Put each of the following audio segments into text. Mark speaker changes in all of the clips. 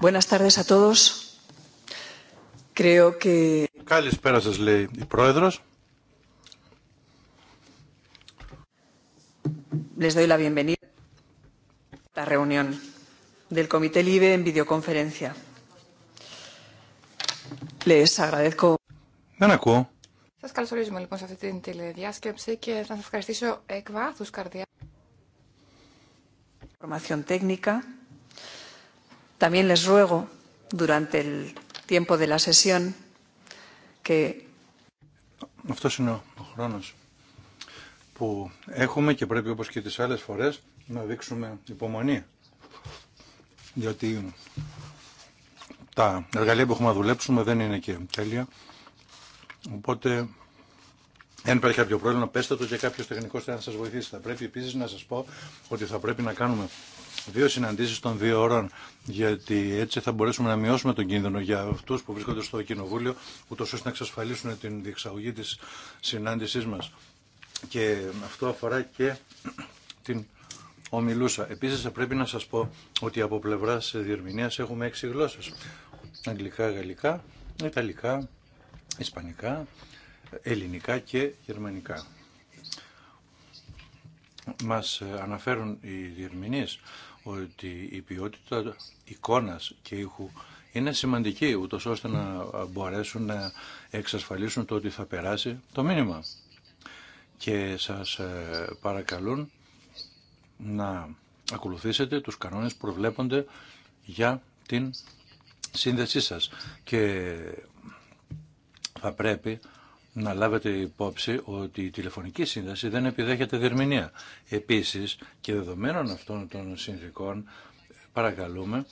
Speaker 1: Buenas tardes a
Speaker 2: todos. Creo que... Καλησπέρα σα, λέει η πρόεδρο.
Speaker 1: Les doy la bienvenida a la reunión del Comité LIBE en videoconferencia. Les agradezco... Δεν ακούω.
Speaker 3: καλωσορίζουμε λοιπόν σε αυτή την τηλεδιάσκεψη και θα σα ευχαριστήσω εκ βάθου καρδιά
Speaker 1: formación técnica. También les ruego, durante el tiempo de la sesión, que...
Speaker 2: Αυτός είναι ο χρόνο που έχουμε και πρέπει όπως και τις άλλες φορές να δείξουμε υπομονή. Γιατί τα εργαλεία που έχουμε να δουλέψουμε δεν είναι και τέλεια. Οπότε αν υπάρχει κάποιο πρόβλημα, πέστε το και κάποιο τεχνικό θα σα βοηθήσει. Θα πρέπει επίση να σα πω ότι θα πρέπει να κάνουμε δύο συναντήσει των δύο ώρων, γιατί έτσι θα μπορέσουμε να μειώσουμε τον κίνδυνο για αυτού που βρίσκονται στο Κοινοβούλιο, ούτω ώστε να εξασφαλίσουν την διεξαγωγή τη συνάντησή μα. Και αυτό αφορά και την ομιλούσα. Επίση, θα πρέπει να σα πω ότι από πλευρά διερμηνία έχουμε έξι γλώσσε. Αγγλικά, γαλλικά, ιταλικά, ισπανικά, ελληνικά και γερμανικά. Μας αναφέρουν οι διερμηνείς ότι η ποιότητα εικόνας και ήχου είναι σημαντική, ούτω ώστε να μπορέσουν να εξασφαλίσουν το ότι θα περάσει το μήνυμα. Και σας ε, παρακαλούν να ακολουθήσετε τους κανόνες που προβλέπονται για την σύνδεσή σας. Και θα πρέπει να λάβετε υπόψη ότι η τηλεφωνική σύνδεση δεν επιδέχεται διερμηνία. Επίσης και δεδομένων αυτών των συνθήκων παρακαλούμε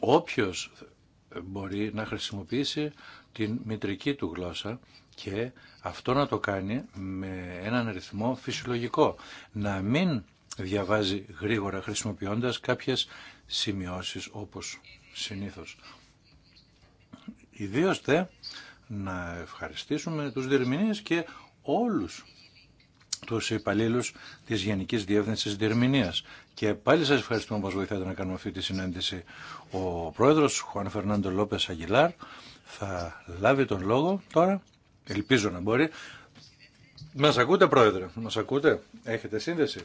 Speaker 2: όποιος μπορεί να χρησιμοποιήσει την μητρική του γλώσσα και αυτό να το κάνει με έναν ρυθμό φυσιολογικό. Να μην διαβάζει γρήγορα χρησιμοποιώντας κάποιες σημειώσεις όπως συνήθως. Ιδίως δε να ευχαριστήσουμε τους διερμηνείς και όλους τους υπαλλήλους της Γενικής Διεύθυνσης Διερμηνίας. Και πάλι σας ευχαριστούμε που μας βοηθάτε να κάνουμε αυτή τη συνέντευξη Ο πρόεδρος Χουάν Φερνάντο Λόπες Αγγιλάρ θα λάβει τον λόγο τώρα, ελπίζω να μπορεί. Μας ακούτε πρόεδρε, μας ακούτε, έχετε σύνδεση.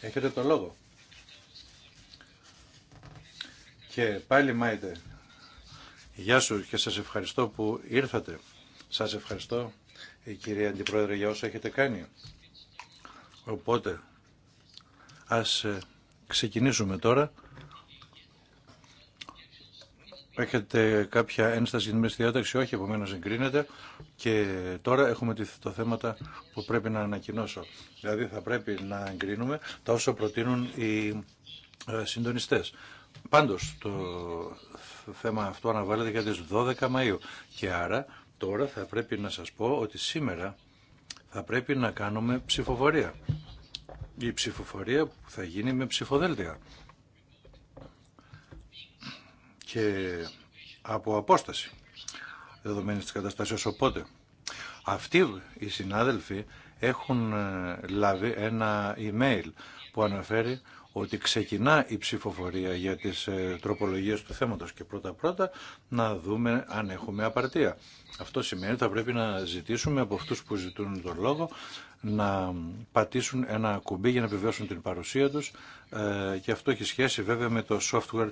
Speaker 2: Έχετε το λόγο. Και πάλι Μάιτε, γεια σου και σας ευχαριστώ που ήρθατε. Σας ευχαριστώ κυρία Αντιπρόεδρε για όσα έχετε κάνει. Οπότε ας ε, ξεκινήσουμε τώρα. Έχετε κάποια ένσταση για την διάταξη, όχι, επομένω εγκρίνεται. Και τώρα έχουμε το θέματα που πρέπει να ανακοινώσω. Δηλαδή θα πρέπει να εγκρίνουμε τα όσα προτείνουν οι ε, συντονιστές. Πάντως το θέμα αυτό αναβάλλεται για τις 12 Μαΐου και άρα τώρα θα πρέπει να σας πω ότι σήμερα θα πρέπει να κάνουμε ψηφοφορία. Η ψηφοφορία που θα γίνει με ψηφοδέλτια. Και από απόσταση δεδομένη της καταστάσεως. Οπότε αυτοί οι συνάδελφοι έχουν ε, λάβει ένα email που αναφέρει ότι ξεκινά η ψηφοφορία για τις ε, τροπολογίες του θέματος και πρώτα-πρώτα να δούμε αν έχουμε απαρτία. Αυτό σημαίνει ότι θα πρέπει να ζητήσουμε από αυτούς που ζητούν τον λόγο να πατήσουν ένα κουμπί για να επιβεβαιώσουν την παρουσία τους ε, και αυτό έχει σχέση βέβαια με το software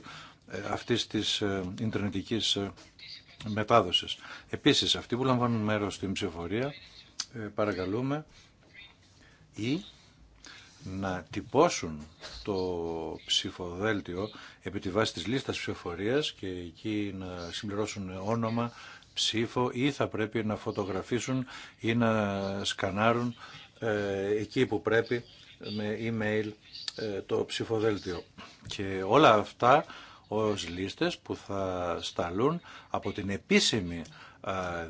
Speaker 2: ε, αυτής της ιντερνετικής μετάδοσης. Επίσης, αυτοί που λαμβάνουν μέρος στην ψηφοφορία παρακαλούμε ή να τυπώσουν το ψηφοδέλτιο επί τη βάση της λίστας ψηφοφορίας και εκεί να συμπληρώσουν όνομα, ψήφο ή θα πρέπει να φωτογραφίσουν ή να σκανάρουν ε, εκεί που πρέπει με email ε, το ψηφοδέλτιο. Και όλα αυτά ως λίστες που θα σταλούν από την επίσημη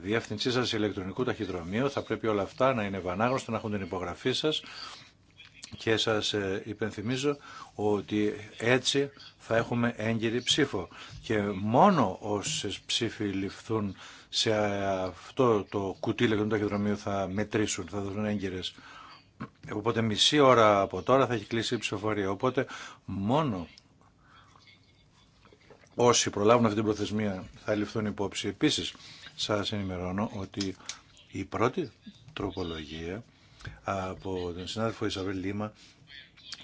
Speaker 2: διεύθυνσή σας ηλεκτρονικού ταχυδρομείου. Θα πρέπει όλα αυτά να είναι βανάγνωστα, να έχουν την υπογραφή σας και σας ε, υπενθυμίζω ότι έτσι θα έχουμε έγκυρη ψήφο και μόνο όσες ψήφοι ληφθούν σε αυτό το κουτί του ταχυδρομείου θα μετρήσουν, θα δώσουν έγκυρες. Οπότε μισή ώρα από τώρα θα έχει κλείσει η ψηφοφορία. Οπότε μόνο όσοι προλάβουν αυτή την προθεσμία θα ληφθούν υπόψη. Επίσης σας ενημερώνω ότι η πρώτη τροπολογία από τον συνάδελφο Ισαβέλ Λίμα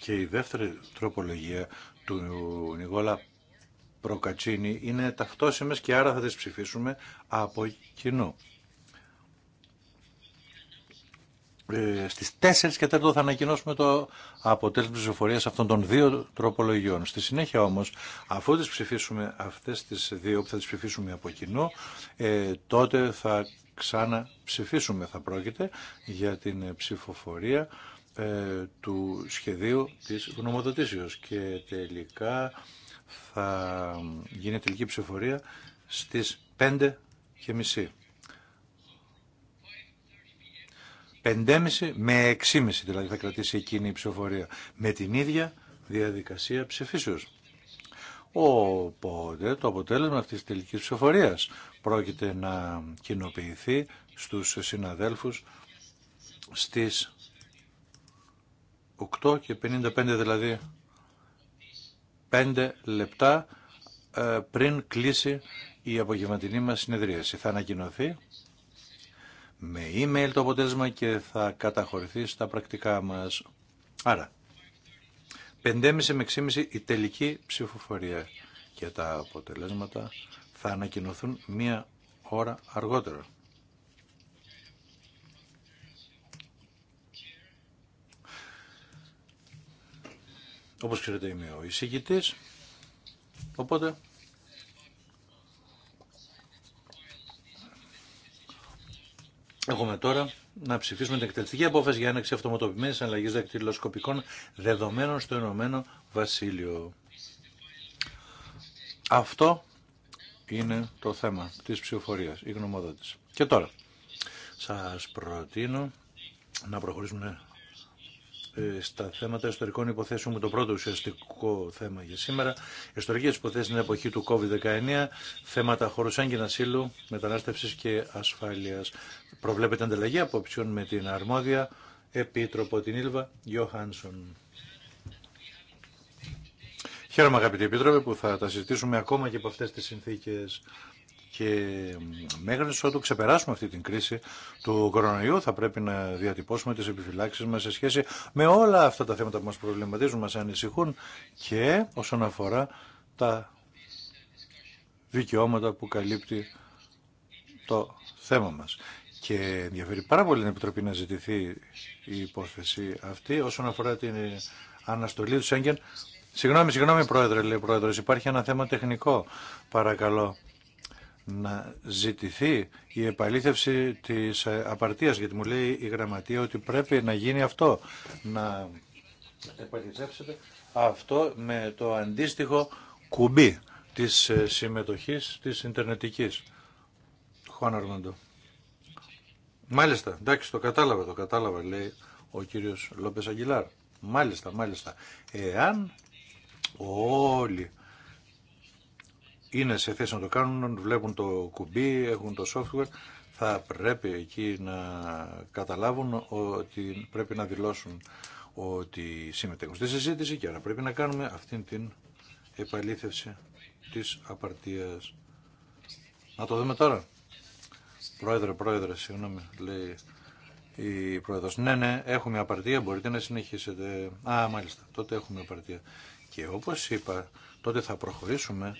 Speaker 2: και η δεύτερη τροπολογία του Νικόλα Προκατσίνη είναι ταυτόσιμες και άρα θα τις ψηφίσουμε από κοινού. Ε, στις 4 και 4 θα ανακοινώσουμε το αποτέλεσμα της ψηφοφορίας αυτών των δύο τροπολογιών. Στη συνέχεια όμως, αφού τις ψηφίσουμε αυτές τις δύο που θα τις ψηφίσουμε από κοινού, ε, τότε θα ξανά ψηφίσουμε θα πρόκειται για την ψηφοφορία ε, του σχεδίου της γνωμοδοτήσεως και τελικά θα γίνει τελική ψηφοφορία στις 5 και μισή. 5.30 με 6.30 δηλαδή θα κρατήσει εκείνη η ψηφοφορία με την ίδια διαδικασία ψηφίσεως. Οπότε το αποτέλεσμα αυτής της τελικής ψηφοφορίας πρόκειται να κοινοποιηθεί στους συναδέλφους στις 8 και 55 δηλαδή 5 λεπτά ε, πριν κλείσει η απογευματινή μας συνεδρίαση. Θα ανακοινωθεί με email το αποτέλεσμα και θα καταχωρηθεί στα πρακτικά μας. Άρα, 5.30 με 6.30 η τελική ψηφοφορία και τα αποτελέσματα θα ανακοινωθούν μία ώρα αργότερα. Όπως ξέρετε είμαι ο εισηγητής, οπότε έχουμε τώρα να ψηφίσουμε την εκτελεστική απόφαση για έναξη αυτοματοποιημένης αλλαγής δακτυλοσκοπικών δεδομένων στο Ηνωμένο Βασίλειο. Αυτό είναι το θέμα της ψηφοφορίας, η γνωμοδότηση. Και τώρα, σας προτείνω να προχωρήσουμε ε, στα θέματα ιστορικών υποθέσεων με το πρώτο ουσιαστικό θέμα για σήμερα. Ιστορικέ υποθέσει στην εποχή του COVID-19, θέματα χώρου έγκυνα σύλλου, μετανάστευση και ασφάλεια. Προβλέπεται ανταλλαγή απόψεων με την αρμόδια επίτροπο την Ήλβα Γιώχανσον. Χαίρομαι αγαπητοί επίτροπε που θα τα συζητήσουμε ακόμα και από αυτές τις συνθήκες και μέχρι ότου ξεπεράσουμε αυτή την κρίση του κορονοϊού θα πρέπει να διατυπώσουμε τις επιφυλάξεις μας σε σχέση με όλα αυτά τα θέματα που μας προβληματίζουν, μας ανησυχούν και όσον αφορά τα δικαιώματα που καλύπτει το θέμα μας. Και ενδιαφέρει πάρα πολύ την Επιτροπή να ζητηθεί η υπόθεση αυτή όσον αφορά την αναστολή του Σέγγεν Συγγνώμη, συγγνώμη πρόεδρε, λέει πρόεδρος, υπάρχει ένα θέμα τεχνικό. Παρακαλώ να ζητηθεί η επαλήθευση της ε, απαρτίας, γιατί μου λέει η γραμματεία ότι πρέπει να γίνει αυτό, να επαληθεύσετε αυτό με το αντίστοιχο κουμπί της ε, συμμετοχής της Ιντερνετικής. Χωάν Μάλιστα, εντάξει, το κατάλαβα, το κατάλαβα, λέει ο κύριος Λόπες Αγγιλάρ. Μάλιστα, μάλιστα. Εάν όλοι είναι σε θέση να το κάνουν, βλέπουν το κουμπί, έχουν το software, θα πρέπει εκεί να καταλάβουν ότι πρέπει να δηλώσουν ότι συμμετέχουν στη συζήτηση και άρα πρέπει να κάνουμε αυτήν την επαλήθευση της απαρτίας. Να το δούμε τώρα. Πρόεδρε, πρόεδρε, συγγνώμη, λέει η πρόεδρος. Ναι, ναι, έχουμε απαρτία, μπορείτε να συνεχίσετε. Α, μάλιστα, τότε έχουμε απαρτία. Και όπως είπα, τότε θα προχωρήσουμε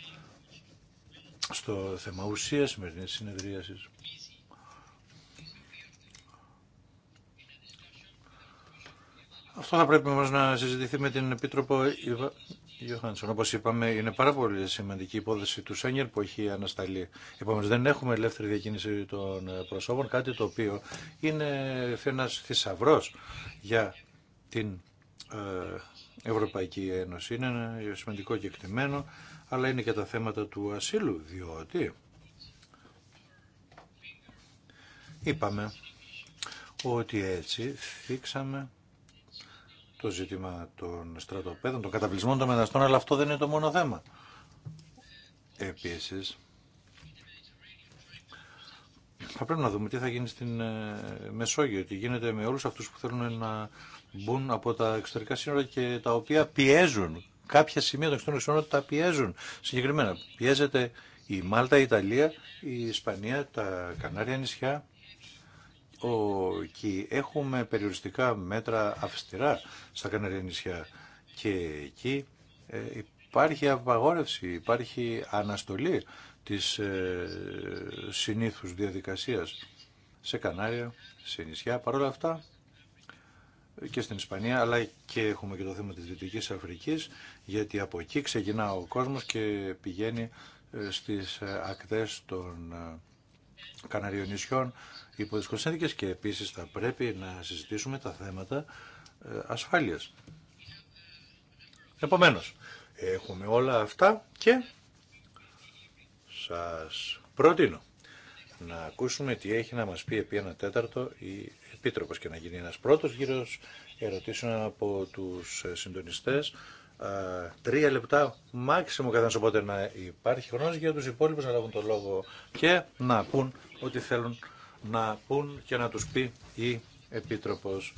Speaker 2: στο θέμα ουσίας σημερινής συνεδρίασης. Αυτό θα πρέπει όμως να συζητηθεί με την Επίτροπο Ιωάννησον. Όπως είπαμε, είναι πάρα πολύ σημαντική η υπόθεση του Σένιερ που έχει ανασταλεί. Επομένως, δεν έχουμε ελεύθερη διακίνηση των προσώπων, κάτι το οποίο είναι ένας θησαυρό για την ε, Ευρωπαϊκή Ένωση. Είναι ένα σημαντικό εκτιμένο, αλλά είναι και τα θέματα του ασύλου, διότι είπαμε ότι έτσι θίξαμε το ζήτημα των στρατοπέδων, των καταβλισμών των μεταναστών, αλλά αυτό δεν είναι το μόνο θέμα. Επίσης, θα πρέπει να δούμε τι θα γίνει στην ε, Μεσόγειο, τι γίνεται με όλους αυτούς που θέλουν να μπουν από τα εξωτερικά σύνορα και τα οποία πιέζουν. Κάποια σημεία των εξωτερικών σύνορων τα πιέζουν. Συγκεκριμένα πιέζεται η Μάλτα, η Ιταλία, η Ισπανία, τα Κανάρια νησιά. Ο, και έχουμε περιοριστικά μέτρα αυστηρά στα Κανάρια νησιά και εκεί ε, υπάρχει απαγόρευση, υπάρχει αναστολή της ε, συνήθους διαδικασίας σε Κανάρια, σε νησιά. Παρ' όλα αυτά και στην Ισπανία, αλλά και έχουμε και το θέμα της Δυτικής Αφρικής, γιατί από εκεί ξεκινά ο κόσμος και πηγαίνει ε, στις ε, ακτές των ε, Καναριών νησιών υπό και επίσης θα πρέπει να συζητήσουμε τα θέματα ασφάλειας. Επομένως, έχουμε όλα αυτά και σας προτείνω να ακούσουμε τι έχει να μας πει επί ένα τέταρτο η Επίτροπος και να γίνει ένας πρώτος γύρος ερωτήσεων από τους ε, συντονιστές. Τρία λεπτά μάξιμο καθένας, οπότε να υπάρχει χρόνος για τους υπόλοιπους να λάβουν το λόγο και να πούν ό,τι θέλουν να πούν και να τους πει η Επίτροπος.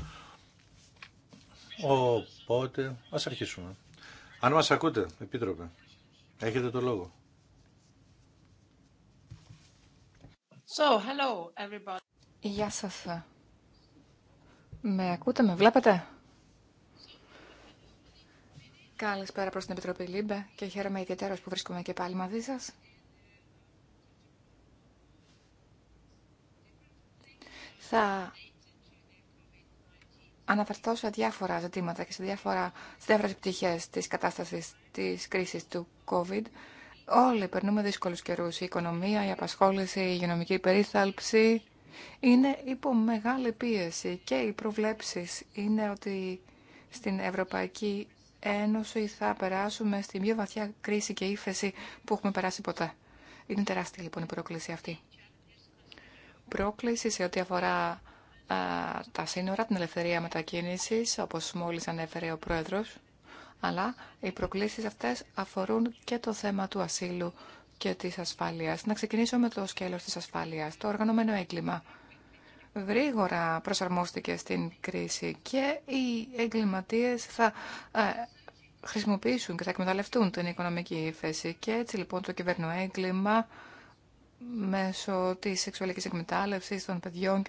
Speaker 2: Οπότε, ας αρχίσουμε. Αν μας ακούτε, Επίτροπε, έχετε το λόγο.
Speaker 3: So, hello everybody. Γεια σας με ακούτε, με βλέπετε. Καλησπέρα προς την Επιτροπή Λίμπε και χαίρομαι ιδιαίτερως που βρίσκομαι και πάλι μαζί σας. Θα αναφερθώ σε διάφορα ζητήματα και σε, διάφορα, σε πτυχές της κατάστασης της κρίσης του COVID. Όλοι περνούμε δύσκολους καιρούς. Η οικονομία, η απασχόληση, η υγειονομική περίθαλψη, είναι υπό μεγάλη πίεση και οι προβλέψεις είναι ότι στην Ευρωπαϊκή Ένωση θα περάσουμε στη πιο βαθιά κρίση και ύφεση που έχουμε περάσει ποτέ. Είναι τεράστια λοιπόν η πρόκληση αυτή. Πρόκληση σε ό,τι αφορά τα σύνορα, την ελευθερία μετακίνησης, όπως μόλις ανέφερε ο Πρόεδρος, αλλά οι προκλήσεις αυτές αφορούν και το θέμα του ασύλου και της ασφάλειας. Να ξεκινήσω με το σκέλος της ασφάλειας. Το οργανωμένο έγκλημα γρήγορα προσαρμόστηκε στην κρίση και οι εγκληματίες θα ε, χρησιμοποιήσουν και θα εκμεταλλευτούν την οικονομική ύφεση. Και έτσι λοιπόν το κυβέρνο έγκλημα μέσω της σεξουαλικής εκμετάλλευση των παιδιών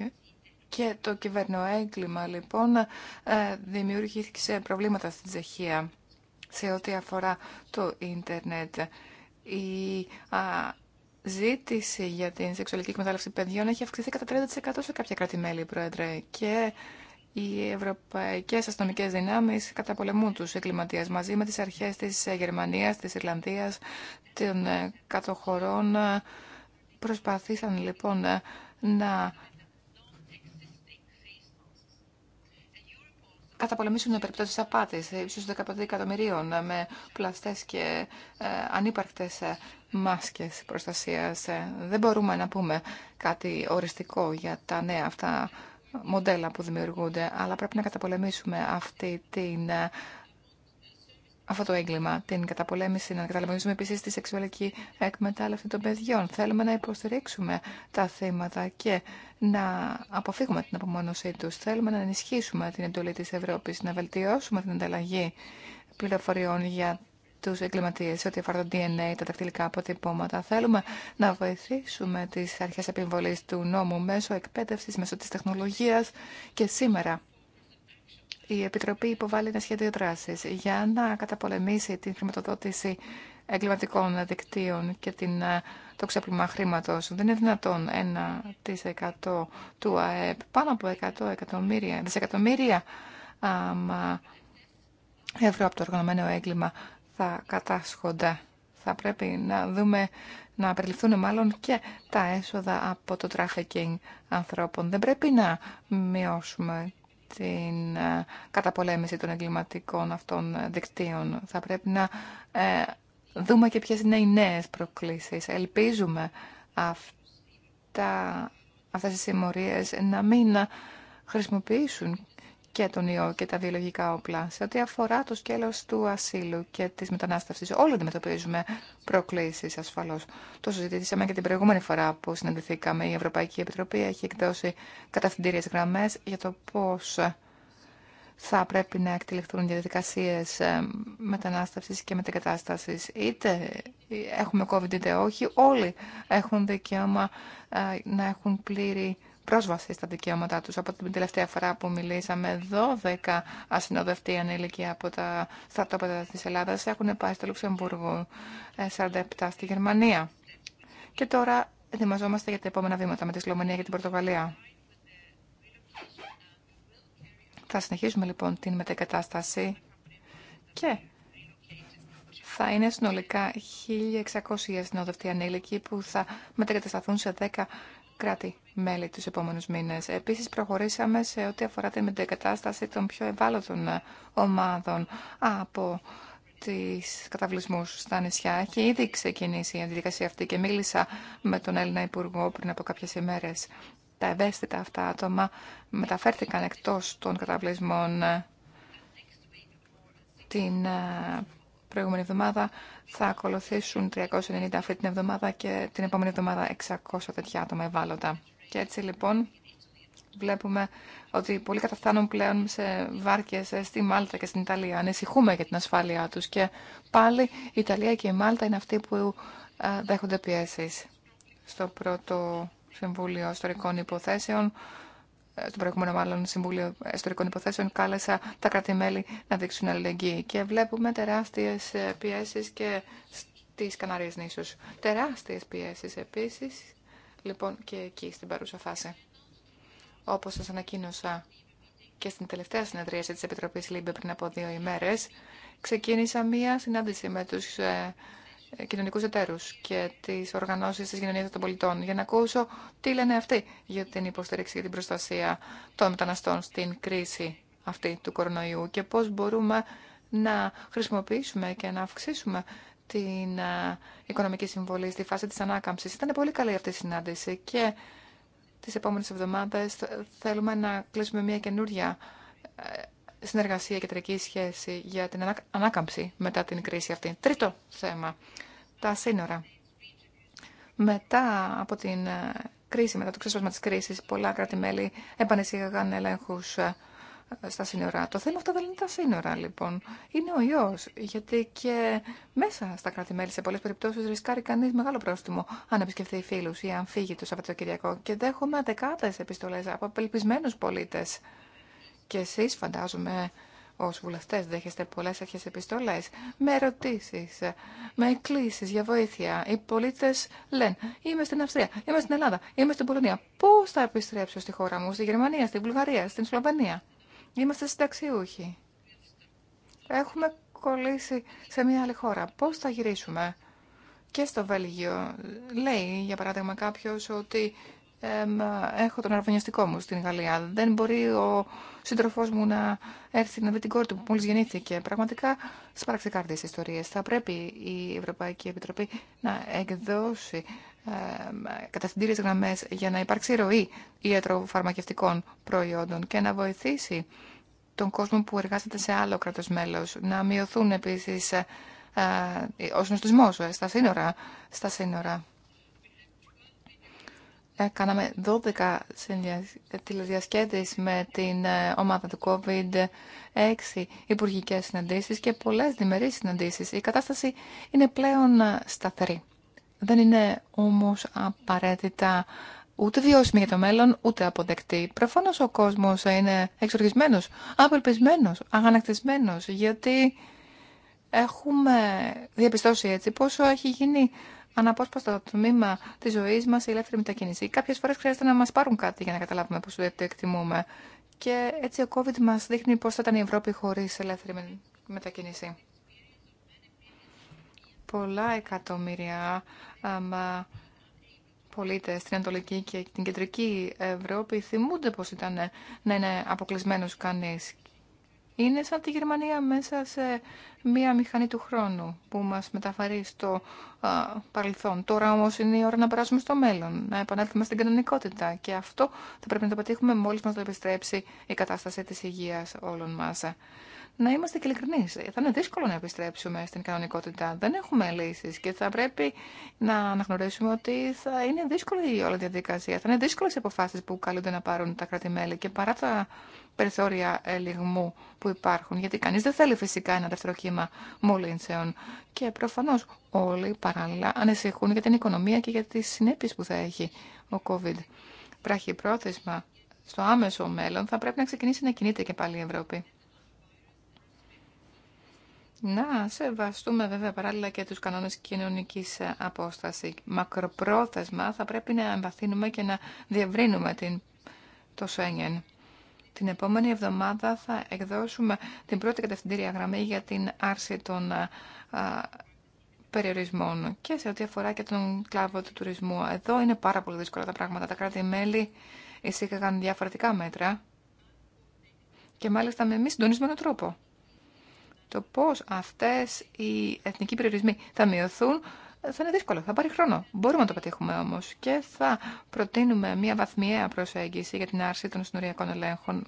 Speaker 3: και το κυβέρνο έγκλημα λοιπόν ε, δημιουργήθηκε προβλήματα στην Τσεχία σε ό,τι αφορά το ίντερνετ η ζήτηση για την σεξουαλική εκμετάλλευση παιδιών έχει αυξηθεί κατά 30% σε κάποια κράτη-μέλη, Πρόεδρε, και οι ευρωπαϊκές αστυνομικές δυνάμεις καταπολεμούν τους εγκληματίες μαζί με τις αρχές της Γερμανίας, της Ιρλανδίας, των κατοχωρών. Προσπαθήσαν λοιπόν να καταπολεμήσουν περιπτώσει απάτη ύψου 15 εκατομμυρίων με πλαστέ και ε, ανύπαρκτε ε, μάσκε προστασία. Ε, δεν μπορούμε να πούμε κάτι οριστικό για τα νέα αυτά μοντέλα που δημιουργούνται, αλλά πρέπει να καταπολεμήσουμε αυτή την ε, αυτό το έγκλημα, την καταπολέμηση, να καταλαβαίνουμε επίση τη σεξουαλική εκμετάλλευση των παιδιών. Θέλουμε να υποστηρίξουμε τα θύματα και να αποφύγουμε την απομόνωσή του. Θέλουμε να ενισχύσουμε την εντολή τη Ευρώπη, να βελτιώσουμε την ανταλλαγή πληροφοριών για του εγκληματίε ό,τι αφορά το DNA, τα δακτυλικά αποτυπώματα. Θέλουμε να βοηθήσουμε τι αρχέ επιβολή του νόμου μέσω εκπαίδευση, μέσω τη τεχνολογία και σήμερα η Επιτροπή υποβάλλει ένα σχέδιο δράση για να καταπολεμήσει την χρηματοδότηση εγκληματικών δικτύων και την, ε, το ξέπλυμα χρήματο. Δεν είναι δυνατόν 1% του ΑΕΠ, πάνω από 100 εκατομμύρια, δισεκατομμύρια ευρώ από το οργανωμένο έγκλημα θα κατάσχονται. Θα πρέπει να δούμε να περιληφθούν μάλλον και τα έσοδα από το τράφικινγκ ανθρώπων. Δεν πρέπει να μειώσουμε την ε, καταπολέμηση των εγκληματικών αυτών δικτύων. Θα πρέπει να ε, δούμε και ποιες είναι οι νέες προκλήσεις. Ελπίζουμε αυτά, αυτές οι συμμορίες να μην χρησιμοποιήσουν και τον ιό και τα βιολογικά όπλα, σε ό,τι αφορά το σκέλος του ασύλου και τη μετανάστευση. Όλοι αντιμετωπίζουμε προκλήσει ασφαλώ. Το συζητήσαμε και την προηγούμενη φορά που συναντηθήκαμε. Η Ευρωπαϊκή Επιτροπή έχει εκδώσει κατευθυντήριες γραμμέ για το πώ θα πρέπει να εκτελεχθούν διαδικασίε μετανάστευση και μετεγκατάσταση. Είτε έχουμε COVID είτε όχι, όλοι έχουν δικαίωμα ε, να έχουν πλήρη πρόσβαση στα δικαιώματά τους. Από την τελευταία φορά που μιλήσαμε, 12 ασυνοδευτοί ανήλικοι από τα στρατόπεδα της Ελλάδας έχουν πάει στο Λουξεμβούργο, 47 ε, στη Γερμανία. Και τώρα ετοιμαζόμαστε για τα επόμενα βήματα με τη Σλομανία και την Πορτογαλία. Θα συνεχίσουμε λοιπόν την μετεκατάσταση και θα είναι συνολικά 1.600 ασυνοδευτοί ανήλικοι που θα μετεκατασταθούν σε 10 κράτη-μέλη τους επόμενους μήνες. Επίσης προχωρήσαμε σε ό,τι αφορά την μετεγκατάσταση των πιο ευάλωτων ε, ομάδων από τις καταβλισμούς στα νησιά. Έχει ήδη ξεκινήσει η αντιδικασία αυτή και μίλησα με τον Έλληνα Υπουργό πριν από κάποιες ημέρες. Τα ευαίσθητα αυτά άτομα μεταφέρθηκαν εκτός των καταβλισμών ε, την ε, προηγούμενη εβδομάδα. Θα ακολουθήσουν 390 αυτή την εβδομάδα και την επόμενη εβδομάδα 600 τέτοια άτομα ευάλωτα. Και έτσι λοιπόν βλέπουμε ότι πολλοί καταφθάνουν πλέον σε βάρκες στη Μάλτα και στην Ιταλία. Ανησυχούμε για την ασφάλειά τους και πάλι η Ιταλία και η Μάλτα είναι αυτοί που ε, δέχονται πιέσεις. Στο πρώτο Συμβούλιο Ιστορικών Υποθέσεων στο ε, προηγούμενο μάλλον Συμβούλιο Ιστορικών Υποθέσεων, κάλεσα τα κράτη-μέλη να δείξουν αλληλεγγύη. Και βλέπουμε τεράστιες ε, πιέσει και στι Καναρίε νήσους. Τεράστιες πιέσει επίσης, λοιπόν, και εκεί στην παρούσα φάση. Όπως σα ανακοίνωσα και στην τελευταία συνεδρίαση τη Επιτροπή ΛΥΜΠΕ πριν από δύο ημέρε, ξεκίνησα μία συνάντηση με του. Ε, ε, Κοινωνικού εταίρου και τις οργανώσεις τη κοινωνία των πολιτών για να ακούσω τι λένε αυτοί για την υποστήριξη και την προστασία των μεταναστών στην κρίση αυτή του κορονοϊού και πώς μπορούμε να χρησιμοποιήσουμε και να αυξήσουμε την ε, οικονομική συμβολή στη φάση της ανάκαμψης. Ήταν πολύ καλή αυτή η συνάντηση και τις επόμενες εβδομάδες θέλουμε να κλείσουμε μια καινούρια ε, συνεργασία και τρική σχέση για την ανάκαμψη μετά την κρίση αυτή. Τρίτο θέμα, τα σύνορα. Μετά από την ε, κρίση, μετά το ξέσπασμα της κρίσης, πολλά κράτη-μέλη επανεσύγαγαν ελέγχους ε, στα σύνορα. Το θέμα αυτό δεν είναι τα σύνορα, λοιπόν. Είναι ο ιό. Γιατί και μέσα στα κράτη-μέλη, σε πολλέ περιπτώσει, ρισκάρει κανεί μεγάλο πρόστιμο αν επισκεφθεί φίλου ή αν φύγει το Σαββατοκυριακό. Και δέχομαι δεκάδε επιστολέ από απελπισμένου πολίτε και εσείς φαντάζομαι ως βουλευτές δέχεστε πολλές αρχές επιστολές με ερωτήσεις, με εκκλήσεις για βοήθεια. Οι πολίτες λένε είμαι στην Αυστρία, είμαι στην Ελλάδα, είμαι στην Πολωνία. Πώς θα επιστρέψω στη χώρα μου, στη Γερμανία, στη Βουλγαρία, στην Σλοβενία. Είμαστε συνταξιούχοι. Έχουμε κολλήσει σε μια άλλη χώρα. Πώς θα γυρίσουμε. Και στο Βέλγιο λέει για παράδειγμα κάποιος ότι έχω τον αραβωνιαστικό μου στην Γαλλία. Δεν μπορεί ο σύντροφό μου να έρθει να δει την κόρη του που μόλι γεννήθηκε. Πραγματικά σπάραξε κάρτε ιστορίε. Θα πρέπει η Ευρωπαϊκή Επιτροπή να εκδώσει ε, γραμμέ για να υπάρξει ροή ιατροφαρμακευτικών προϊόντων και να βοηθήσει τον κόσμο που εργάζεται σε άλλο κράτο μέλο. Να μειωθούν επίση ε, ε, ο ε, στα σύνορα. Στα σύνορα. Ε, κάναμε 12 τηλεδιασκέδεις με την ε, ομάδα του COVID, 6 υπουργικές συναντήσεις και πολλές διμερείς συναντήσεις. Η κατάσταση είναι πλέον ε, σταθερή. Δεν είναι όμως απαραίτητα ούτε βιώσιμη για το μέλλον, ούτε αποδεκτή. Προφανώ ο κόσμος είναι εξοργισμένος, απελπισμένος, αγανακτισμένο, γιατί έχουμε διαπιστώσει έτσι πόσο έχει γίνει αναπόσπαστο τμήμα τη ζωή μα η ελεύθερη μετακίνηση. Κάποιε φορέ χρειάζεται να μα πάρουν κάτι για να καταλάβουμε πόσο το εκτιμούμε. Και έτσι ο COVID μα δείχνει πώ θα ήταν η Ευρώπη χωρί ελεύθερη μετακίνηση. Πολλά εκατομμύρια αμα, πολίτες στην Ανατολική και την Κεντρική Ευρώπη θυμούνται πώς ήταν να είναι αποκλεισμένος κανείς είναι σαν τη Γερμανία μέσα σε μία μηχανή του χρόνου που μας μεταφέρει στο παρελθόν. Τώρα όμως είναι η ώρα να περάσουμε στο μέλλον, να επανέλθουμε στην κανονικότητα και αυτό θα πρέπει να το πετύχουμε μόλις μας το επιστρέψει η κατάσταση της υγείας όλων μας να είμαστε και ειλικρινεί. Θα είναι δύσκολο να επιστρέψουμε στην κανονικότητα. Δεν έχουμε λύσει και θα πρέπει να αναγνωρίσουμε ότι θα είναι δύσκολη η όλη διαδικασία. Θα είναι δύσκολε οι αποφάσει που καλούνται να πάρουν τα κράτη-μέλη και παρά τα περιθώρια ελιγμού που υπάρχουν. Γιατί κανεί δεν θέλει φυσικά ένα δεύτερο κύμα μολύνσεων. Και προφανώ όλοι παράλληλα ανησυχούν για την οικονομία και για τι συνέπειε που θα έχει ο COVID. Πράχει πρόθεσμα. Στο άμεσο μέλλον θα πρέπει να ξεκινήσει να κινείται και πάλι η Ευρώπη. Να σεβαστούμε βέβαια παράλληλα και τους κανόνες κοινωνικής ε, απόστασης. Μακροπρόθεσμα θα πρέπει να εμβαθύνουμε και να διευρύνουμε την, το Σέγγεν. Την επόμενη εβδομάδα θα εκδώσουμε την πρώτη κατευθυντήρια γραμμή για την άρση των ε, περιορισμών και σε ό,τι αφορά και τον κλάδο του τουρισμού. Εδώ είναι πάρα πολύ δύσκολα τα πράγματα. Τα κράτη-μέλη εισήγαγαν διαφορετικά μέτρα και μάλιστα με μη συντονισμένο τρόπο. Το πώ αυτές οι εθνικοί περιορισμοί θα μειωθούν θα είναι δύσκολο, θα πάρει χρόνο. Μπορούμε να το πετύχουμε όμω. και θα προτείνουμε μια βαθμιαία προσέγγιση για την άρση των συνοριακών ελέγχων.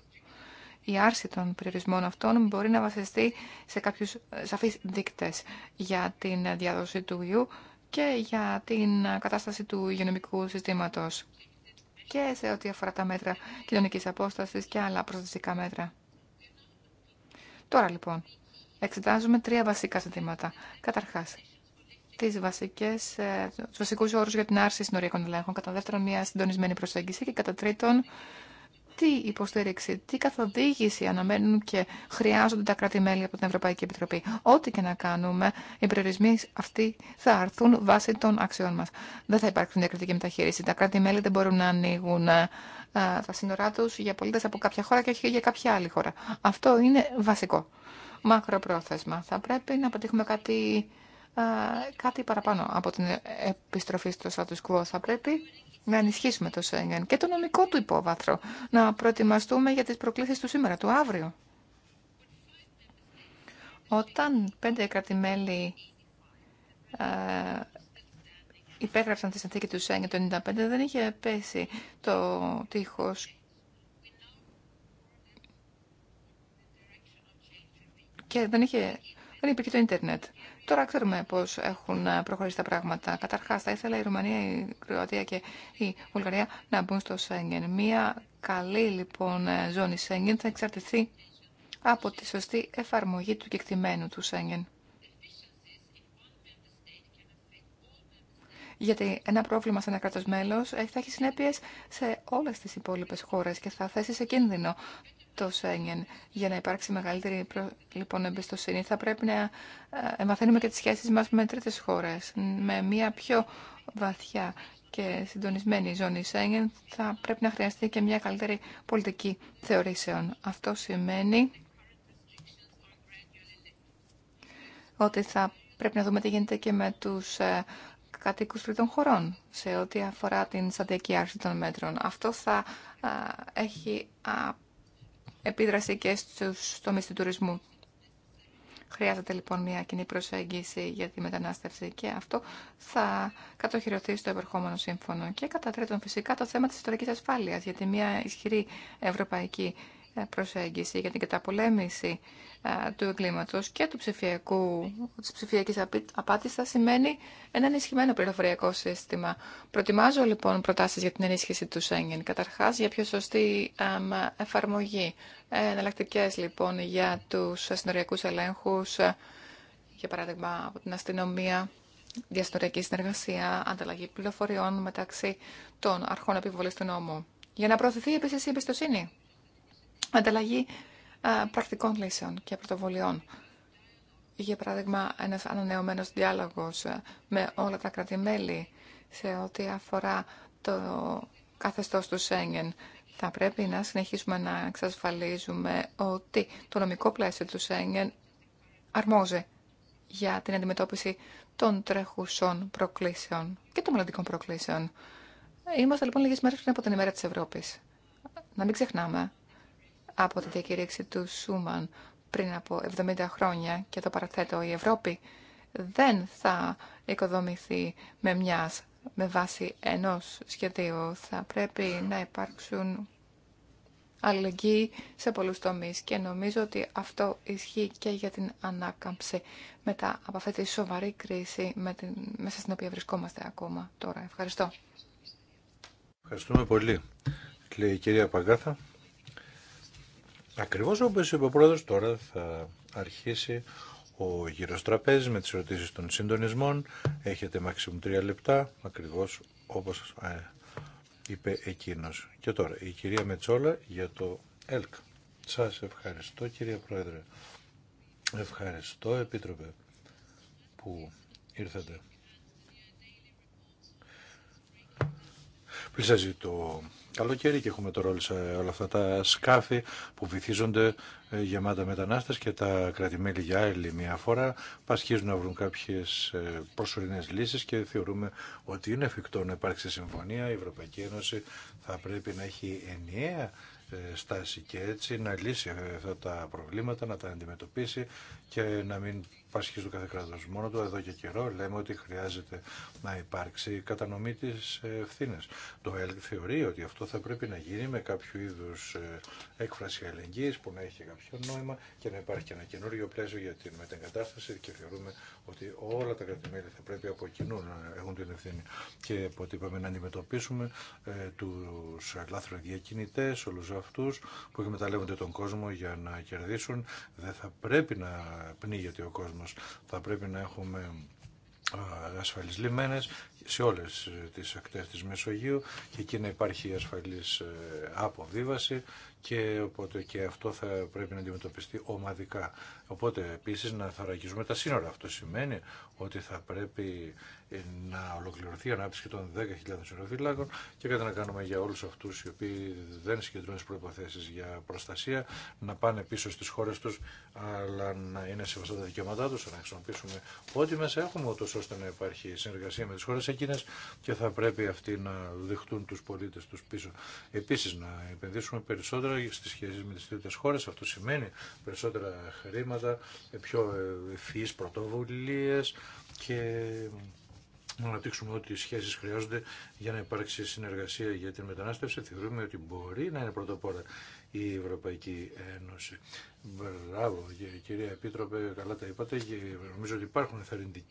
Speaker 3: Η άρση των περιορισμών αυτών μπορεί να βασιστεί σε κάποιους σαφεί δείκτε για την διάδοση του ιού και για την κατάσταση του υγειονομικού συστήματο. και σε ό,τι αφορά τα μέτρα κοινωνικής απόστασης και άλλα προστατευτικά μέτρα. Τώρα λοιπόν, εξετάζουμε τρία βασικά ζητήματα. Καταρχάς, τις βασικές, ε, τους βασικούς όρους για την άρση συνοριακών ελέγχων, κατά δεύτερον μια συντονισμένη προσέγγιση και κατά τρίτον τι υποστήριξη, τι καθοδήγηση αναμένουν και χρειάζονται τα κράτη-μέλη από την Ευρωπαϊκή Επιτροπή. Ό,τι και να κάνουμε, οι περιορισμοί αυτοί θα αρθούν βάσει των αξιών μα. Δεν θα υπάρξουν διακριτική μεταχείριση. Τα κράτη-μέλη δεν μπορούν να ανοίγουν ε, ε, τα σύνορά του για πολίτε από κάποια χώρα και όχι για κάποια άλλη χώρα. Αυτό είναι βασικό μακροπρόθεσμα. Θα πρέπει να πετύχουμε κάτι, κάτι παραπάνω από την επιστροφή στο status Θα πρέπει να ενισχύσουμε το Σέγγεν και το νομικό του υπόβαθρο, να προετοιμαστούμε για τις προκλήσεις του σήμερα, του αύριο. Όταν πέντε κρατημέλη υπέγραψαν τη συνθήκη του Σέγγεν το 1995, δεν είχε πέσει το τείχος και δεν, είχε, δεν υπήρχε το ίντερνετ. Τώρα ξέρουμε πώ έχουν προχωρήσει τα πράγματα. Καταρχάς, θα ήθελα η Ρουμανία, η Κροατία και η Βουλγαρία να μπουν στο Σέγγεν. Μία καλή λοιπόν ζώνη Σέγγεν θα εξαρτηθεί από τη σωστή εφαρμογή του κεκτημένου του Σέγγεν. Γιατί ένα πρόβλημα σε ένα κράτο μέλο θα έχει συνέπειε σε όλε τι υπόλοιπε χώρε και θα θέσει σε κίνδυνο το Σέγγεν. Για να υπάρξει μεγαλύτερη λοιπόν, εμπιστοσύνη θα πρέπει να ε, μαθαίνουμε και τις σχέσεις μας με τρίτες χώρες. Με μια πιο βαθιά και συντονισμένη ζώνη Σέγγεν θα πρέπει να χρειαστεί και μια καλύτερη πολιτική θεωρήσεων. Αυτό σημαίνει ότι θα πρέπει να δούμε τι γίνεται και με τους ε, κατοίκους τρίτων χωρών σε ό,τι αφορά την σταδιακή άρση των μέτρων. Αυτό θα ε, έχει επίδραση και στους τομείς του τουρισμού. Χρειάζεται λοιπόν μια κοινή προσέγγιση για τη μετανάστευση και αυτό θα κατοχυρωθεί στο επερχόμενο σύμφωνο. Και κατά τρίτον φυσικά το θέμα της ιστορικής ασφάλειας, γιατί μια ισχυρή ευρωπαϊκή ε, προσέγγιση για την καταπολέμηση ε, του εγκλήματος και του ψηφιακού, της ψηφιακής απάτης θα σημαίνει ένα ενισχυμένο πληροφοριακό σύστημα. Προτιμάζω λοιπόν προτάσεις για την ενίσχυση του Σέγγεν, καταρχάς για πιο σωστή εφαρμογή. Ε, Εναλλακτικέ λοιπόν για τους συνοριακούς ελέγχους, για παράδειγμα από την αστυνομία, διαστοριακή συνεργασία, ανταλλαγή πληροφοριών μεταξύ των αρχών επιβολής του νόμου. Για να προωθηθεί επίσης η εμπιστοσύνη ανταλλαγή ε, πρακτικών λύσεων και πρωτοβολιών. Για παράδειγμα, ένα ανανεωμένο διάλογο ε, με όλα τα κράτη-μέλη σε ό,τι αφορά το καθεστώ του Σέγγεν. Θα πρέπει να συνεχίσουμε να εξασφαλίζουμε ότι το νομικό πλαίσιο του Σέγγεν αρμόζει για την αντιμετώπιση των τρέχουσων προκλήσεων και των μελλοντικών προκλήσεων. Είμαστε λοιπόν λίγε μέρε πριν από την ημέρα τη Ευρώπη. Να μην ξεχνάμε από τη διακήρυξη του Σούμαν πριν από 70 χρόνια και το παραθέτω η Ευρώπη δεν θα οικοδομηθεί με μιας με βάση ενός σχεδίου. Θα πρέπει να υπάρξουν αλληλεγγύη σε πολλούς τομείς και νομίζω ότι αυτό ισχύει και για την ανάκαμψη μετά από αυτή τη σοβαρή κρίση μέσα στην οποία βρισκόμαστε ακόμα τώρα. Ευχαριστώ.
Speaker 2: Ευχαριστούμε πολύ. Λέει η κυρία Παγκάθα. Ακριβώς όπως είπε ο πρόεδρος, τώρα θα αρχίσει ο γύρος τραπέζι με τις ερωτήσεις των συντονισμών. Έχετε μαξιμου τρία λεπτά, ακριβώς όπως ε, είπε εκείνος. Και τώρα η κυρία Μετσόλα για το ΕΛΚ. Σας ευχαριστώ κυρία Πρόεδρε. Ευχαριστώ Επίτροπε που ήρθατε. Πλησιάζει το Καλό και έχουμε το ρόλο σε όλα αυτά τα σκάφη που βυθίζονται ε, γεμάτα μετανάστες και τα κρατημέλη για άλλη μια φορά πασχίζουν να βρουν κάποιες ε, προσωρινές λύσεις και θεωρούμε ότι είναι εφικτό να υπάρξει συμφωνία. Η Ευρωπαϊκή Ένωση θα πρέπει να έχει ενιαία ε, στάση και έτσι να λύσει αυτά τα προβλήματα, να τα αντιμετωπίσει και να μην πάσχει του κάθε κράτο μόνο το Εδώ και καιρό λέμε ότι χρειάζεται να υπάρξει κατανομή τη ευθύνη. Το ΕΛΚ θεωρεί ότι αυτό θα πρέπει να γίνει με κάποιο είδου ε, έκφραση αλληλεγγύη που να έχει κάποιο νόημα και να υπάρχει και ένα καινούριο πλαίσιο για την μετεγκατάσταση και θεωρούμε ότι όλα τα κρατημέρια θα πρέπει από κοινού να έχουν την ευθύνη και από ό,τι είπαμε να αντιμετωπίσουμε ε, τους λάθρους διακινητές, όλους αυτούς που εκμεταλλεύονται τον κόσμο για να κερδίσουν. Δεν θα πρέπει να πνίγεται ο κόσμος, θα πρέπει να έχουμε ασφαλείς λιμένες σε όλες τις ακτές της Μεσογείου και εκεί να υπάρχει ασφαλής ε, αποβίβαση και οπότε και αυτό θα πρέπει να αντιμετωπιστεί ομαδικά. Οπότε επίσης να θωρακίζουμε τα σύνορα. Αυτό σημαίνει ότι θα πρέπει να ολοκληρωθεί η ανάπτυξη των 10.000 συνοφυλάκων και κάτι να κάνουμε για όλους αυτούς οι οποίοι δεν συγκεντρώνουν τις προϋποθέσεις για προστασία, να πάνε πίσω στις χώρες τους, αλλά να είναι σεβαστά τα δικαιώματά τους, να χρησιμοποιήσουμε ό,τι μέσα έχουμε, ώστε να υπάρχει συνεργασία με τις χώρες εκείνες και θα πρέπει αυτοί να δεχτούν τους πολίτες τους πίσω. Επίσης, να επενδύσουμε περισσότερα στις σχέσεις με τις τρίτες χώρες, αυτό σημαίνει περισσότερα χρήματα, πιο ευφυείς πρωτοβουλίες και να αναπτύξουμε ό,τι οι σχέσει χρειάζονται για να υπάρξει συνεργασία για την μετανάστευση. Θεωρούμε ότι μπορεί να είναι πρωτοπόρα η Ευρωπαϊκή Ένωση. Μπράβο, κυρία Επίτροπε, καλά τα είπατε νομίζω ότι υπάρχουν θερμιντικέ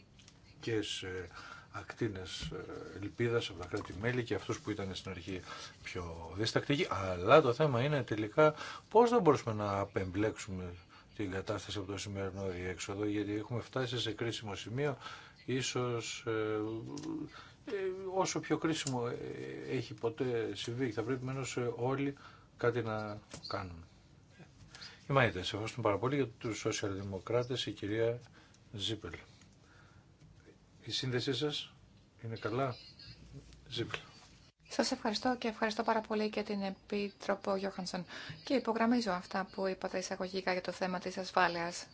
Speaker 2: ε, ακτίνε ε, ελπίδα από τα κράτη-μέλη και αυτού που ήταν στην αρχή πιο διστακτικοί. Αλλά το θέμα είναι τελικά πώ θα μπορούσαμε να απεμπλέξουμε την κατάσταση από το σημερινό διέξοδο, γιατί έχουμε φτάσει σε κρίσιμο σημείο ίσως ε, ε, όσο πιο κρίσιμο ε, έχει ποτέ συμβεί και θα πρέπει μένως όλοι κάτι να κάνουν. Η Μαΐτα, σε ευχαριστούμε πάρα πολύ για τους σοσιαλδημοκράτες, η κυρία Ζίπελ. Η σύνδεσή σας είναι καλά. Ζίπελ.
Speaker 3: Σας ευχαριστώ και ευχαριστώ πάρα πολύ και την Επίτροπο Γιώχανσον. Και υπογραμμίζω αυτά που είπατε εισαγωγικά για το θέμα της ασφάλειας.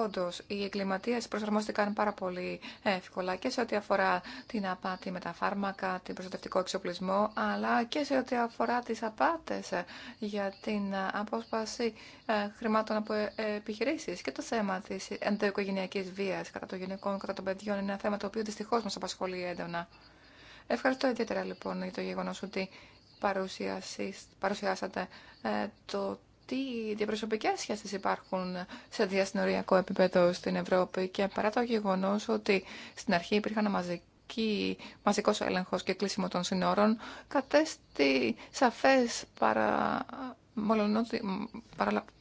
Speaker 3: Όντω, οι εγκληματίε προσαρμόστηκαν πάρα πολύ εύκολα και σε ό,τι αφορά την απάτη με τα φάρμακα, την προστατευτικό εξοπλισμό, αλλά και σε ό,τι αφορά τι απάτε για την απόσπαση ε, χρημάτων από ε, επιχειρήσει. Και το θέμα τη ενδοοικογενειακή βία κατά των γυναικών, κατά των παιδιών, είναι ένα θέμα το οποίο δυστυχώ μα απασχολεί έντονα. Ευχαριστώ ιδιαίτερα λοιπόν για το γεγονό ότι παρουσιάσατε ε, το τι διαπροσωπικές σχέσεις υπάρχουν σε διασυνοριακό επίπεδο στην Ευρώπη και παρά το γεγονός ότι στην αρχή υπήρχαν μαζικοί, μαζικός έλεγχος και κλείσιμο των συνόρων, κατέστη σαφές παρά,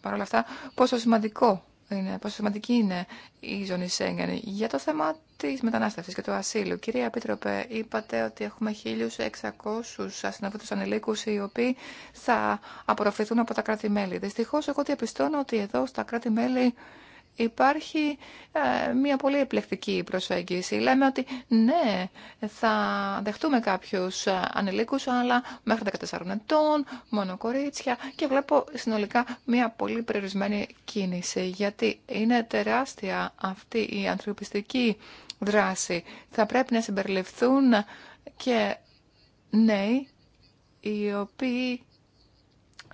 Speaker 3: παρά όλα αυτά πόσο σημαντικό είναι, πόσο σημαντική είναι η ζώνη Σέγγεν για το θέμα τη μετανάστευση και του ασύλου. Κυρία Επίτροπε, είπατε ότι έχουμε 1.600 ασυνόδευτου ανηλίκου οι οποίοι θα απορροφηθούν από τα κράτη-μέλη. Δυστυχώ, εγώ διαπιστώνω ότι εδώ στα κράτη-μέλη υπάρχει ε, μια πολύ επιλεκτική προσέγγιση. Λέμε ότι ναι, θα δεχτούμε κάποιους ε, ανηλίκους, αλλά μέχρι 14 ετών, μόνο κορίτσια και βλέπω συνολικά μια πολύ περιορισμένη κίνηση, γιατί είναι τεράστια αυτή η ανθρωπιστική δράση. Θα πρέπει να συμπεριληφθούν και νέοι οι οποίοι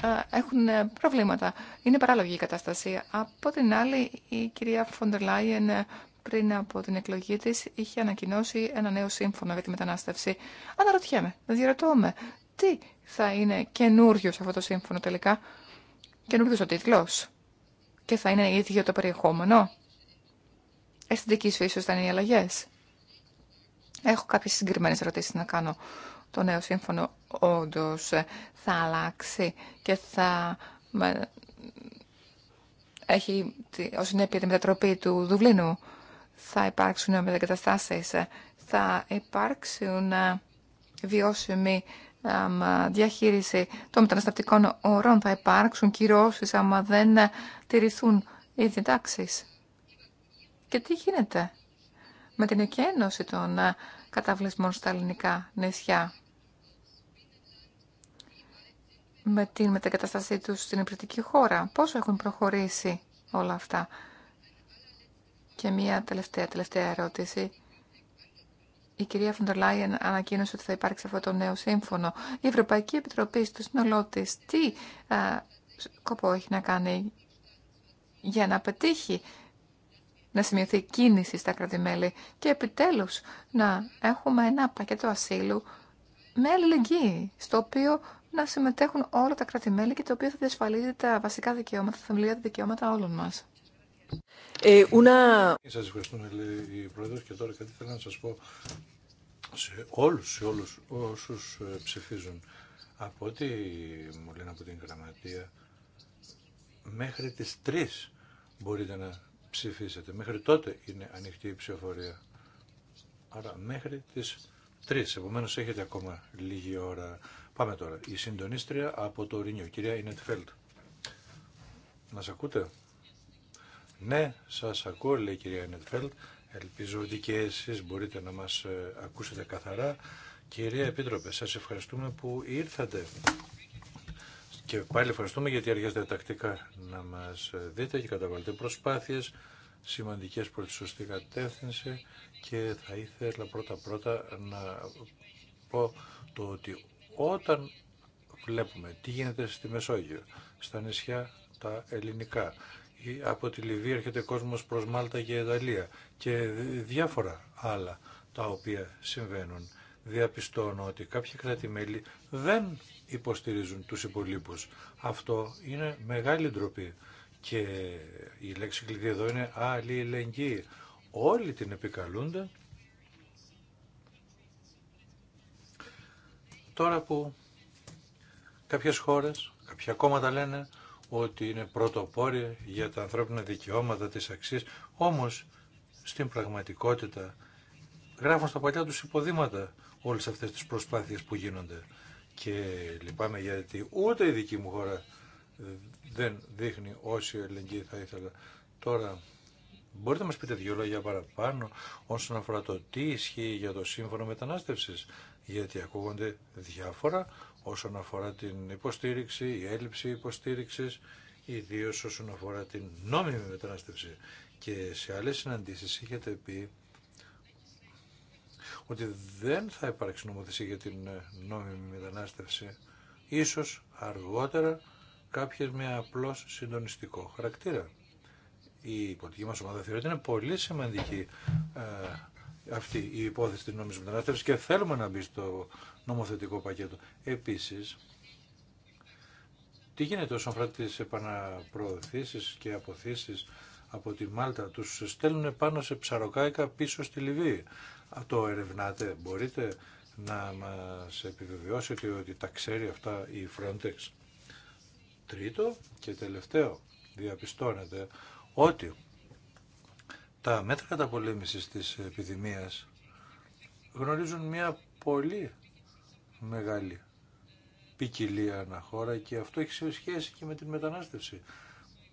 Speaker 3: ε, έχουν ε, προβλήματα. Είναι παράλογη η κατάσταση. Από την άλλη, η κυρία Φοντερ Λάιεν ε, πριν από την εκλογή τη είχε ανακοινώσει ένα νέο σύμφωνο για τη μετανάστευση. Αναρωτιέμαι, διαρωτώ με, τι θα είναι καινούριο αυτό το σύμφωνο τελικά. Καινούριο ο τίτλο. Και θα είναι ίδιο το περιεχόμενο. Αισθητική φύση θα είναι οι αλλαγέ. Έχω κάποιε συγκεκριμένε ερωτήσει να κάνω το νέο σύμφωνο όντω θα αλλάξει και θα έχει ω συνέπεια τη μετατροπή του Δουβλίνου. Θα υπάρξουν μετακαταστάσει, θα υπάρξουν ε, βιώσιμη ε, διαχείριση των μεταναστευτικών ορών, θα υπάρξουν κυρώσει άμα δεν τηρηθούν οι διδάξεις. Και τι γίνεται με την εκένωση των ε, καταβλισμών στα ελληνικά νησιά με την μετεγκαταστασή τους στην υπηρετική χώρα. Πόσο έχουν προχωρήσει όλα αυτά. Και μία τελευταία, τελευταία ερώτηση. Η κυρία Φοντερ ανακοίνωσε ότι θα υπάρξει αυτό το νέο σύμφωνο. Η Ευρωπαϊκή Επιτροπή στο σύνολό τη τι α, ε, σκοπό έχει να κάνει για να πετύχει να σημειωθεί κίνηση στα κρατημέλη και επιτέλους να έχουμε ένα πακέτο ασύλου με αλληλεγγύη, στο οποίο να συμμετέχουν όλα τα κρατημέλη και το οποίο θα διασφαλίζει τα βασικά δικαιώματα, τα θεμελιώδη δικαιώματα όλων μας.
Speaker 2: Ε, una... Σας ευχαριστούμε, λέει η Πρόεδρος, και τώρα κάτι θέλω να σας πω σε όλου σε όσους ε, ψηφίζουν. Από ό,τι μου λένε από την γραμματεία, μέχρι τις 3 μπορείτε να ψηφίσετε. Μέχρι τότε είναι ανοιχτή η ψηφοφορία. Άρα μέχρι τις 3. Επομένως έχετε ακόμα λίγη ώρα. Πάμε τώρα. Η συντονίστρια από το Ρήνιο, κυρία Ινετφέλτ. Μας ακούτε? Ναι, σας ακούω, λέει η κυρία Ινετφέλτ. Ελπίζω ότι και εσείς μπορείτε να μας ε, ακούσετε καθαρά. Κυρία Επίτροπε, σας ευχαριστούμε που ήρθατε. Και πάλι ευχαριστούμε γιατί έρχεστε τακτικά να μας δείτε και καταβάλλετε προσπάθειες σημαντικές προς τη σωστή κατεύθυνση και θα ήθελα πρώτα-πρώτα να πω το ότι όταν βλέπουμε τι γίνεται στη Μεσόγειο, στα νησιά τα ελληνικά, από τη Λιβύη έρχεται κόσμος προς Μάλτα και Ιταλία και διάφορα άλλα τα οποία συμβαίνουν διαπιστώνω ότι κάποια κράτη-μέλη δεν υποστηρίζουν τους υπολείπους. Αυτό είναι μεγάλη ντροπή. Και η λέξη κλειδί εδώ είναι αλληλεγγύη. Όλοι την επικαλούνται. Τώρα που κάποιες χώρες, κάποια κόμματα λένε ότι είναι πρωτοπόροι για τα ανθρώπινα δικαιώματα, της αξίες, όμως στην πραγματικότητα γράφουν στα παλιά τους υποδήματα όλες αυτές τις προσπάθειες που γίνονται. Και λυπάμαι γιατί ούτε η δική μου χώρα ε, δεν δείχνει όση ελεγγύη θα ήθελα. Τώρα, μπορείτε να μας πείτε δυο λόγια παραπάνω όσον αφορά το τι ισχύει για το σύμφωνο μετανάστευση, γιατί ακούγονται διάφορα όσον αφορά την υποστήριξη, η έλλειψη υποστήριξης, ιδίω όσον αφορά την νόμιμη μετανάστευση. Και σε άλλε συναντήσει είχατε πει ότι δεν θα υπάρξει νομοθεσία για την ε, νόμιμη μετανάστευση. Ίσως αργότερα κάποιες με απλώς συντονιστικό χαρακτήρα. Η υποτική μα ομάδα θεωρεί ότι είναι πολύ σημαντική ε, αυτή η υπόθεση τη νόμιμη μετανάστευση και θέλουμε να μπει στο νομοθετικό πακέτο. Επίσης, τι γίνεται όσον αφορά τι επαναπροωθήσει και αποθήσεις από τη Μάλτα. Τους στέλνουν πάνω σε ψαροκάικα πίσω στη Λιβύη το ερευνάτε, μπορείτε να μας επιβεβαιώσετε ότι τα ξέρει αυτά η Frontex. Τρίτο και τελευταίο, διαπιστώνεται ότι τα μέτρα καταπολέμησης της επιδημίας γνωρίζουν μια πολύ μεγάλη ποικιλία χώρα και αυτό έχει σχέση και με την μετανάστευση.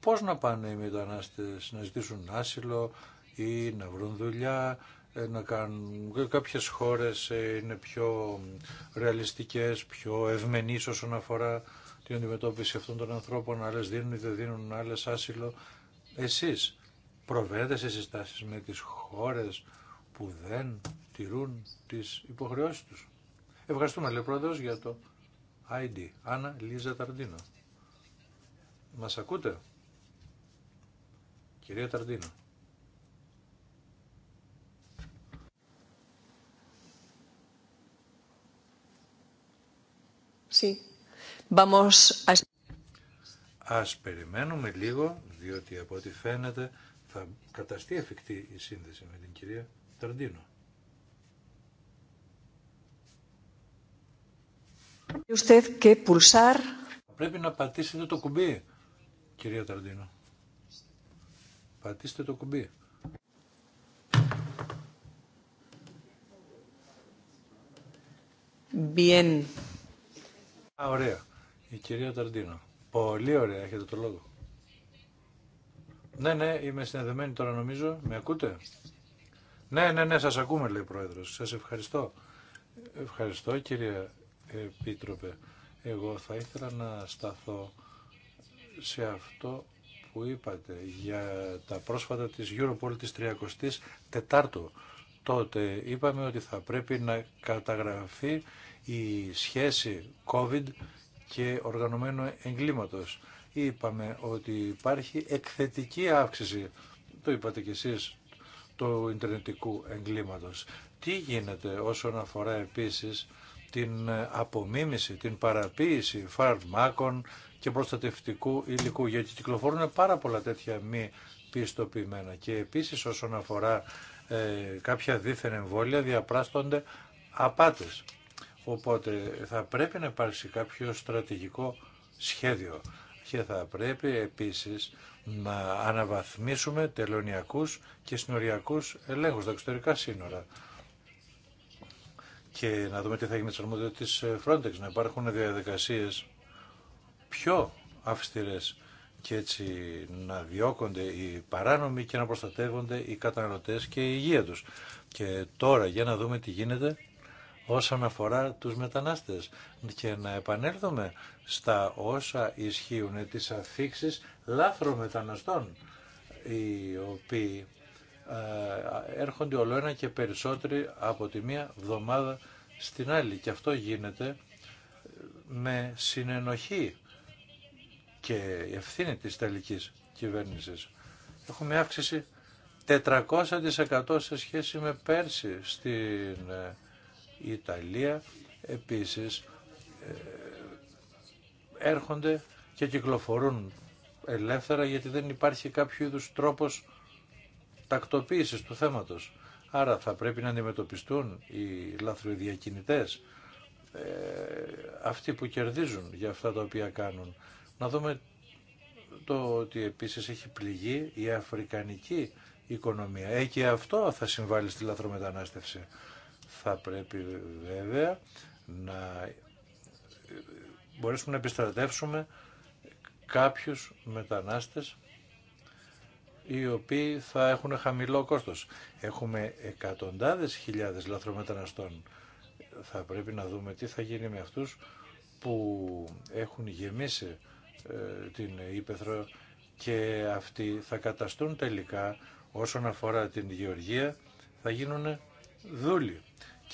Speaker 2: Πώς να πάνε οι μετανάστες να ζητήσουν άσυλο ή να βρουν δουλειά ε, να κάνουν. Κάποιες χώρες ε, είναι πιο ρεαλιστικές, πιο ευμενείς όσον αφορά την αντιμετώπιση αυτών των ανθρώπων, άλλες δίνουν ή δεν δίνουν, άλλες άσυλο. Εσείς προβαίνετε σε συστάσεις με τις χώρες που δεν τηρούν τις υποχρεώσεις τους. Ευχαριστούμε, λέει πρόεδρος, για το ID. Άννα Λίζα Ταρντίνο. Μας ακούτε? Κυρία Ταρντίνο. Sí.
Speaker 1: Vamos a...
Speaker 2: Ας περιμένουμε λίγο, διότι από ό,τι φαίνεται θα καταστεί εφικτή η σύνδεση με την κυρία Ταρντίνο.
Speaker 1: Usted pulsar...
Speaker 2: Πρέπει να πατήσετε το κουμπί, κυρία Ταρντίνο. Πατήστε το κουμπί. Bien. Α, ωραία. Η κυρία Ταρντίνο. Πολύ ωραία, έχετε το λόγο. Ναι, ναι, είμαι συνδεδεμένη τώρα νομίζω. Με ακούτε? Ναι, ναι, ναι, σας ακούμε λέει ο Πρόεδρος. Σας ευχαριστώ. Ευχαριστώ κυρία Επίτροπε. Εγώ θα ήθελα να σταθώ σε αυτό που είπατε για τα πρόσφατα της Europol της 34ου. Τότε είπαμε ότι θα πρέπει να καταγραφεί η σχέση COVID και οργανωμένου εγκλήματος. Είπαμε ότι υπάρχει εκθετική αύξηση, το είπατε κι εσείς, του Ιντερνετικού εγκλήματος. Τι γίνεται όσον αφορά επίσης την απομίμηση, την παραποίηση φαρμάκων και προστατευτικού υλικού, γιατί κυκλοφορούν πάρα πολλά τέτοια μη πιστοποιημένα. Και επίσης όσον αφορά ε, κάποια δίθεν εμβόλια διαπράστονται απάτες. Οπότε θα πρέπει να υπάρξει κάποιο στρατηγικό σχέδιο και θα πρέπει επίσης να αναβαθμίσουμε τελωνιακούς και συνοριακούς ελέγχους τα εξωτερικά σύνορα και να δούμε τι θα γίνει με τις αρμοδιότητες Frontex, να υπάρχουν διαδικασίες πιο αυστηρές και έτσι να διώκονται οι παράνομοι και να προστατεύονται οι καταναλωτές και η υγεία τους. Και τώρα για να δούμε τι γίνεται όσον αφορά τους μετανάστες και να επανέλθουμε στα όσα ισχύουν τις αφήξεις λάθρων μεταναστών οι οποίοι ε, έρχονται όλο ένα και περισσότεροι από τη μία βδομάδα στην άλλη και αυτό γίνεται ε, με συνενοχή και ευθύνη της τελικής κυβέρνησης. Έχουμε αύξηση 400% σε σχέση με πέρσι στην ε, η Ιταλία επίσης ε, έρχονται και κυκλοφορούν ελεύθερα γιατί δεν υπάρχει κάποιο είδους τρόπος τακτοποίησης του θέματος. Άρα θα πρέπει να αντιμετωπιστούν οι λαθροδιακινητές, ε, αυτοί που κερδίζουν για αυτά τα οποία κάνουν. Να δούμε το ότι επίσης έχει πληγεί η αφρικανική οικονομία. Ε, και αυτό θα συμβάλλει στη λαθρομετανάστευση. Θα πρέπει βέβαια να μπορέσουμε να επιστρατεύσουμε κάποιους μετανάστες οι οποίοι θα έχουν χαμηλό κόστος. Έχουμε εκατοντάδες χιλιάδες λαθρομεταναστών. Θα πρέπει να δούμε τι θα γίνει με αυτούς που έχουν γεμίσει ε, την Ήπεθρο και αυτοί θα καταστούν τελικά όσον αφορά την γεωργία θα γίνουν δούλοι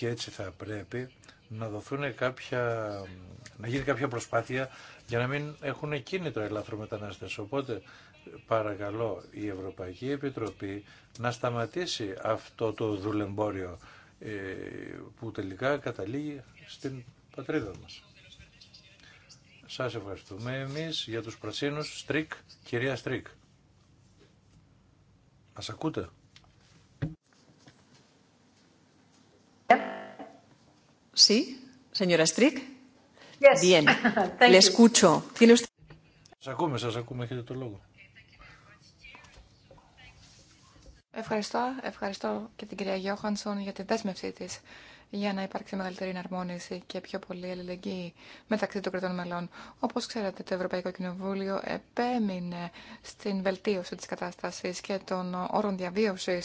Speaker 2: και έτσι θα πρέπει να δοθούν κάποια, να γίνει κάποια προσπάθεια για να μην έχουν κίνητρο ελαφρομετανάστες. Οπότε παρακαλώ η Ευρωπαϊκή Επιτροπή να σταματήσει αυτό το δουλεμπόριο ε, που τελικά καταλήγει στην πατρίδα μας. Σας ευχαριστούμε εμείς για τους πρασίνους. Στρίκ, κυρία Στρίκ. Μας ακούτε.
Speaker 1: Sí, señora Strick. Yes. Bien, le escucho. ¿Tiene
Speaker 2: ακούμε, σας ακούμε, έχετε το λόγο.
Speaker 3: Ευχαριστώ, ευχαριστώ και την κυρία Γιώχανσον για τη δέσμευσή της για να υπάρξει μεγαλύτερη εναρμόνιση και πιο πολύ αλληλεγγύη μεταξύ των κρατών μελών. Όπω ξέρετε, το Ευρωπαϊκό Κοινοβούλιο επέμεινε στην βελτίωση τη κατάσταση και των όρων διαβίωση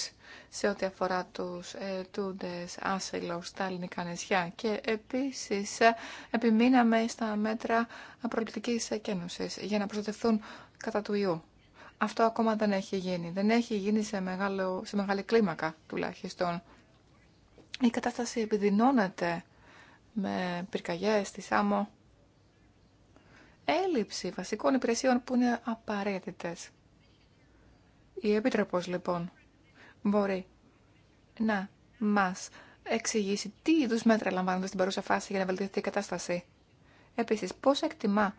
Speaker 3: σε ό,τι αφορά τους τούντε, άσυλο στα ελληνικά νησιά και επίσης επιμείναμε στα μέτρα προληπτικής εκένωσης για να προστατευτούν κατά του ιού. Αυτό ακόμα δεν έχει γίνει. Δεν έχει γίνει σε, μεγάλο, σε μεγάλη κλίμακα τουλάχιστον η κατάσταση επιδεινώνεται με πυρκαγιές στη Σάμο. Έλλειψη βασικών υπηρεσιών που είναι απαραίτητες. Η Επίτροπος λοιπόν μπορεί να μας εξηγήσει τι είδους μέτρα λαμβάνονται στην παρούσα φάση για να βελτιωθεί η κατάσταση. Επίσης, πώς εκτιμά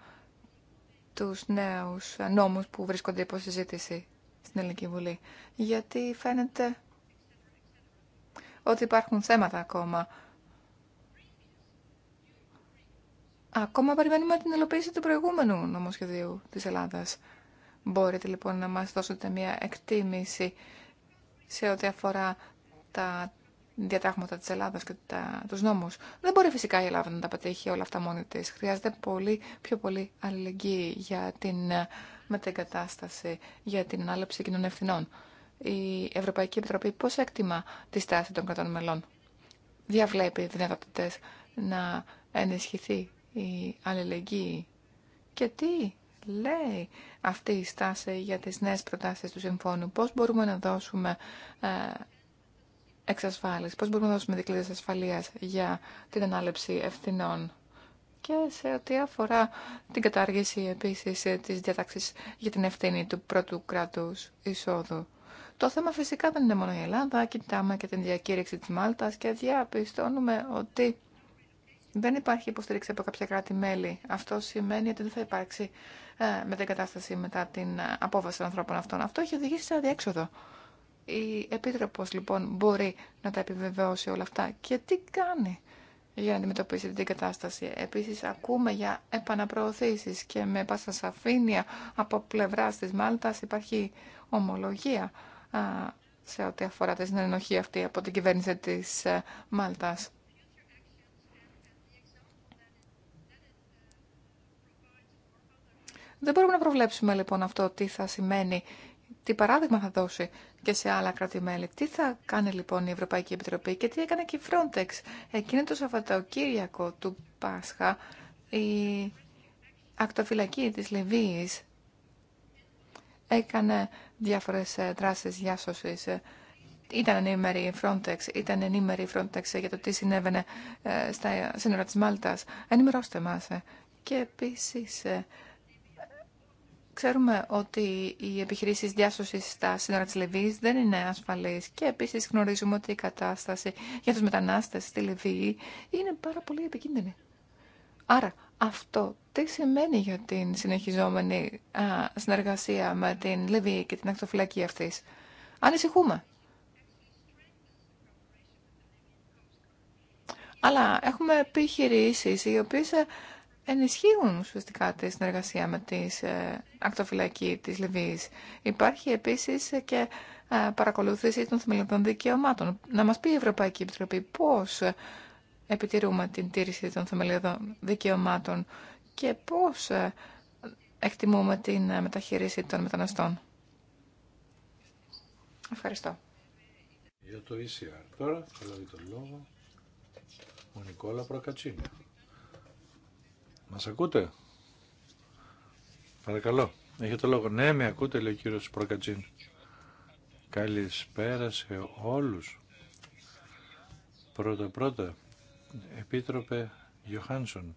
Speaker 3: τους νέους νόμους που βρίσκονται υπό συζήτηση στην Ελληνική Βουλή. Γιατί φαίνεται ότι υπάρχουν θέματα ακόμα. Ακόμα περιμένουμε την υλοποίηση του προηγούμενου νομοσχεδίου της Ελλάδας. Μπορείτε λοιπόν να μας δώσετε μια εκτίμηση σε ό,τι αφορά τα διατάγματα της Ελλάδας και τα, τους νόμους. Δεν μπορεί φυσικά η Ελλάδα να τα πετύχει όλα αυτά μόνη της. Χρειάζεται πολύ, πιο πολύ αλληλεγγύη για την ε, μετεγκατάσταση, για την ανάληψη κοινών ευθυνών η Ευρωπαϊκή Επιτροπή πώς εκτιμά τη στάση των κρατών μελών. Διαβλέπει δυνατότητε να ενισχυθεί η αλληλεγγύη. Και τι λέει αυτή η στάση για τις νέες προτάσεις του συμφώνου. Πώς μπορούμε να δώσουμε ε, εξασφάλιση, πώς μπορούμε να δώσουμε δικλείδες ασφαλείας για την ανάλεψη ευθυνών. Και σε ό,τι αφορά την κατάργηση επίσης ε, της διατάξης για την ευθύνη του πρώτου κράτους εισόδου. Το θέμα φυσικά δεν είναι μόνο η Ελλάδα. Κοιτάμε και την διακήρυξη της Μάλτας και διαπιστώνουμε ότι δεν υπάρχει υποστήριξη από κάποια κράτη-μέλη. Αυτό σημαίνει ότι δεν θα υπάρξει ε, με την κατάσταση μετά την ε, απόβαση των ανθρώπων αυτών. Αυτό έχει οδηγήσει σε αδιέξοδο. Η Επίτροπος λοιπόν μπορεί να τα επιβεβαιώσει όλα αυτά. Και τι κάνει για να αντιμετωπίσει την κατάσταση. Επίσης ακούμε για επαναπροωθήσεις και με πάσα σαφήνεια από πλευράς της Μάλτας υπάρχει ομολογία σε ό,τι αφορά τη συνενοχή αυτή από την κυβέρνηση της ε, Μάλτας. Δεν μπορούμε να προβλέψουμε λοιπόν αυτό τι θα σημαίνει, τι παράδειγμα θα δώσει και σε άλλα κράτη-μέλη. Τι θα κάνει λοιπόν η Ευρωπαϊκή Επιτροπή και τι έκανε και η Frontex. Εκείνη το Σαββατοκύριακο του Πάσχα η ακτοφυλακή της Λιβύης έκανε διάφορες ε, δράσεις διάσωσης. Ε, ήταν ενήμερη η Frontex, ήταν ενήμερη η Frontex για το τι συνέβαινε ε, στα σύνορα της Μάλτας. Ενημερώστε μας. Και επίσης, ξέρουμε ότι οι επιχειρήσεις διάσωσης στα σύνορα της Λιβύης δεν είναι ασφαλείς και επίσης γνωρίζουμε ότι η κατάσταση για τους μετανάστες στη Λιβύη είναι πάρα πολύ επικίνδυνη. Άρα, αυτό τι σημαίνει για την συνεχιζόμενη συνεργασία με την Λιβύη και την ακτοφυλακή αυτής. Ανησυχούμε. Αλλά έχουμε επιχειρήσει οι οποίε ε, ενισχύουν ουσιαστικά τη συνεργασία με την ε, ακτοφυλακή της Λιβύης. Υπάρχει επίσης ε, και παρακολούθηση των θεμελιωδών δικαιωμάτων. Να μας πει η Ευρωπαϊκή Επιτροπή πώς επιτηρούμε την τήρηση των θεμελιωδών δικαιωμάτων και πώς ε, εκτιμούμε την ε, μεταχείριση των μεταναστών.
Speaker 2: Ευχαριστώ. Για το ECR τώρα θα λάβει το λόγο ο Νικόλα Προκατσίνη. Μας ακούτε? Παρακαλώ. Έχετε το λόγο. Ναι, με ακούτε, λέει ο κύριος Προκατσίν. Καλησπέρα σε όλους. Πρώτα-πρώτα Επίτροπε Γιωχάνσον,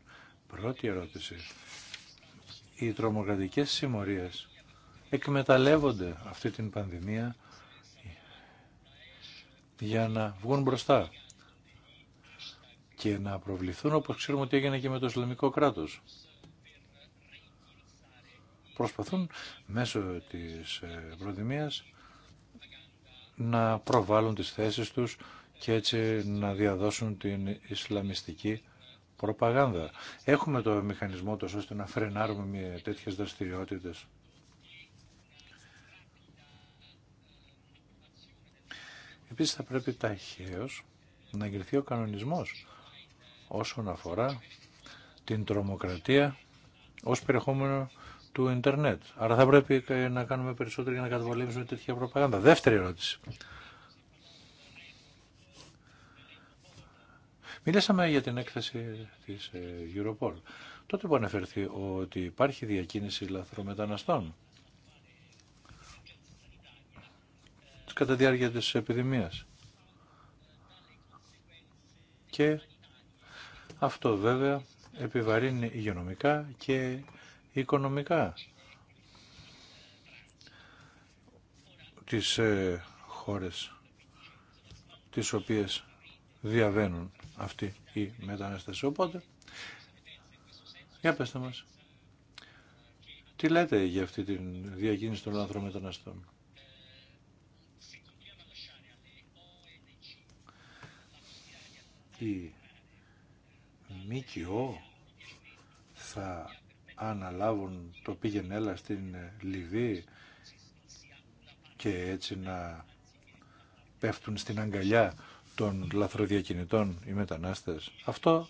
Speaker 2: πρώτη ερώτηση. Οι τρομοκρατικές συμμορίες εκμεταλλεύονται αυτή την πανδημία για να βγουν μπροστά και να προβληθούν όπως ξέρουμε ότι έγινε και με το Ισλαμικό κράτος. Προσπαθούν μέσω της ε, προδημίας να προβάλλουν τις θέσεις τους και έτσι να διαδώσουν την Ισλαμιστική προπαγάνδα. Έχουμε το μηχανισμό τόσο ώστε να φρενάρουμε με τέτοιες δραστηριότητες. Επίσης θα πρέπει ταχαίως να εγκριθεί ο κανονισμός όσον αφορά την τρομοκρατία ως περιεχόμενο του ίντερνετ. Άρα θα πρέπει να κάνουμε περισσότερο για να καταβολήσουμε τέτοια προπαγάνδα. Δεύτερη ερώτηση. Μιλήσαμε για την έκθεση της ε, Europol. Τότε που αναφερθεί ότι υπάρχει διακίνηση λαθρομεταναστών κατά τη διάρκεια της επιδημίας. Και αυτό βέβαια επιβαρύνει υγειονομικά και οικονομικά τις ε, χώρες τις οποίες διαβαίνουν αυτοί οι μεταναστές. Οπότε, για πέστε μας, τι λέτε για αυτή τη διακίνηση των μεταναστών; Η ΜΚΟ θα αναλάβουν το πήγαινε έλα στην Λιβύη και έτσι να πέφτουν στην αγκαλιά των λαθροδιακινητών ή μετανάστες. Αυτό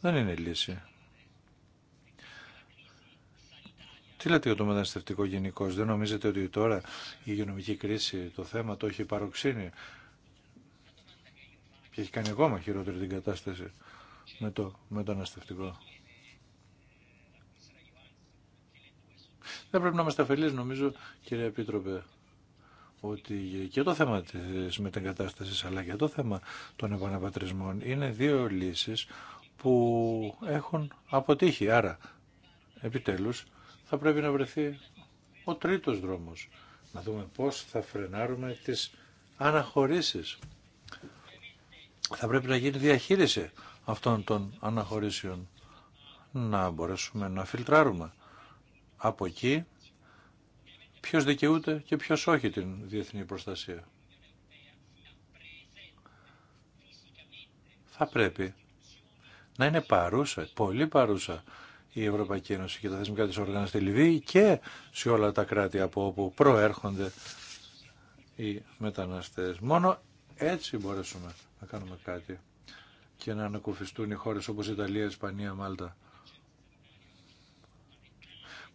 Speaker 2: δεν είναι λύση. Τι λέτε για το μεταναστευτικό γενικώ, δεν νομίζετε ότι τώρα η υγειονομική κρίση το θέμα το έχει παροξύνει και έχει κάνει ακόμα χειρότερη την κατάσταση με το μεταναστευτικό. Δεν πρέπει να είμαστε αφελείς νομίζω κύριε Επίτροπε ότι και το θέμα της μετεγκατάστασης αλλά και το θέμα των επαναπατρισμών είναι δύο λύσεις που έχουν αποτύχει. Άρα, επιτέλους, θα πρέπει να βρεθεί ο τρίτος δρόμος. Να δούμε πώς θα φρενάρουμε τις αναχωρήσεις. Θα πρέπει να γίνει διαχείριση αυτών των αναχωρήσεων. Να μπορέσουμε να φιλτράρουμε από εκεί ποιος δικαιούται και ποιος όχι την διεθνή προστασία. Θα πρέπει να είναι παρούσα, πολύ παρούσα η Ευρωπαϊκή Ένωση και τα θεσμικά της οργάνωσης στη Λιβύη και σε όλα τα κράτη από όπου προέρχονται οι μεταναστές. Μόνο έτσι μπορέσουμε να κάνουμε κάτι και να ανακουφιστούν οι χώρες όπως η Ιταλία, Ισπανία, Μάλτα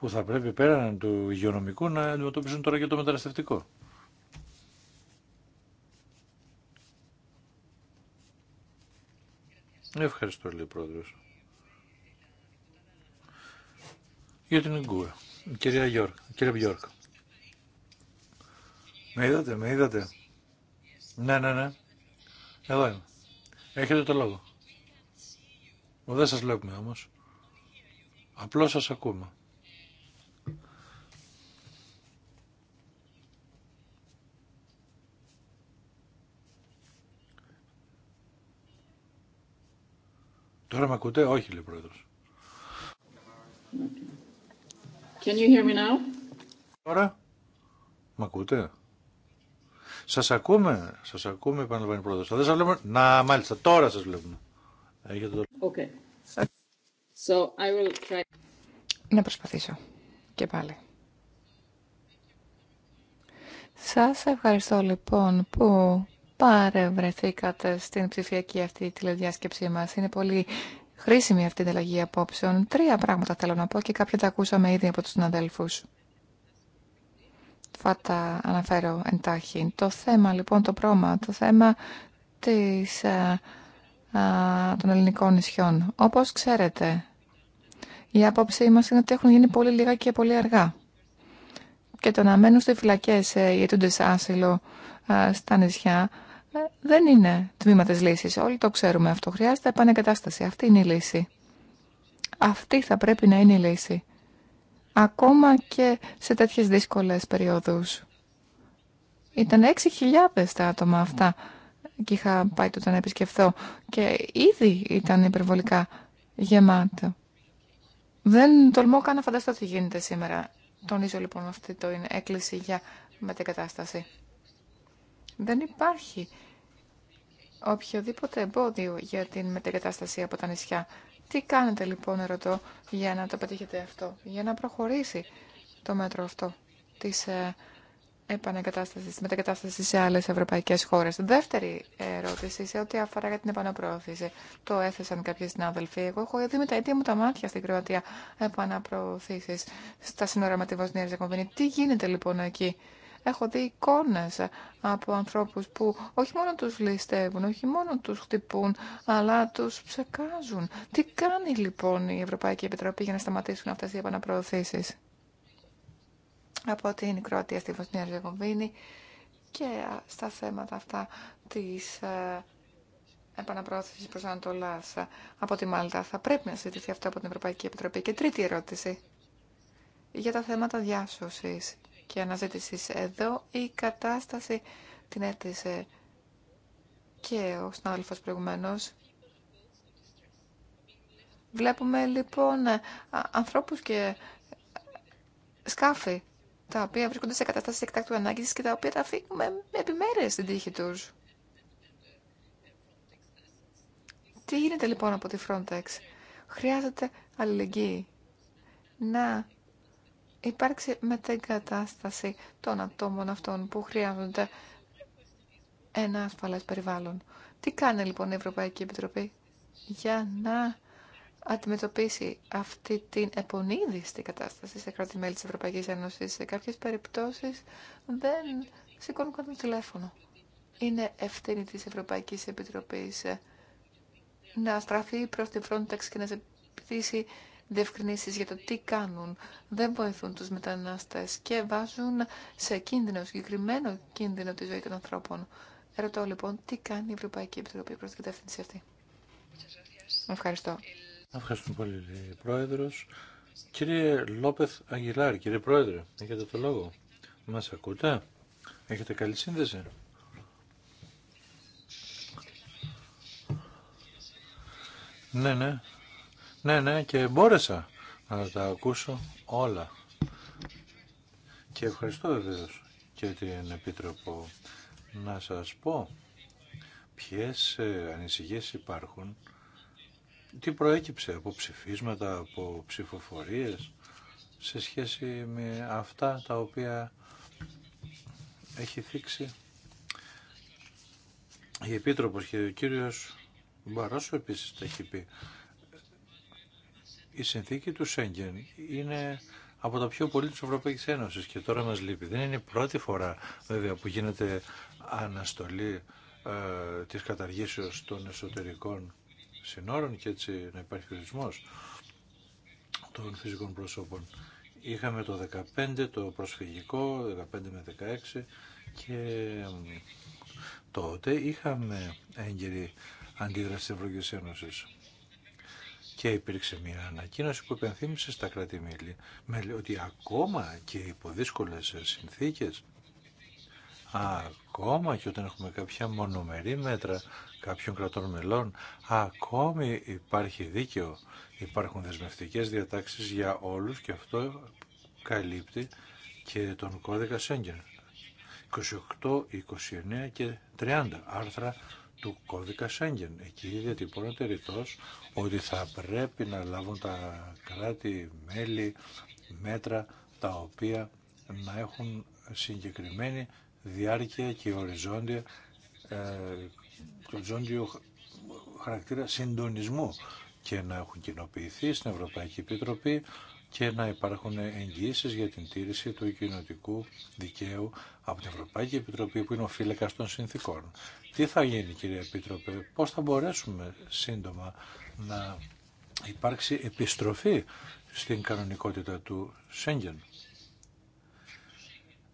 Speaker 2: που θα πρέπει πέραν του υγειονομικού να αντιμετωπίσουν τώρα και το μεταναστευτικό. Ευχαριστώ, λέει ο Πρόεδρος. Για την Ιγκούε. Κυρία Γιώργ, κύριε Μπιόρκ. Με είδατε, με είδατε. Ναι, ναι, ναι. Εδώ είμαι. Έχετε το λόγο. Δεν σας βλέπουμε όμως. Απλώς σας ακούμε. Τώρα με ακούτε, όχι λέει ο πρόεδρος.
Speaker 1: Can you hear me now?
Speaker 2: Τώρα, με ακούτε. Σα ακούμε, σα ακούμε, επαναλαμβάνει πρόεδρος. Δεν σα βλέπουμε. Να, μάλιστα, τώρα σα βλέπουμε. Έχετε το...
Speaker 1: Okay. So, I will try...
Speaker 3: Να προσπαθήσω. Και πάλι. Σας ευχαριστώ λοιπόν που παρευρεθήκατε στην ψηφιακή αυτή τηλεδιάσκεψή μας. Είναι πολύ χρήσιμη αυτή η ανταλλαγή απόψεων. Τρία πράγματα θέλω να πω και κάποια τα ακούσαμε ήδη από τους συναδέλφους. Θα τα αναφέρω εντάχει. Το θέμα λοιπόν το πρόμα, το θέμα της, α, ε, α, των ελληνικών νησιών. Όπως ξέρετε, η άποψή μας είναι ότι έχουν γίνει πολύ λίγα και πολύ αργά. Και το να μένουν στις φυλακές ε, ή αιτούντες άσυλο ε, στα νησιά ε, δεν είναι τμήμα της λύσης. Όλοι το ξέρουμε αυτό. Χρειάζεται επανεγκατάσταση. Αυτή είναι η λύση. Αυτή θα πρέπει να είναι η λύση. Ακόμα και σε τέτοιες δύσκολες περιόδους. Ήταν 6.000 τα άτομα αυτά και είχα πάει τότε να επισκεφθώ και ήδη ήταν υπερβολικά γεμάτο. Δεν τολμώ καν να φανταστώ τι γίνεται σήμερα. Τονίζω λοιπόν αυτή το είναι έκκληση για μετεγκατάσταση. Δεν υπάρχει οποιοδήποτε εμπόδιο για την μετεγκατάσταση από τα νησιά. Τι κάνετε λοιπόν, ρωτώ, για να το πετύχετε αυτό, για να προχωρήσει το μέτρο αυτό της ε, επανεγκατάστασης, της μετεγκατάστασης σε άλλες ευρωπαϊκές χώρες. Δεύτερη ερώτηση σε ό,τι αφορά την επαναπροώθηση. Το έθεσαν κάποιοι συνάδελφοι. Εγώ έχω δει με τα αιτία μου τα μάτια στην Κροατία επαναπροωθήσεις στα σύνορα με τη Βοσνία Τι γίνεται λοιπόν εκεί Έχω δει εικόνες από ανθρώπους που όχι μόνο τους ληστεύουν, όχι μόνο τους χτυπούν, αλλά τους ψεκάζουν. Τι κάνει λοιπόν η Ευρωπαϊκή Επιτροπή για να σταματήσουν αυτές οι επαναπροωθήσεις. Από την Κροατία στη Βοσνία Ζεγοβίνη και στα θέματα αυτά της ε, επαναπρόθεση προ Ανατολά ε, από τη Μάλτα. Θα πρέπει να συζητηθεί αυτό από την Ευρωπαϊκή Επιτροπή. Και τρίτη ερώτηση. Για τα θέματα διάσωση και αναζήτησης. Εδώ η κατάσταση την έτησε και ο συνάδελφος προηγουμένως. Βλέπουμε λοιπόν ανθρώπους και σκάφη τα οποία βρίσκονται σε κατάσταση εκτάκτου ανάγκης και τα οποία τα αφήνουμε με επιμέρειες στην τύχη τους. Τι γίνεται λοιπόν από τη Frontex. Χρειάζεται αλληλεγγύη. Να υπάρξει κατάσταση των ατόμων αυτών που χρειάζονται ένα ασφαλές περιβάλλον. Τι κάνει λοιπόν η Ευρωπαϊκή Επιτροπή για να αντιμετωπίσει αυτή την επωνίδιστη κατάσταση σε κράτη-μέλη της Ευρωπαϊκής Ένωσης. Σε κάποιες περιπτώσεις δεν σηκώνουν καν τηλέφωνο. Είναι ευθύνη της Ευρωπαϊκής Επιτροπής να στραφεί προς την Frontex και να ζητήσει διευκρινήσεις για το τι κάνουν. Δεν βοηθούν τους μετανάστες και βάζουν σε κίνδυνο, συγκεκριμένο κίνδυνο τη ζωή των ανθρώπων. Ρωτώ λοιπόν τι κάνει η Ευρωπαϊκή Επιτροπή προ την κατεύθυνση αυτή. Ευχαριστώ.
Speaker 2: Ευχαριστούμε πολύ, πρόεδρο. Πρόεδρος. Κύριε Λόπεθ Αγγιλάρ, κύριε Πρόεδρε, έχετε το λόγο. Μα ακούτε? Έχετε καλή σύνδεση? Ναι, ναι. Ναι, ναι, και μπόρεσα να τα ακούσω όλα. Και ευχαριστώ βεβαίω και την Επίτροπο να σας πω ποιες ε, ανησυχίες υπάρχουν, τι προέκυψε από ψηφίσματα, από ψηφοφορίες σε σχέση με αυτά τα οποία έχει θίξει η Επίτροπος και ο κύριος Μπαρόσο επίσης τα έχει πει η συνθήκη του Σέγγεν είναι από τα πιο πολύ της Ευρωπαϊκής Ένωσης και τώρα μας λείπει. Δεν είναι η πρώτη φορά βέβαια που γίνεται αναστολή ε, της καταργήσεως των εσωτερικών συνόρων και έτσι να υπάρχει ορισμός των φυσικών προσώπων. Είχαμε το 15, το προσφυγικό, 15 με 16 και τότε είχαμε έγκυρη αντίδραση της Ευρωπαϊκής Ένωσης και υπήρξε μια ανακοίνωση που υπενθύμησε στα κράτη-μέλη ότι ακόμα και υπό δύσκολε συνθήκες ακόμα και όταν έχουμε κάποια μονομερή μέτρα κάποιων κρατών μελών ακόμη υπάρχει δίκαιο υπάρχουν δεσμευτικέ διατάξεις για όλους και αυτό καλύπτει και τον κώδικα Σέγγεν 28, 29 και 30 άρθρα του κώδικα Σέγγεν. Εκεί διατυπώνεται ρητό ότι θα πρέπει να λάβουν τα κράτη-μέλη μέτρα τα οποία να έχουν συγκεκριμένη διάρκεια και οριζόντια ε, οριζόντιο χαρακτήρα συντονισμού και να έχουν κοινοποιηθεί στην Ευρωπαϊκή Επιτροπή και να υπάρχουν εγγύησεις για την τήρηση του κοινοτικού δικαίου από την Ευρωπαϊκή Επιτροπή που είναι ο φύλακας των συνθήκων. Τι θα γίνει κύριε Επίτροπε, πώς θα μπορέσουμε σύντομα να υπάρξει επιστροφή στην κανονικότητα του Σέγγεν.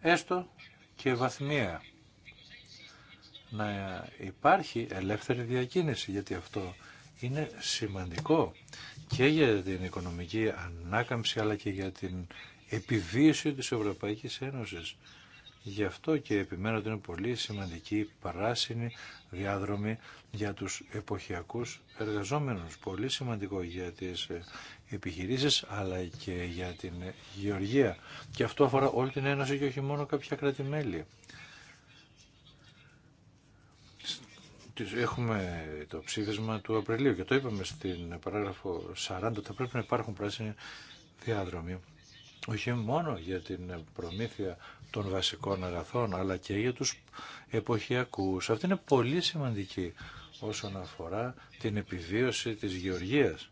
Speaker 2: Έστω και βαθμία να υπάρχει ελεύθερη διακίνηση γιατί αυτό είναι σημαντικό και για την οικονομική ανάκαμψη αλλά και για την επιβίωση της Ευρωπαϊκής Ένωσης. Γι' αυτό και επιμένω ότι είναι πολύ σημαντική πράσινη διάδρομη για τους εποχιακούς εργαζόμενους. Πολύ σημαντικό για τις επιχειρήσεις αλλά και για την γεωργία. Και αυτό αφορά όλη την Ένωση και όχι μόνο κάποια κράτη-μέλη. έχουμε το ψήφισμα του Απριλίου και το είπαμε στην παράγραφο 40 θα πρέπει να υπάρχουν πράσινοι διάδρομοι όχι μόνο για την προμήθεια των βασικών αγαθών αλλά και για τους εποχιακούς. Αυτή είναι πολύ σημαντική όσον αφορά την επιβίωση της γεωργίας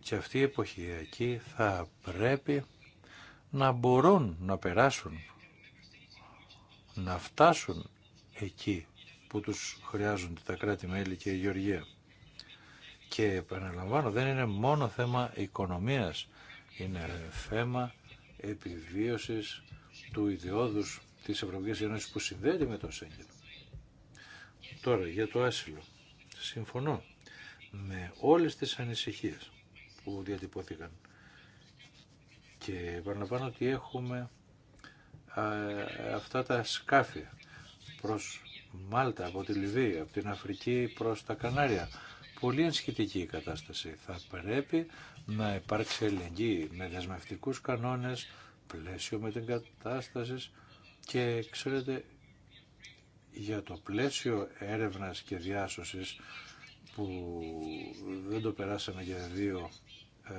Speaker 2: και αυτοί οι εποχιακοί θα πρέπει να μπορούν να περάσουν να φτάσουν εκεί που τους χρειάζονται τα κράτη-μέλη και η Γεωργία. Και επαναλαμβάνω, δεν είναι μόνο θέμα οικονομίας, είναι θέμα επιβίωσης του ιδιώδους της Ευρωπαϊκής Ένωσης που συνδέεται με το Σέγγεν. Τώρα, για το άσυλο. Συμφωνώ με όλες τις ανησυχίες που διατυπώθηκαν και επαναλαμβάνω ότι έχουμε αυτά τα σκάφια προς Μάλτα, από τη Λιβύη, από την Αφρική προς τα Κανάρια. Πολύ ενσχυτική η κατάσταση. Θα πρέπει να υπάρξει ελεγγύη με δεσμευτικού κανόνες, πλαίσιο με την κατάσταση και ξέρετε για το πλαίσιο έρευνας και διάσωσης που δεν το περάσαμε για δύο ε,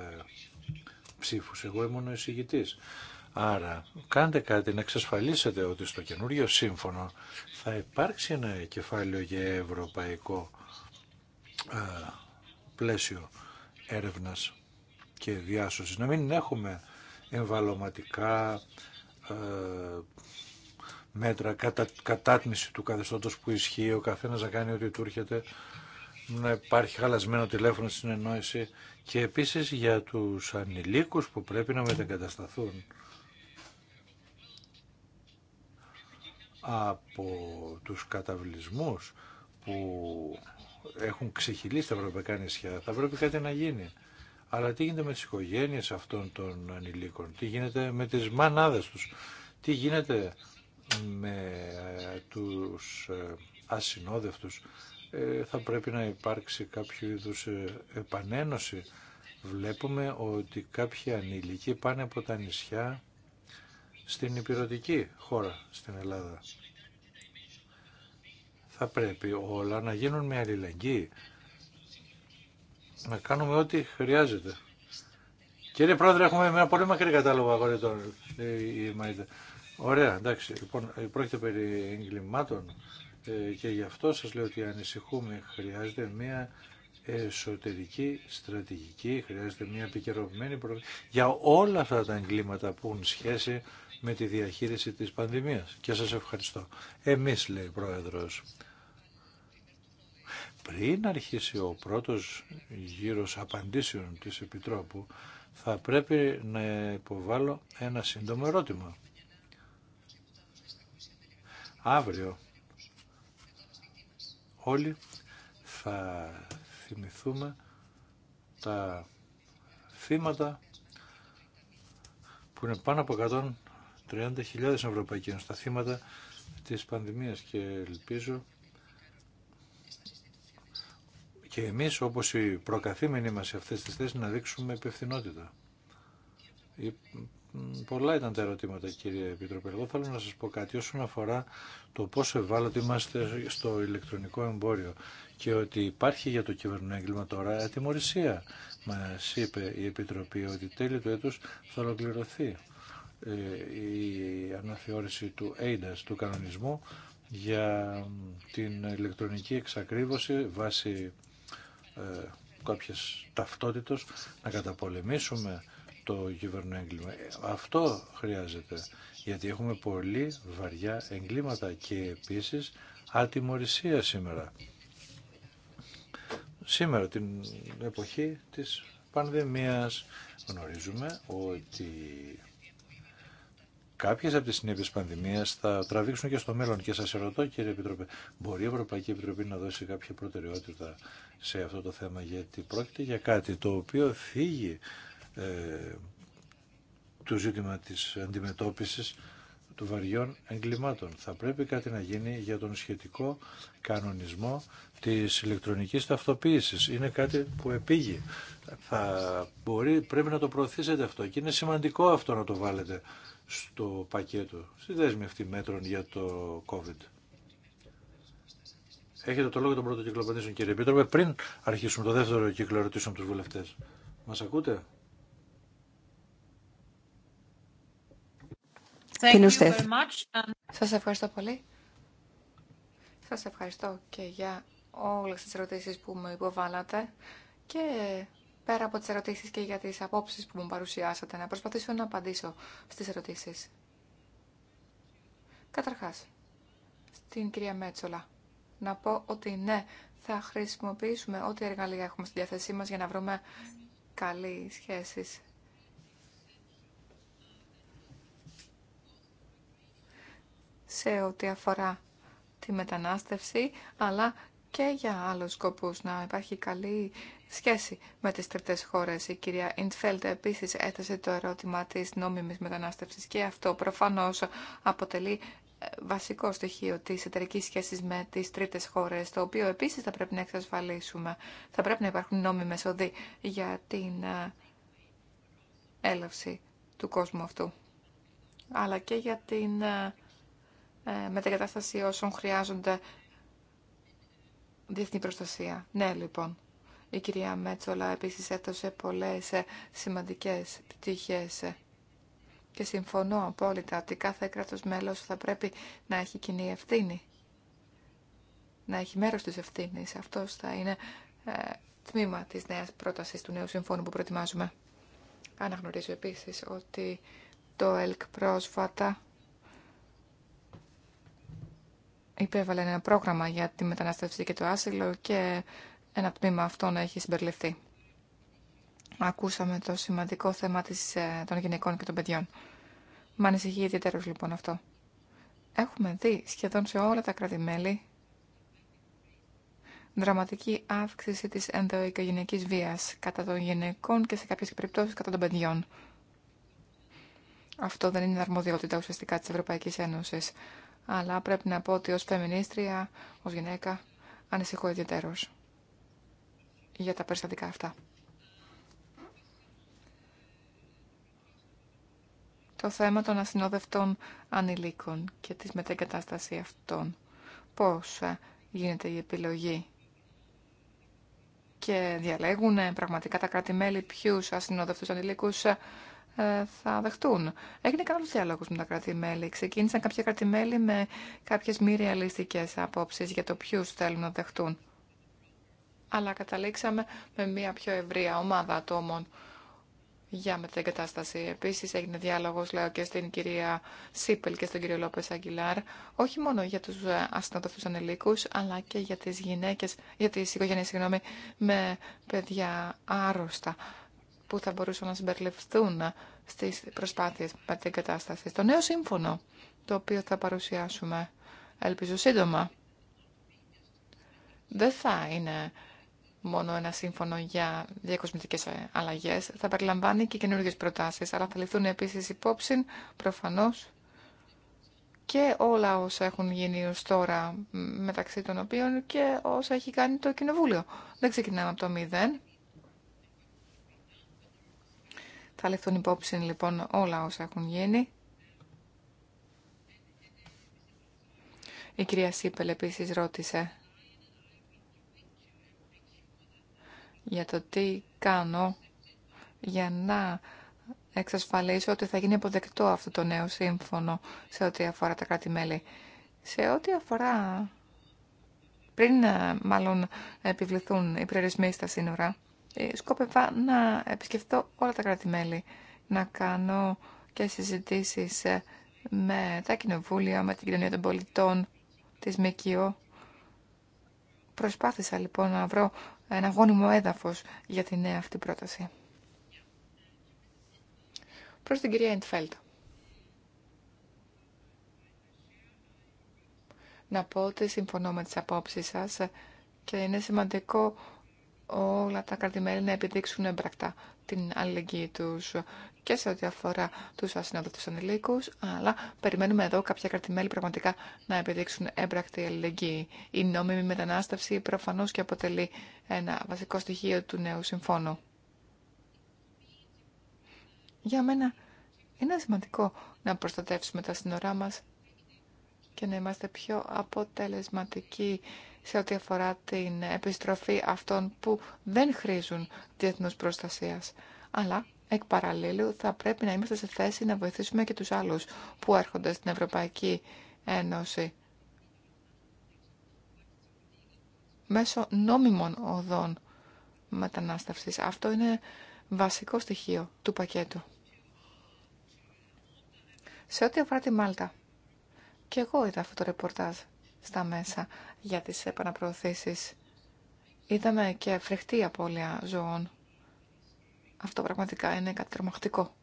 Speaker 2: ψήφους. Εγώ ήμουν ο εισηγητής. Άρα κάντε κάτι να εξασφαλίσετε ότι στο καινούριο σύμφωνο θα υπάρξει ένα κεφάλαιο για ευρωπαϊκό α, ε, πλαίσιο έρευνας και διάσωσης. Να μην έχουμε εμβαλωματικά ε, μέτρα κατά, κατάτμιση του καθεστώτος που ισχύει, ο καθένας να κάνει ό,τι του έρχεται, να υπάρχει χαλασμένο τηλέφωνο στην ενόηση και επίσης για τους ανηλίκους που πρέπει να μετεγκατασταθούν. από τους καταβλισμούς που έχουν ξεχυλίσει τα ευρωπαϊκά νησιά. Θα πρέπει κάτι να γίνει. Αλλά τι γίνεται με τις οικογένειες αυτών των ανηλίκων, τι γίνεται με τις μανάδες τους, τι γίνεται με ε, τους ε, ασυνόδευτους. Ε, θα πρέπει να υπάρξει κάποιο είδους επανένωση. Βλέπουμε ότι κάποιοι ανήλικοι πάνε από τα νησιά στην υπηρετική χώρα στην Ελλάδα. Θα πρέπει όλα να γίνουν με αλληλεγγύη. Να κάνουμε ό,τι χρειάζεται. Κύριε Πρόεδρε, έχουμε μια πολύ μακρύ κατάλογο αγορετών. Ωραία, εντάξει. Λοιπόν, πρόκειται περί εγκλημάτων ε, και γι' αυτό σας λέω ότι ανησυχούμε. Χρειάζεται μια εσωτερική στρατηγική, χρειάζεται μια επικαιροποιημένη προ... για όλα αυτά τα εγκλήματα που έχουν σχέση με τη διαχείριση της πανδημίας. Και σας ευχαριστώ. Εμείς, λέει ο Πρόεδρος, πριν αρχίσει ο πρώτος γύρος απαντήσεων της Επιτρόπου, θα πρέπει να υποβάλω ένα σύντομο ερώτημα. Αύριο όλοι θα θυμηθούμε τα θύματα που είναι πάνω από 30.000 Ευρωπαϊκοί στα θύματα της πανδημίας και ελπίζω και εμείς όπως οι προκαθήμενοι μας σε αυτές τις θέσεις να δείξουμε υπευθυνότητα. Πολλά ήταν τα ερωτήματα κύριε Επιτροπέ. Εγώ θέλω να σας πω κάτι όσον αφορά το πόσο ευάλωτοι είμαστε στο ηλεκτρονικό εμπόριο και ότι υπάρχει για το κυβερνό έγκλημα τώρα ατιμορρησία. Μας είπε η Επιτροπή ότι τέλη του έτους θα ολοκληρωθεί ε, η αναθεώρηση του AIDAS, του κανονισμού, για την ηλεκτρονική εξακρίβωση βάσει ε, κάποιες ταυτότητος να καταπολεμήσουμε το κυβερνό έγκλημα. Αυτό χρειάζεται, γιατί έχουμε πολύ βαριά εγκλήματα και επίσης ατιμορρησία σήμερα. Σήμερα την εποχή της πανδημίας γνωρίζουμε ότι κάποιες από τις συνέπειες πανδημίας θα τραβήξουν και στο μέλλον. Και σας ερωτώ κύριε Επιτροπέ, μπορεί η Ευρωπαϊκή Επιτροπή να δώσει κάποια προτεραιότητα σε αυτό το θέμα, γιατί πρόκειται για κάτι το οποίο φύγει ε, το ζήτημα της αντιμετώπισης του βαριών εγκλημάτων. Θα πρέπει κάτι να γίνει για τον σχετικό κανονισμό της ηλεκτρονικής ταυτοποίησης. Είναι κάτι που επήγει. Θα μπορεί, πρέπει να το προωθήσετε αυτό και είναι σημαντικό αυτό να το βάλετε στο πακέτο, στη δέσμη αυτή μέτρων για το COVID. Έχετε το λόγο των πρώτων κυκλοπαντήσεων, κύριε Επίτροπε, πριν αρχίσουμε το δεύτερο κύκλο ερωτήσεων τους βουλευτές. Μας ακούτε?
Speaker 3: Σας ευχαριστώ πολύ. Σας ευχαριστώ και για όλες τις ερωτήσεις που μου υποβάλατε και πέρα από τις ερωτήσεις και για τις απόψεις που μου παρουσιάσατε, να προσπαθήσω να απαντήσω στις ερωτήσεις. Καταρχάς, στην κυρία Μέτσολα, να πω ότι ναι, θα χρησιμοποιήσουμε ό,τι εργαλεία έχουμε στη διάθεσή μας για να βρούμε καλή σχέσεις. Σε ό,τι αφορά τη μετανάστευση, αλλά και για άλλους σκοπούς, να υπάρχει καλή σχέση με τις τρίτες χώρες. Η κυρία Ιντφέλτ επίσης έθεσε το ερώτημα της νόμιμης μετανάστευσης και αυτό προφανώς αποτελεί ε, βασικό στοιχείο της εταιρική σχέση με τις τρίτες χώρες, το οποίο επίσης θα πρέπει να εξασφαλίσουμε. Θα πρέπει να υπάρχουν νόμιμες οδοί για την ε, έλευση του κόσμου αυτού, αλλά και για την ε, μετακατάσταση όσων χρειάζονται διεθνή προστασία. Ναι, λοιπόν. Η κυρία Μέτσολα επίσης έδωσε πολλές ε, σημαντικές επιτυχίες ε, και συμφωνώ απόλυτα ότι κάθε κράτος μέλος θα πρέπει να έχει κοινή ευθύνη. Να έχει μέρος της ευθύνης. Αυτό θα είναι ε, τμήμα της νέας πρότασης του νέου συμφώνου που προετοιμάζουμε. Αναγνωρίζω επίσης ότι το ΕΛΚ πρόσφατα υπέβαλε ένα πρόγραμμα για τη μετανάστευση και το άσυλο και ένα τμήμα αυτό να έχει συμπεριληφθεί. Ακούσαμε το σημαντικό θέμα της, ε, των γυναικών και των παιδιών. Μ' ανησυχεί ιδιαίτερως λοιπόν αυτό. Έχουμε δει σχεδόν σε όλα τα κράτη-μέλη δραματική αύξηση της ενδοοικογενειακής βίας κατά των γυναικών και σε κάποιες περιπτώσεις κατά των παιδιών. Αυτό δεν είναι αρμοδιότητα ουσιαστικά της Ευρωπαϊκής Ένωσης, αλλά πρέπει να πω ότι ως φεμινίστρια, ως γυναίκα, ανησυχώ ιδιαίτερως για τα περιστατικά αυτά. Το θέμα των ασυνόδευτων ανηλίκων και της μετεγκατάστασης αυτών. Πώς ε, γίνεται η επιλογή και διαλέγουν πραγματικά τα κράτη-μέλη ποιου ασυνόδευτου ανηλίκους ε, θα δεχτούν. Έγινε κανένα διάλογο με τα κράτη-μέλη. Ξεκίνησαν κάποια κράτη-μέλη με κάποιε μη ρεαλιστικέ απόψει για το ποιου θέλουν να δεχτούν αλλά καταλήξαμε με μια πιο ευρεία ομάδα ατόμων για με την εγκατάσταση. Επίση, έγινε διάλογο, λέω, και στην κυρία Σίπελ και στον κύριο Λόπε Αγγιλάρ, όχι μόνο για του ε, ασυνόδευτου ανηλίκου, αλλά και για τι γυναίκε, για τι οικογένειε, συγγνώμη, με παιδιά άρρωστα, που θα μπορούσαν να συμπεριληφθούν στι προσπάθειε με την εγκατάσταση. Το νέο σύμφωνο, το οποίο θα παρουσιάσουμε, ελπίζω σύντομα, δεν θα είναι μόνο ένα σύμφωνο για διακοσμητικές ε, αλλαγές. Θα περιλαμβάνει και καινούργιες προτάσεις, αλλά θα ληφθούν επίσης υπόψη, προφανώς, και όλα όσα έχουν γίνει ως τώρα, μεταξύ των οποίων και όσα έχει κάνει το Κοινοβούλιο. Δεν ξεκινάμε από το μηδέν. Θα ληφθούν υπόψη, λοιπόν, όλα όσα έχουν γίνει. Η κυρία Σίπελ επίσης ρώτησε για το τι κάνω για να εξασφαλίσω ότι θα γίνει αποδεκτό αυτό το νέο σύμφωνο σε ό,τι αφορά τα κράτη-μέλη. Σε ό,τι αφορά πριν ε, μάλλον επιβληθούν οι προορισμοί στα σύνορα, ε, σκόπευα να επισκεφτώ όλα τα κράτη-μέλη, να κάνω και συζητήσεις ε, με τα κοινοβούλια, με την κοινωνία των πολιτών, της ΜΚΟ. Προσπάθησα λοιπόν να βρω ένα γόνιμο έδαφος για την νέα αυτή πρόταση. Προς την κυρία Εντφέλτ. Να πω ότι συμφωνώ με τις απόψεις σας και είναι σημαντικό όλα τα κρατημέλη να επιδείξουν έμπρακτα την αλληλεγγύη τους και σε ό,τι αφορά τους ασυνοδότε ανήλικου, αλλά περιμένουμε εδώ κάποια κρατημέλη πραγματικά να επιδείξουν έμπρακτη αλληλεγγύη. Η νόμιμη μετανάστευση προφανώ και αποτελεί ένα βασικό στοιχείο του νέου συμφώνου. Για μένα είναι σημαντικό να προστατεύσουμε τα σύνορά μας και να είμαστε πιο αποτελεσματικοί σε ό,τι αφορά την επιστροφή αυτών που δεν χρήζουν διεθνούς προστασίας. Αλλά εκ παραλλήλου θα πρέπει να είμαστε σε θέση να βοηθήσουμε και τους άλλους που έρχονται στην Ευρωπαϊκή Ένωση μέσω νόμιμων οδών μετανάστευσης. Αυτό είναι βασικό στοιχείο του πακέτου. Σε ό,τι αφορά τη Μάλτα, και εγώ είδα αυτό το ρεπορτάζ στα μέσα για τις επαναπροωθήσεις. Είδαμε και φρεχτή απώλεια ζωών. Αυτό πραγματικά είναι κάτι τρομακτικό.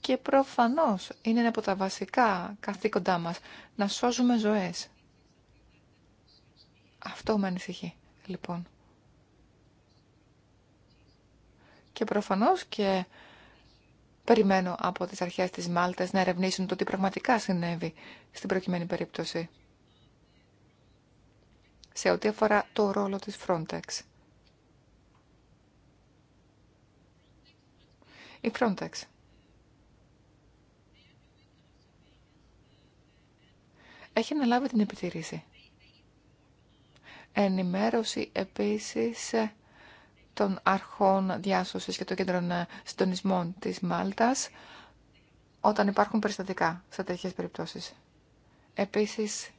Speaker 3: Και προφανώς είναι από τα βασικά καθήκοντά μας να σώζουμε ζωές. Αυτό με ανησυχεί, λοιπόν. Και προφανώς και περιμένω από τις αρχές της Μάλτας να ερευνήσουν το τι πραγματικά συνέβη στην προκειμένη περίπτωση σε ό,τι αφορά το ρόλο της Frontex. Η Frontex έχει αναλάβει την επιτηρήση. Ενημέρωση επίσης των αρχών διάσωσης και των κέντρων συντονισμών της Μάλτας όταν υπάρχουν περιστατικά σε τέτοιες περιπτώσεις. Επίσης,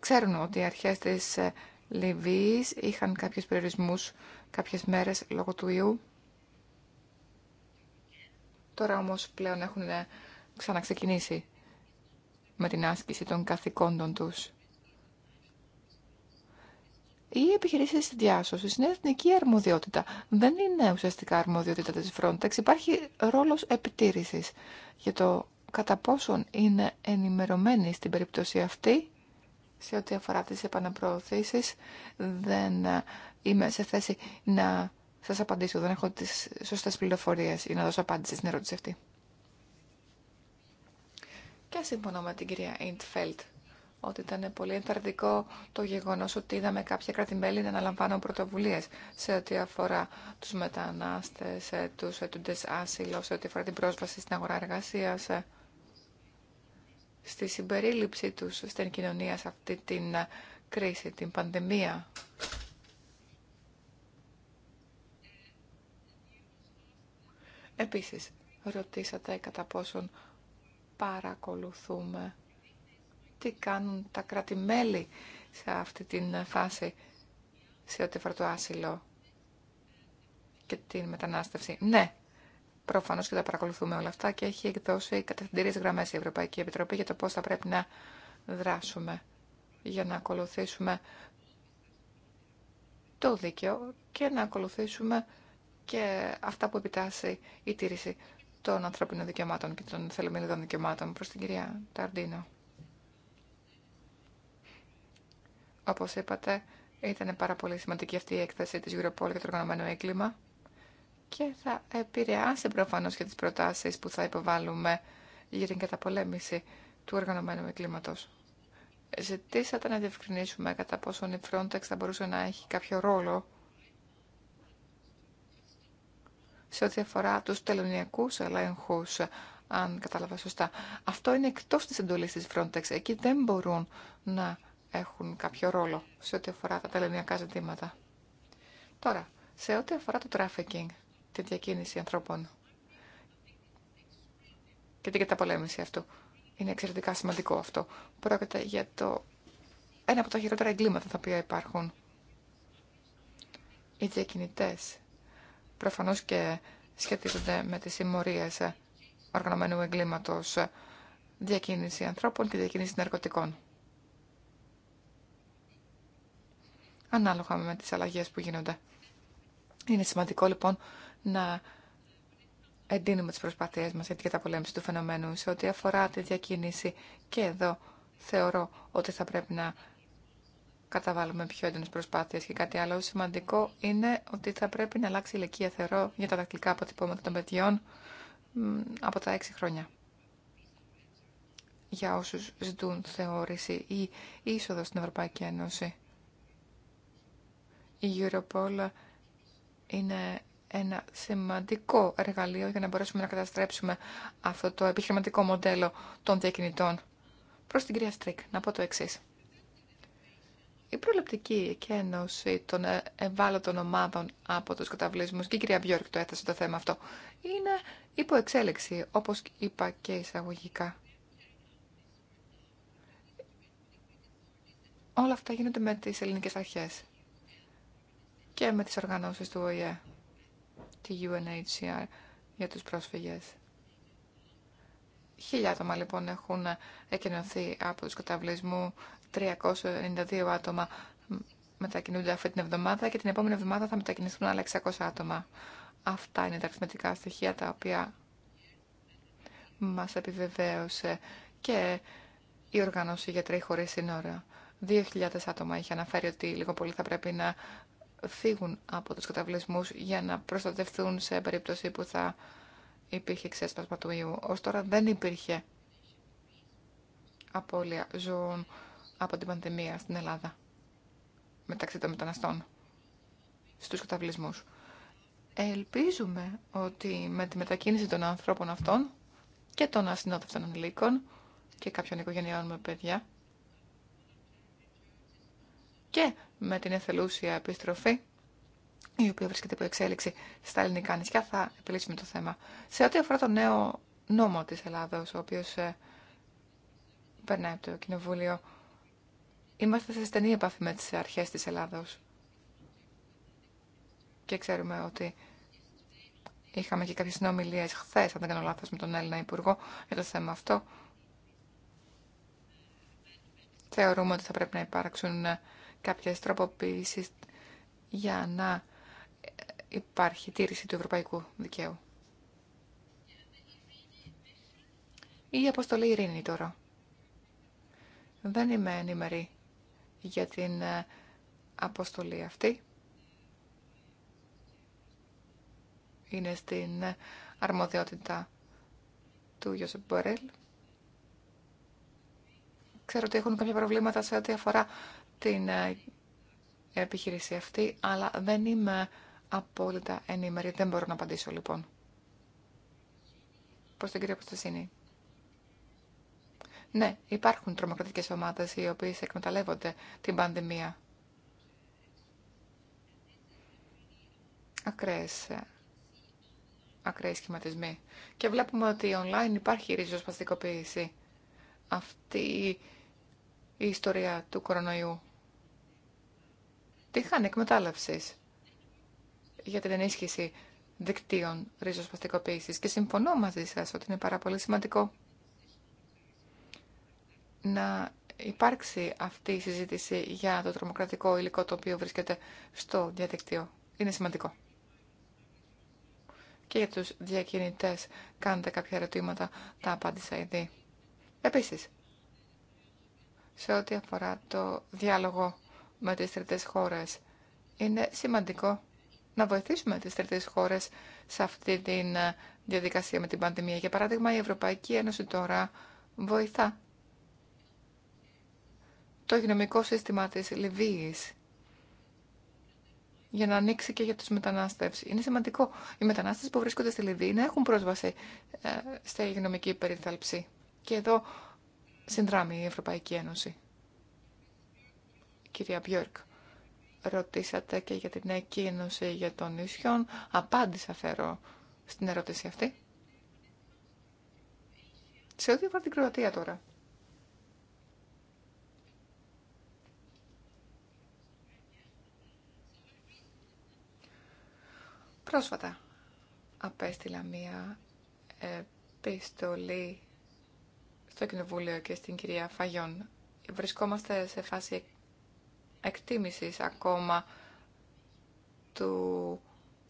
Speaker 3: Ξέρουν ότι οι αρχές της ε, Λιβύης είχαν κάποιους περιορισμούς κάποιες μέρες λόγω του ιού. Τώρα όμως πλέον έχουν ε, ξαναξεκινήσει με την άσκηση των καθηκόντων τους. Η επιχειρήση τη διάσωση είναι εθνική αρμοδιότητα. Δεν είναι ουσιαστικά αρμοδιότητα τη Frontex. Υπάρχει ρόλος επιτήρησης για το κατά πόσον είναι ενημερωμένη στην περίπτωση αυτή σε ό,τι αφορά τις επαναπροωθήσεις. Δεν ε, είμαι σε θέση να σας απαντήσω. Δεν έχω τις σωστές πληροφορίες ή να δώσω απάντηση στην ερώτηση αυτή. Και συμφωνώ με την κυρία Ιντφέλτ ότι ήταν πολύ ενθαρρυντικό το γεγονό ότι είδαμε κάποια κρατημέλη να αναλαμβάνουν πρωτοβουλίε σε ό,τι αφορά του μετανάστε, ε, του ετούντε άσυλο, σε ό,τι αφορά την πρόσβαση στην αγορά εργασία. Ε, στη συμπερίληψή τους στην κοινωνία σε αυτή την ε, κρίση, την πανδημία. Επίσης, ρωτήσατε κατά πόσον παρακολουθούμε τι κάνουν τα κράτη-μέλη σε αυτή την φάση σε ό,τι αφορά το άσυλο και την μετανάστευση. Ναι, Προφανώς και τα παρακολουθούμε όλα αυτά και έχει εκδώσει κατευθυντήριες γραμμές η Ευρωπαϊκή Επιτροπή για το πώς θα πρέπει να δράσουμε για να ακολουθήσουμε το δίκαιο και να ακολουθήσουμε και αυτά που επιτάσσει η τήρηση των ανθρώπινων δικαιωμάτων και των θελομελιδών δικαιωμάτων προς την κυρία Ταρντίνο. Όπως είπατε, ήταν πάρα πολύ σημαντική αυτή η έκθεση της Europol για το οργανωμένο έγκλημα και θα επηρεάσει προφανώς και τις προτάσεις που θα υποβάλουμε για την καταπολέμηση του οργανωμένου εγκλήματος. Ζητήσατε να διευκρινίσουμε κατά πόσον η Frontex θα μπορούσε να έχει κάποιο ρόλο σε ό,τι αφορά τους τελωνιακού ελέγχου, αν κατάλαβα σωστά. Αυτό είναι εκτός της εντολής της Frontex. Εκεί δεν μπορούν να έχουν κάποιο ρόλο σε ό,τι αφορά τα τελωνιακά ζητήματα. Τώρα, σε ό,τι αφορά το trafficking, τη διακίνηση ανθρώπων και την καταπολέμηση αυτού. Είναι εξαιρετικά σημαντικό αυτό. Πρόκειται για το ένα από τα χειρότερα εγκλήματα τα οποία υπάρχουν. Οι διακινητές προφανώς και σχετίζονται με τις συμμορίες οργανωμένου εγκλήματος διακίνηση ανθρώπων και διακίνηση ναρκωτικών. Ανάλογα με τις αλλαγές που γίνονται είναι σημαντικό λοιπόν να εντείνουμε τις προσπάθειές μας για την καταπολέμηση του φαινομένου σε ό,τι αφορά τη διακίνηση και εδώ θεωρώ ότι θα πρέπει να καταβάλουμε πιο έντονε προσπάθειε. Και κάτι άλλο σημαντικό είναι ότι θα πρέπει να αλλάξει η ηλικία, θεωρώ, για τα δακτυλικά αποτυπώματα των παιδιών από τα 6 χρόνια. Για όσους ζητούν θεώρηση ή είσοδο στην Ευρωπαϊκή Ένωση. Η Europol είναι ένα σημαντικό εργαλείο για να μπορέσουμε να καταστρέψουμε αυτό το επιχειρηματικό μοντέλο των διακινητών. Προς την κυρία Στρίκ, να πω το εξή. Η προληπτική εκένωση των ευάλωτων ομάδων από τους καταβλισμούς, και η κυρία Μπιόρκ το έθεσε το θέμα αυτό, είναι υπό εξέλιξη, όπως είπα και εισαγωγικά. Όλα αυτά γίνονται με τις ελληνικές αρχές και με τις οργανώσεις του ΟΗΕ, τη UNHCR, για τους πρόσφυγες. Χίλια άτομα λοιπόν έχουν εκενωθεί από τους καταβλισμού, 392 άτομα μετακινούνται αυτή την εβδομάδα και την επόμενη εβδομάδα θα μετακινηθούν άλλα 600 άτομα. Αυτά είναι τα αριθμητικά στοιχεία τα οποία μας επιβεβαίωσε και η οργανώση γιατροί χωρίς σύνορα. 2.000 άτομα είχε αναφέρει ότι λίγο πολύ θα πρέπει να φύγουν από τους καταβλισμούς για να προστατευτούν σε περίπτωση που θα υπήρχε ξέσπασμα του ιού. Ως τώρα δεν υπήρχε απώλεια ζώων από την πανδημία στην Ελλάδα μεταξύ των μεταναστών στους καταβλισμούς. Ελπίζουμε ότι με τη μετακίνηση των ανθρώπων αυτών και των ασυνόδευτων ανηλίκων και κάποιων οικογενειών με παιδιά και με την εθελούσια επιστροφή, η οποία βρίσκεται υπό εξέλιξη στα ελληνικά νησιά. Θα επιλύσουμε το θέμα. Σε ό,τι αφορά το νέο νόμο της Ελλάδος, ο οποίος ε, περνάει από το Κοινοβούλιο, είμαστε σε στενή επαφή με τις αρχές της Ελλάδος. Και ξέρουμε ότι είχαμε και κάποιες συνομιλίες χθες, αν δεν κάνω λάθος, με τον Έλληνα Υπουργό για το θέμα αυτό. Θεωρούμε ότι θα πρέπει να υπάρξουν ε, κάποιες τροποποίησεις για να υπάρχει τήρηση του ευρωπαϊκού δικαίου. Η αποστολή ειρήνη τώρα. Δεν είμαι ενημερή για την ε, αποστολή αυτή. Είναι στην ε, αρμοδιότητα του Ιωσήπ Μπορέλ. Ξέρω ότι έχουν κάποια προβλήματα σε ό,τι αφορά την ε, επιχείρηση αυτή, αλλά δεν είμαι απόλυτα ενήμερη. Δεν μπορώ να απαντήσω λοιπόν. Προς την κυρία Προστασίνη. Ναι, υπάρχουν τρομοκρατικές ομάδες οι οποίες εκμεταλλεύονται την πανδημία. Ακραίες, ε, ακραίες σχηματισμοί. Και βλέπουμε ότι online υπάρχει ριζοσπαστικοποίηση. Αυτή η ιστορία του κορονοϊού τη χάνει εκμετάλλευση για την ενίσχυση δικτύων ριζοσπαστικοποίησης και συμφωνώ μαζί σας ότι είναι πάρα πολύ σημαντικό να υπάρξει αυτή η συζήτηση για το τρομοκρατικό υλικό το οποίο βρίσκεται στο διαδικτύο. Είναι σημαντικό. Και για τους διακινητές κάντε κάποια ερωτήματα, τα απάντησα ήδη. Επίσης, σε ό,τι αφορά το διάλογο με τις τρίτες χώρες. Είναι σημαντικό να βοηθήσουμε τις τρίτες χώρες σε αυτή τη ε, διαδικασία με την πανδημία. Για παράδειγμα, η Ευρωπαϊκή Ένωση τώρα βοηθά το υγειονομικό σύστημα της Λιβύης για να ανοίξει και για τους μετανάστες. Είναι σημαντικό οι μετανάστες που βρίσκονται στη Λιβύη να έχουν πρόσβαση ε, υγειονομική περιθάλψη. Και εδώ συνδράμει η Ευρωπαϊκή Ένωση. Κυρία Μπιόρκ, ρωτήσατε και για την εκκίνωση για των νησιών. Απάντησα, φέρω, στην ερώτηση αυτή. Σε ό,τι αφορά την Κροατία τώρα. Πρόσφατα απέστειλα μία επιστολή στο Κοινοβούλιο και στην κυρία Φαγιόν. Βρισκόμαστε σε φάση εκτίμησης ακόμα του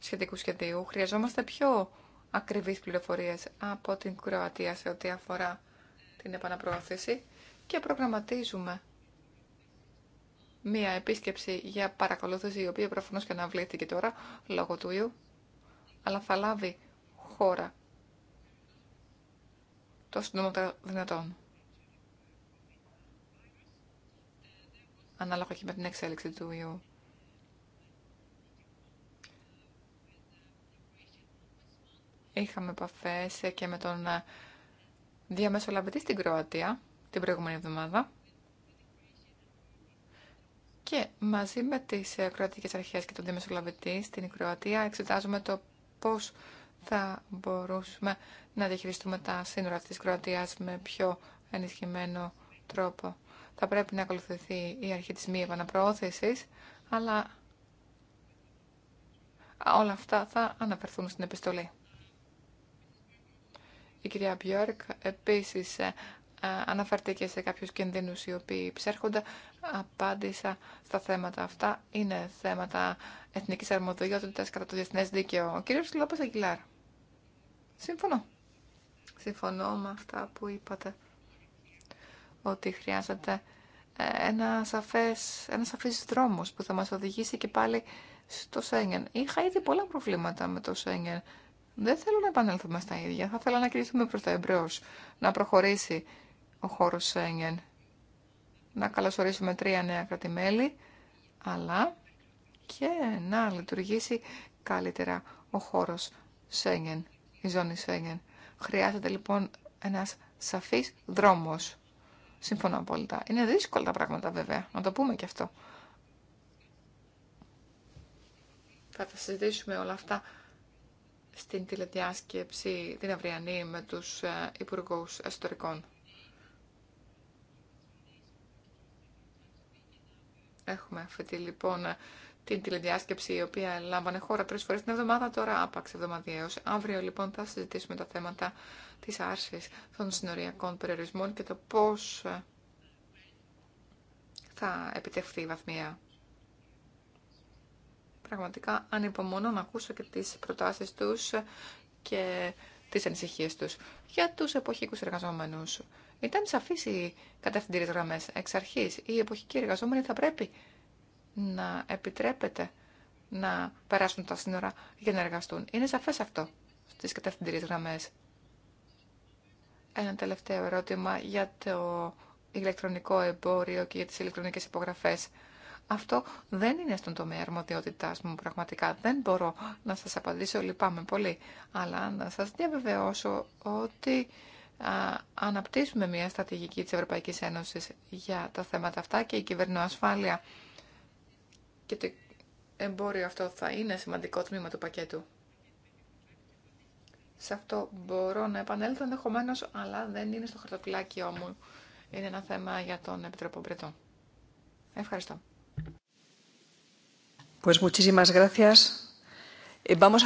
Speaker 3: σχετικού σχεδίου. Χρειαζόμαστε πιο ακριβείς πληροφορίες από την Κροατία σε ό,τι αφορά την επαναπροώθηση και προγραμματίζουμε μία επίσκεψη για παρακολούθηση, η οποία προφανώς και αναβλήθηκε τώρα λόγω του ιού, αλλά θα λάβει χώρα το σύντομο δυνατόν. ανάλογα και με την εξέλιξη του ιού. Είχαμε επαφέ και με τον ε, διαμεσολαβητή στην Κροατία την προηγούμενη εβδομάδα και μαζί με τις ε, κροατικές αρχές και τον διαμεσολαβητή στην Κροατία εξετάζουμε το πώς θα μπορούσαμε να διαχειριστούμε τα σύνορα της Κροατίας με πιο ενισχυμένο τρόπο θα πρέπει να ακολουθηθεί η αρχή της μη επαναπροώθησης, αλλά όλα αυτά θα αναφερθούν στην επιστολή. Η κυρία Μπιόρκ επίσης ε, αναφέρθηκε σε κάποιους κινδύνους οι οποίοι ψέρχονται. Απάντησα στα θέματα αυτά. Είναι θέματα εθνικής αρμοδιότητας κατά το διεθνέ δίκαιο. Ο κύριος Λόπος Αγγιλάρ. Συμφωνώ. Συμφωνώ με αυτά που είπατε ότι χρειάζεται ε, ένα σαφές, ένα σαφής δρόμος που θα μας οδηγήσει και πάλι στο Σέγγεν. Είχα ήδη πολλά προβλήματα με το Σέγγεν. Δεν θέλω να επανέλθουμε στα ίδια. Θα ήθελα να κρυθούμε προς τα εμπρός, να προχωρήσει ο χώρος Σέγγεν. Να καλωσορίσουμε τρία νέα κρατημέλη, αλλά και να λειτουργήσει καλύτερα ο χώρος Σέγγεν, η ζώνη Σέγγεν. Χρειάζεται λοιπόν ένας σαφής δρόμος Συμφωνώ απόλυτα. Είναι δύσκολα τα πράγματα βέβαια, να το πούμε και αυτό. Θα τα συζητήσουμε όλα αυτά στην τηλεδιάσκεψη την αυριανή με τους ε, Υπουργούς Εσωτερικών. Έχουμε αυτή λοιπόν την τηλεδιάσκεψη η οποία λάμβανε χώρα τρεις φορές την εβδομάδα, τώρα άπαξ εβδομαδιαίως. Αύριο λοιπόν θα συζητήσουμε τα θέματα της άρσης των συνοριακών περιορισμών και το πώς ε, θα επιτευχθεί η βαθμία. Πραγματικά ανυπομονώ να ακούσω και τις προτάσεις τους και τις ανησυχίες τους για τους εποχικούς εργαζόμενους. Ήταν σαφή οι κατευθυντήριες γραμμέ. εξ αρχής. Οι εποχικοί εργαζόμενοι θα πρέπει να επιτρέπεται να περάσουν τα σύνορα για να εργαστούν. Είναι σαφέ αυτό στι κατευθυντήριες γραμμέ. Ένα τελευταίο ερώτημα για το ηλεκτρονικό εμπόριο και για τι ηλεκτρονικέ υπογραφέ. Αυτό δεν είναι στον τομέα αρμοδιότητά μου πραγματικά. Δεν μπορώ να σας απαντήσω, λυπάμαι πολύ. Αλλά να σας διαβεβαιώσω ότι αναπτύσσουμε μια στρατηγική της Ευρωπαϊκής Ένωσης για τα θέματα αυτά και η κυβερνοασφάλεια και το εμπόριο αυτό θα είναι σημαντικό τμήμα του πακέτου. Σε αυτό μπορώ να επανέλθω ενδεχομένω, αλλά δεν είναι στο χαρτοπλάκι μου. Είναι ένα θέμα για τον Επιτροπό Ευχαριστώ.
Speaker 2: Pues muchísimas gracias. Eh, vamos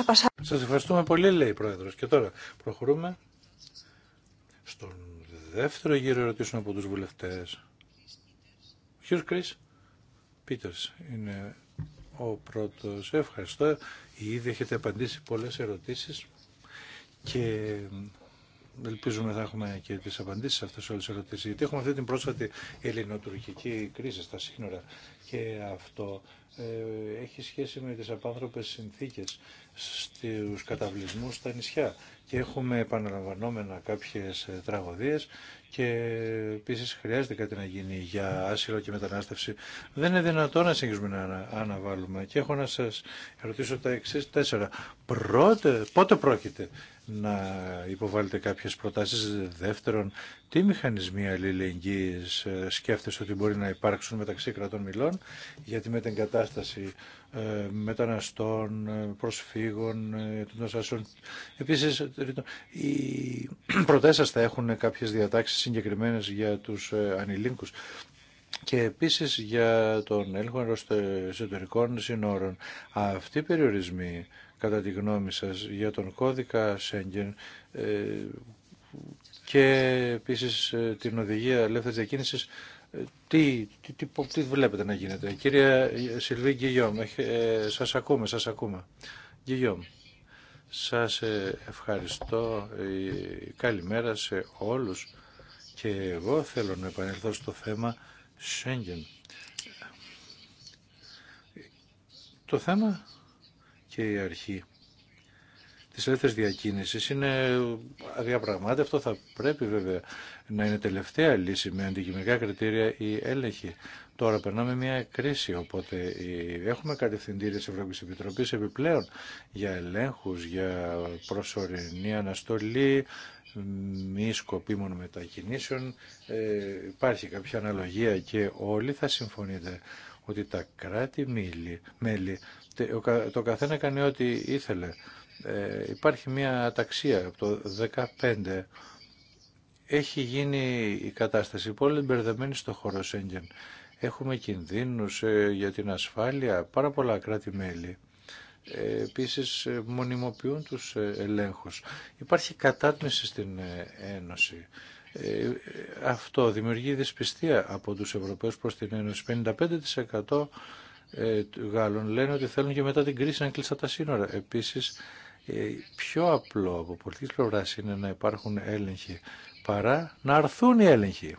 Speaker 2: ευχαριστούμε πολύ, λέει η Πρόεδρο. Και τώρα προχωρούμε δεύτερο γύρο ερωτήσεων από τους βουλευτές. Ποιος Κρίς Πίτερς είναι ο πρώτος. Ευχαριστώ. Ήδη έχετε απαντήσει πολλές ερωτήσεις και ελπίζουμε θα έχουμε και τις απαντήσεις σε αυτές όλες τις ερωτήσεις. Γιατί έχουμε αυτή την πρόσφατη ελληνοτουρκική κρίση στα σύνορα και αυτό ε, έχει σχέση με τις απάνθρωπες συνθήκες στους καταβλισμούς στα νησιά και έχουμε επαναλαμβανόμενα κάποιες ε, τραγωδίες και επίσης χρειάζεται κάτι να γίνει για άσυλο και μετανάστευση. Δεν είναι δυνατό να συνεχίσουμε να αναβάλουμε και έχω να σας ερωτήσω τα εξής τέσσερα. Πρώτε, πότε πρόκειται να υποβάλλετε κάποιες προτάσεις. Δεύτερον, τι μηχανισμοί αλληλεγγύης ε, σκέφτεστε ότι μπορεί να υπάρξουν μεταξύ κρατών μιλών γιατί με την κατάσταση ε, μεταναστών, ε, προσφύγων, των Επίσης, οι προτάσεις σας θα έχουν κάποιες διατάξεις συγκεκριμένες για τους ανηλίκους και επίσης για τον έλεγχο εσωτερικών συνόρων. Αυτοί οι περιορισμοί κατά τη γνώμη σας για τον κώδικα Σέγγεν ε, και επίσης ε, την οδηγία ελεύθερης διακίνησης ε, τι, τι, τι, τι, βλέπετε να γίνεται. Κυρία Σιλβί Γκυγιόμ, σας ακούμε, σας ακούμε. Γκυγιόμ, σας ευχαριστώ. καλημέρα σε όλους. Και εγώ θέλω να επανέλθω στο θέμα Σέγγεν. Το θέμα και η αρχή τη ελεύθερη διακίνησης είναι αδιαπραγμάτευτο. Θα πρέπει βέβαια να είναι τελευταία λύση με αντικειμενικά κριτήρια η έλεγχη. Τώρα περνάμε μια κρίση, οπότε έχουμε κατευθυντήρια της Ευρωπαϊκής επιπλέον για ελέγχους, για προσωρινή αναστολή, μη σκοπίμων μετακινήσεων. Ε, υπάρχει κάποια αναλογία και όλοι θα συμφωνείτε ότι τα κράτη-μέλη, το καθένα κάνει ό,τι ήθελε. Ε, υπάρχει μια αταξία από το 2015. Έχει γίνει η κατάσταση πολύ μπερδεμένη στο χώρο Σέγγεν. Έχουμε κινδύνους ε, για την ασφάλεια, πάρα πολλά κράτη-μέλη. Ε, επίσης ε, μονιμοποιούν τους ε, ελέγχους. Υπάρχει κατάτμιση στην Ένωση. Ε, αυτό δημιουργεί δυσπιστία από τους Ευρωπαίους προς την Ένωση. 55% ε, Γάλλων λένε ότι θέλουν και μετά την κρίση να κλείσουν τα σύνορα. Επίσης, ε, πιο απλό από πολιτική πλευρά είναι να υπάρχουν έλεγχοι παρά να αρθούν οι έλεγχοι.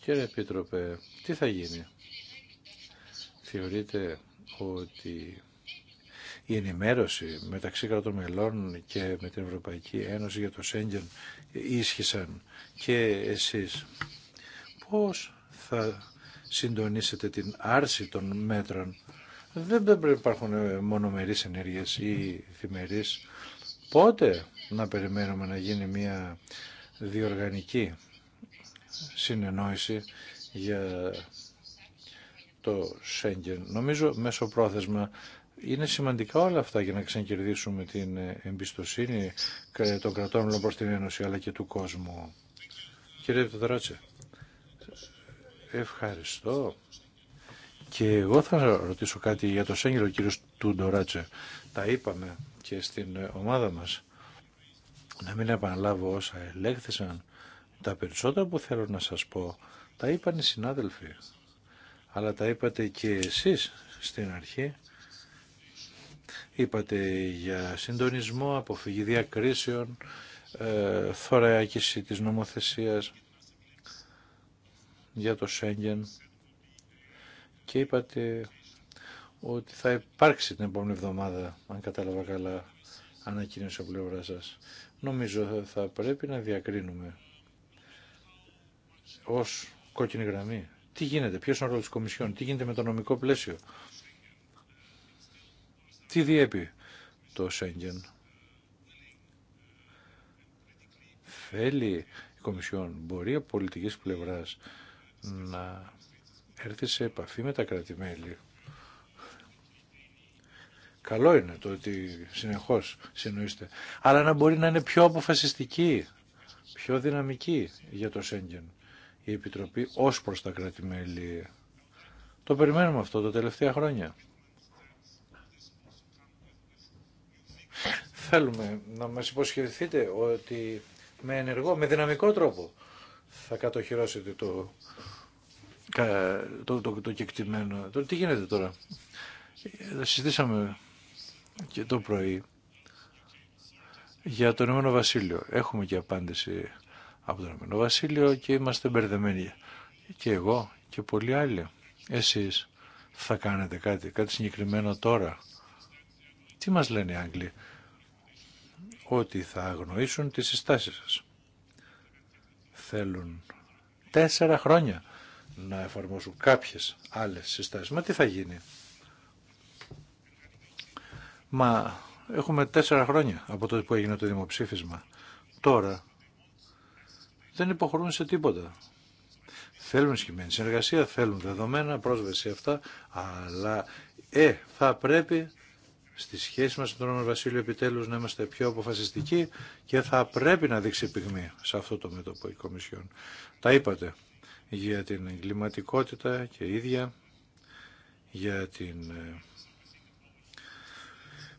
Speaker 2: Κύριε Επίτροπε, τι θα γίνει. Θεωρείτε ότι η ενημέρωση μεταξύ κρατών μελών και με την Ευρωπαϊκή Ένωση για το Σέγγεν ίσχυσαν και εσείς. Πώς θα συντονίσετε την άρση των μέτρων. Δεν πρέπει να υπάρχουν ε, μονομερείς ενέργειες ή θημερείς. Πότε να περιμένουμε να γίνει μια διοργανική συνεννόηση για το Σέγγεν. Νομίζω μέσω πρόθεσμα είναι σημαντικά όλα αυτά για να ξανακερδίσουμε την ε, εμπιστοσύνη των κρατών προς την Ένωση αλλά και του κόσμου. Κύριε Πτωδράτσε, ευχαριστώ. Και εγώ θα ρωτήσω κάτι για το Σέγγελο, κύριο Τουντοράτσε. Τα είπαμε και στην ομάδα μας. Να μην επαναλάβω όσα ελέγχθησαν. Τα περισσότερα που θέλω να σας πω, τα είπαν οι συνάδελφοι. Αλλά τα είπατε και εσείς στην αρχή Είπατε για συντονισμό, αποφυγή διακρίσεων, ε, τη της νομοθεσίας για το Σέγγεν και είπατε ότι θα υπάρξει την επόμενη εβδομάδα, αν κατάλαβα καλά, ανακοίνωση από πλευρά σας. Νομίζω θα πρέπει να διακρίνουμε ως κόκκινη γραμμή. Τι γίνεται, ποιος είναι ο ρόλος της Κομισιόν, τι γίνεται με το νομικό πλαίσιο. Τι διέπει το Σέγγεν. Θέλει η Κομισιόν, μπορεί από πολιτικής πλευράς να έρθει σε επαφή με τα κρατημέλη. Καλό είναι το ότι συνεχώς συνοείστε. Αλλά να μπορεί να είναι πιο αποφασιστική, πιο δυναμική για το Σέγγεν η Επιτροπή ως προς τα κρατημέλη. Το περιμένουμε αυτό τα τελευταία χρόνια. Θέλουμε να μας υποσχεθείτε ότι με ενεργό, με δυναμικό τρόπο θα κατοχυρώσετε το, το, το, το κεκτημένο. τι γίνεται τώρα. Συζητήσαμε και το πρωί για το Ηνωμένο Βασίλειο. Έχουμε και απάντηση από το Ηνωμένο Βασίλειο και είμαστε μπερδεμένοι. Και εγώ και πολλοί άλλοι. Εσείς θα κάνετε κάτι, κάτι συγκεκριμένο τώρα. Τι μας λένε οι Άγγλοι ότι θα αγνοήσουν τις συστάσεις σας. Θέλουν τέσσερα χρόνια να εφαρμόσουν κάποιες άλλες συστάσεις. Μα τι θα γίνει. Μα έχουμε τέσσερα χρόνια από τότε που έγινε το δημοψήφισμα. Τώρα δεν υποχωρούν σε τίποτα. Θέλουν σχημένη συνεργασία, θέλουν δεδομένα, πρόσβαση αυτά, αλλά ε, θα πρέπει στη σχέση μας με τον Ρώμα Βασίλειο επιτέλους να είμαστε πιο αποφασιστικοί και θα πρέπει να δείξει πυγμή σε αυτό το μέτωπο η Κομισιόν. Τα είπατε για την εγκληματικότητα και ίδια, για την ε,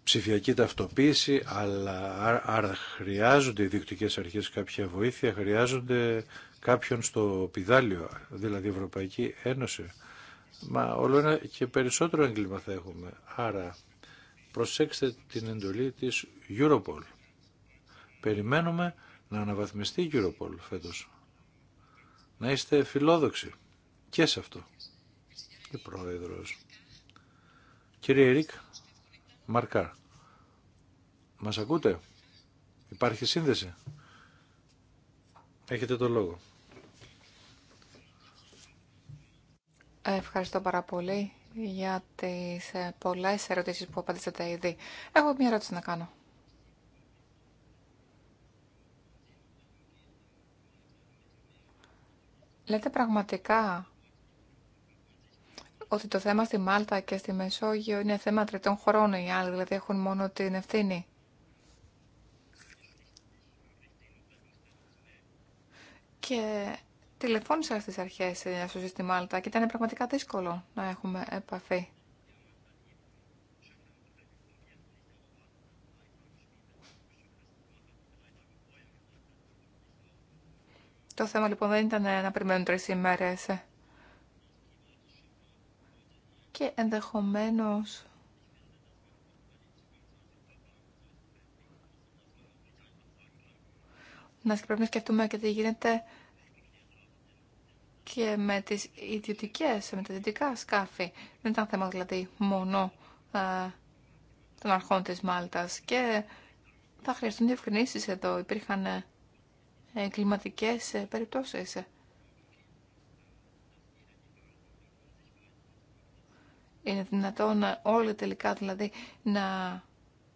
Speaker 2: ψηφιακή ταυτοποίηση, αλλά άρα χρειάζονται οι διοικητικές αρχές κάποια βοήθεια, χρειάζονται κάποιον στο πιδάλιο, δηλαδή Ευρωπαϊκή Ένωση. Μα όλο ένα και περισσότερο έγκλημα θα έχουμε. Άρα Προσέξτε την εντολή της Europol. Περιμένουμε να αναβαθμιστεί η Europol φέτος. Να είστε φιλόδοξοι και σε αυτό. Και πρόεδρος. Κύριε Ερικ Μαρκάρ, μας ακούτε? Υπάρχει σύνδεση. Έχετε το λόγο.
Speaker 3: Ευχαριστώ πάρα πολύ για τις ε, πολλές ερωτήσεις που απαντήσατε ήδη. Έχω μια ερώτηση να κάνω. Λέτε πραγματικά ότι το θέμα στη Μάλτα και στη Μεσόγειο είναι θέμα τριτών χωρών οι άλλοι, δηλαδή έχουν μόνο την ευθύνη. Και τηλεφώνησα στις αρχές ε, στο σύστημα Μάλτα και ήταν πραγματικά δύσκολο να έχουμε επαφή. Το θέμα λοιπόν δεν ήταν να περιμένουν τρεις ημέρες. Και ενδεχομένως... Να πρέπει να σκεφτούμε και τι γίνεται και με τις ιδιωτικές, με τα ιδιωτικά σκάφη. Δεν ήταν θέμα δηλαδή μόνο ε, των αρχών της Μάλτας και θα χρειαστούν διευκρινήσεις εδώ. Υπήρχαν ε, κλιματικές ε, περιπτώσεις. Είναι δυνατόν όλοι τελικά δηλαδή να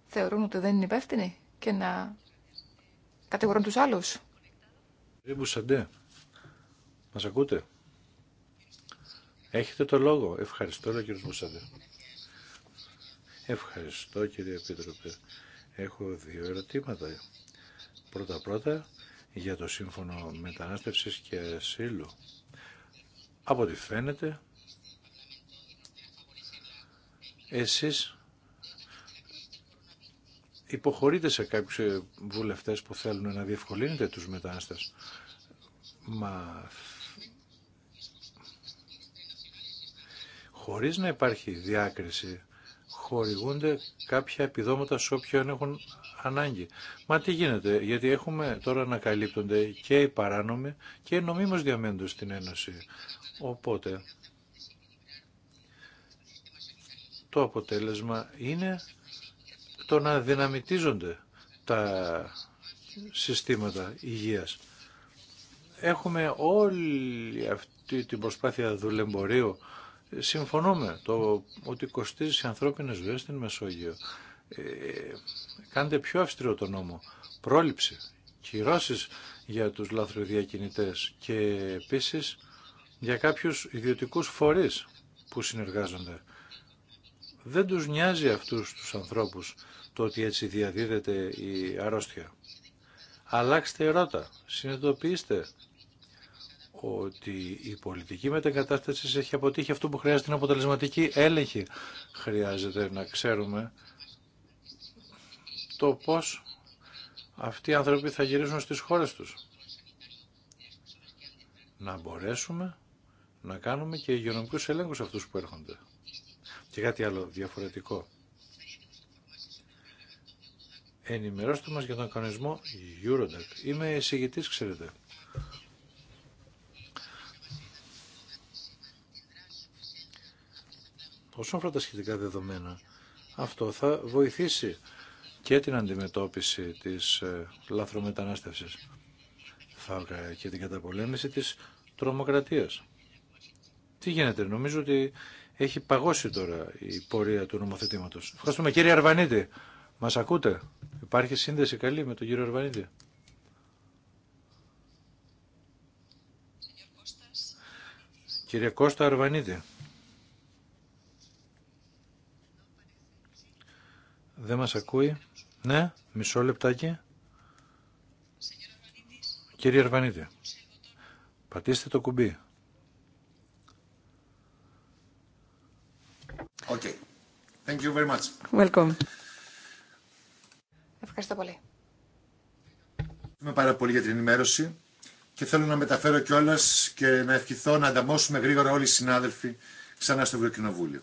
Speaker 3: θεωρούν ότι δεν είναι υπεύθυνοι και να κατηγορούν τους άλλους.
Speaker 2: Μα ακούτε. Έχετε το λόγο. Ευχαριστώ, κύριος Μουσάντε. Ευχαριστώ, κύριε Επίτροπε. Έχω δύο ερωτήματα. Πρώτα-πρώτα, για το Σύμφωνο Μετανάστευσης και Ασύλου. Από ό,τι φαίνεται, εσείς υποχωρείτε σε κάποιους ε, βουλευτές που θέλουν να διευκολύνετε τους μετανάστες. Μα χωρίς να υπάρχει διάκριση, χορηγούνται κάποια επιδόματα σε όποιον έχουν ανάγκη. Μα τι γίνεται, γιατί έχουμε τώρα να καλύπτονται και οι παράνομοι και οι νομίμως διαμένοντες στην Ένωση. Οπότε, το αποτέλεσμα είναι το να δυναμητίζονται τα συστήματα υγείας. Έχουμε όλη αυτή την προσπάθεια δουλεμπορίου συμφωνούμε το ότι κοστίζει σε ανθρώπινες ζωές στην Μεσόγειο. Ε, κάντε πιο αυστηρό το νόμο. Πρόληψη, κυρώσεις για τους λαθροδιακινητές και επίσης για κάποιους ιδιωτικούς φορείς που συνεργάζονται. Δεν τους νοιάζει αυτούς τους ανθρώπους το ότι έτσι διαδίδεται η αρρώστια. Αλλάξτε ερώτα, συνειδητοποιήστε ότι η πολιτική μετεγκατάσταση έχει αποτύχει αυτό που χρειάζεται είναι αποτελεσματική έλεγχη. Χρειάζεται να ξέρουμε το πώς αυτοί οι άνθρωποι θα γυρίσουν στις χώρες τους. Να μπορέσουμε να κάνουμε και υγειονομικούς ελέγχους αυτούς που έρχονται. Και κάτι άλλο διαφορετικό. Ενημερώστε μας για τον κανονισμό Eurodac. Είμαι εισηγητής, ξέρετε. Όσον αφορά τα σχετικά δεδομένα, αυτό θα βοηθήσει και την αντιμετώπιση της ε, λαθρομετανάστευσης και την καταπολέμηση της τρομοκρατίας. Τι γίνεται, νομίζω ότι έχει παγώσει τώρα η πορεία του νομοθετήματος. Ευχαριστούμε κύριε Αρβανίτη. Μας ακούτε. Υπάρχει σύνδεση καλή με τον κύριο Αρβανίτη. Κύριε Κώστα Αρβανίτη. Δεν μας ακούει. Ναι, μισό λεπτάκι. Κύριε Αρβανίτη, πατήστε το κουμπί.
Speaker 4: Okay. Thank you very much.
Speaker 1: Welcome.
Speaker 3: Ευχαριστώ πολύ.
Speaker 4: Είμαι πάρα πολύ για την ενημέρωση και θέλω να μεταφέρω κιόλα και να ευχηθώ να ανταμώσουμε γρήγορα όλοι οι συνάδελφοι ξανά στο Ευρωκοινοβούλιο.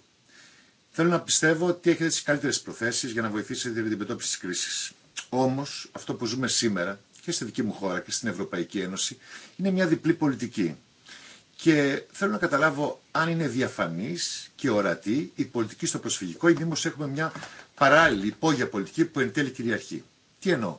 Speaker 4: Θέλω να πιστεύω ότι έχετε τι καλύτερε προθέσει για να βοηθήσετε την αντιμετώπιση τη κρίση. Όμω, αυτό που ζούμε σήμερα και στη δική μου χώρα και στην Ευρωπαϊκή Ένωση είναι μια διπλή πολιτική. Και θέλω να καταλάβω αν είναι διαφανή και ορατή η πολιτική στο προσφυγικό ή μήπω έχουμε μια παράλληλη υπόγεια πολιτική που εν τέλει κυριαρχεί. Τι εννοώ.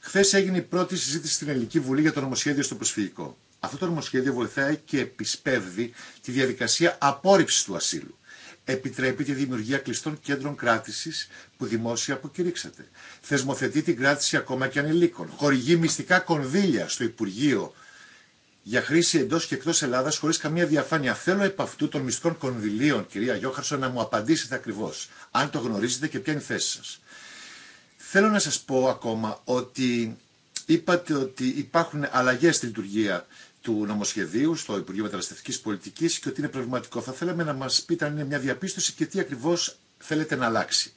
Speaker 4: Χθε έγινε η πρώτη συζήτηση στην Ελληνική Βουλή για το νομοσχέδιο στο προσφυγικό. Αυτό το νομοσχέδιο βοηθάει και επισπεύδει τη διαδικασία απόρριψη του ασύλου επιτρέπει τη δημιουργία κλειστών κέντρων κράτηση που δημόσια αποκηρύξατε. Θεσμοθετεί την κράτηση ακόμα και ανηλίκων. Χορηγεί μυστικά κονδύλια στο Υπουργείο για χρήση εντό και εκτό Ελλάδα χωρί καμία διαφάνεια. Θέλω επ' αυτού των μυστικών κονδυλίων, κυρία Γιώχαρσο, να μου απαντήσετε ακριβώ, αν το γνωρίζετε και ποια είναι η θέση σα. Θέλω να σα πω ακόμα ότι είπατε ότι υπάρχουν αλλαγέ στη λειτουργία του νομοσχεδίου στο Υπουργείο Μεταναστευτική Πολιτική και ότι είναι πραγματικό. Θα θέλαμε να μα πείτε αν είναι μια διαπίστωση και τι ακριβώ θέλετε να αλλάξει.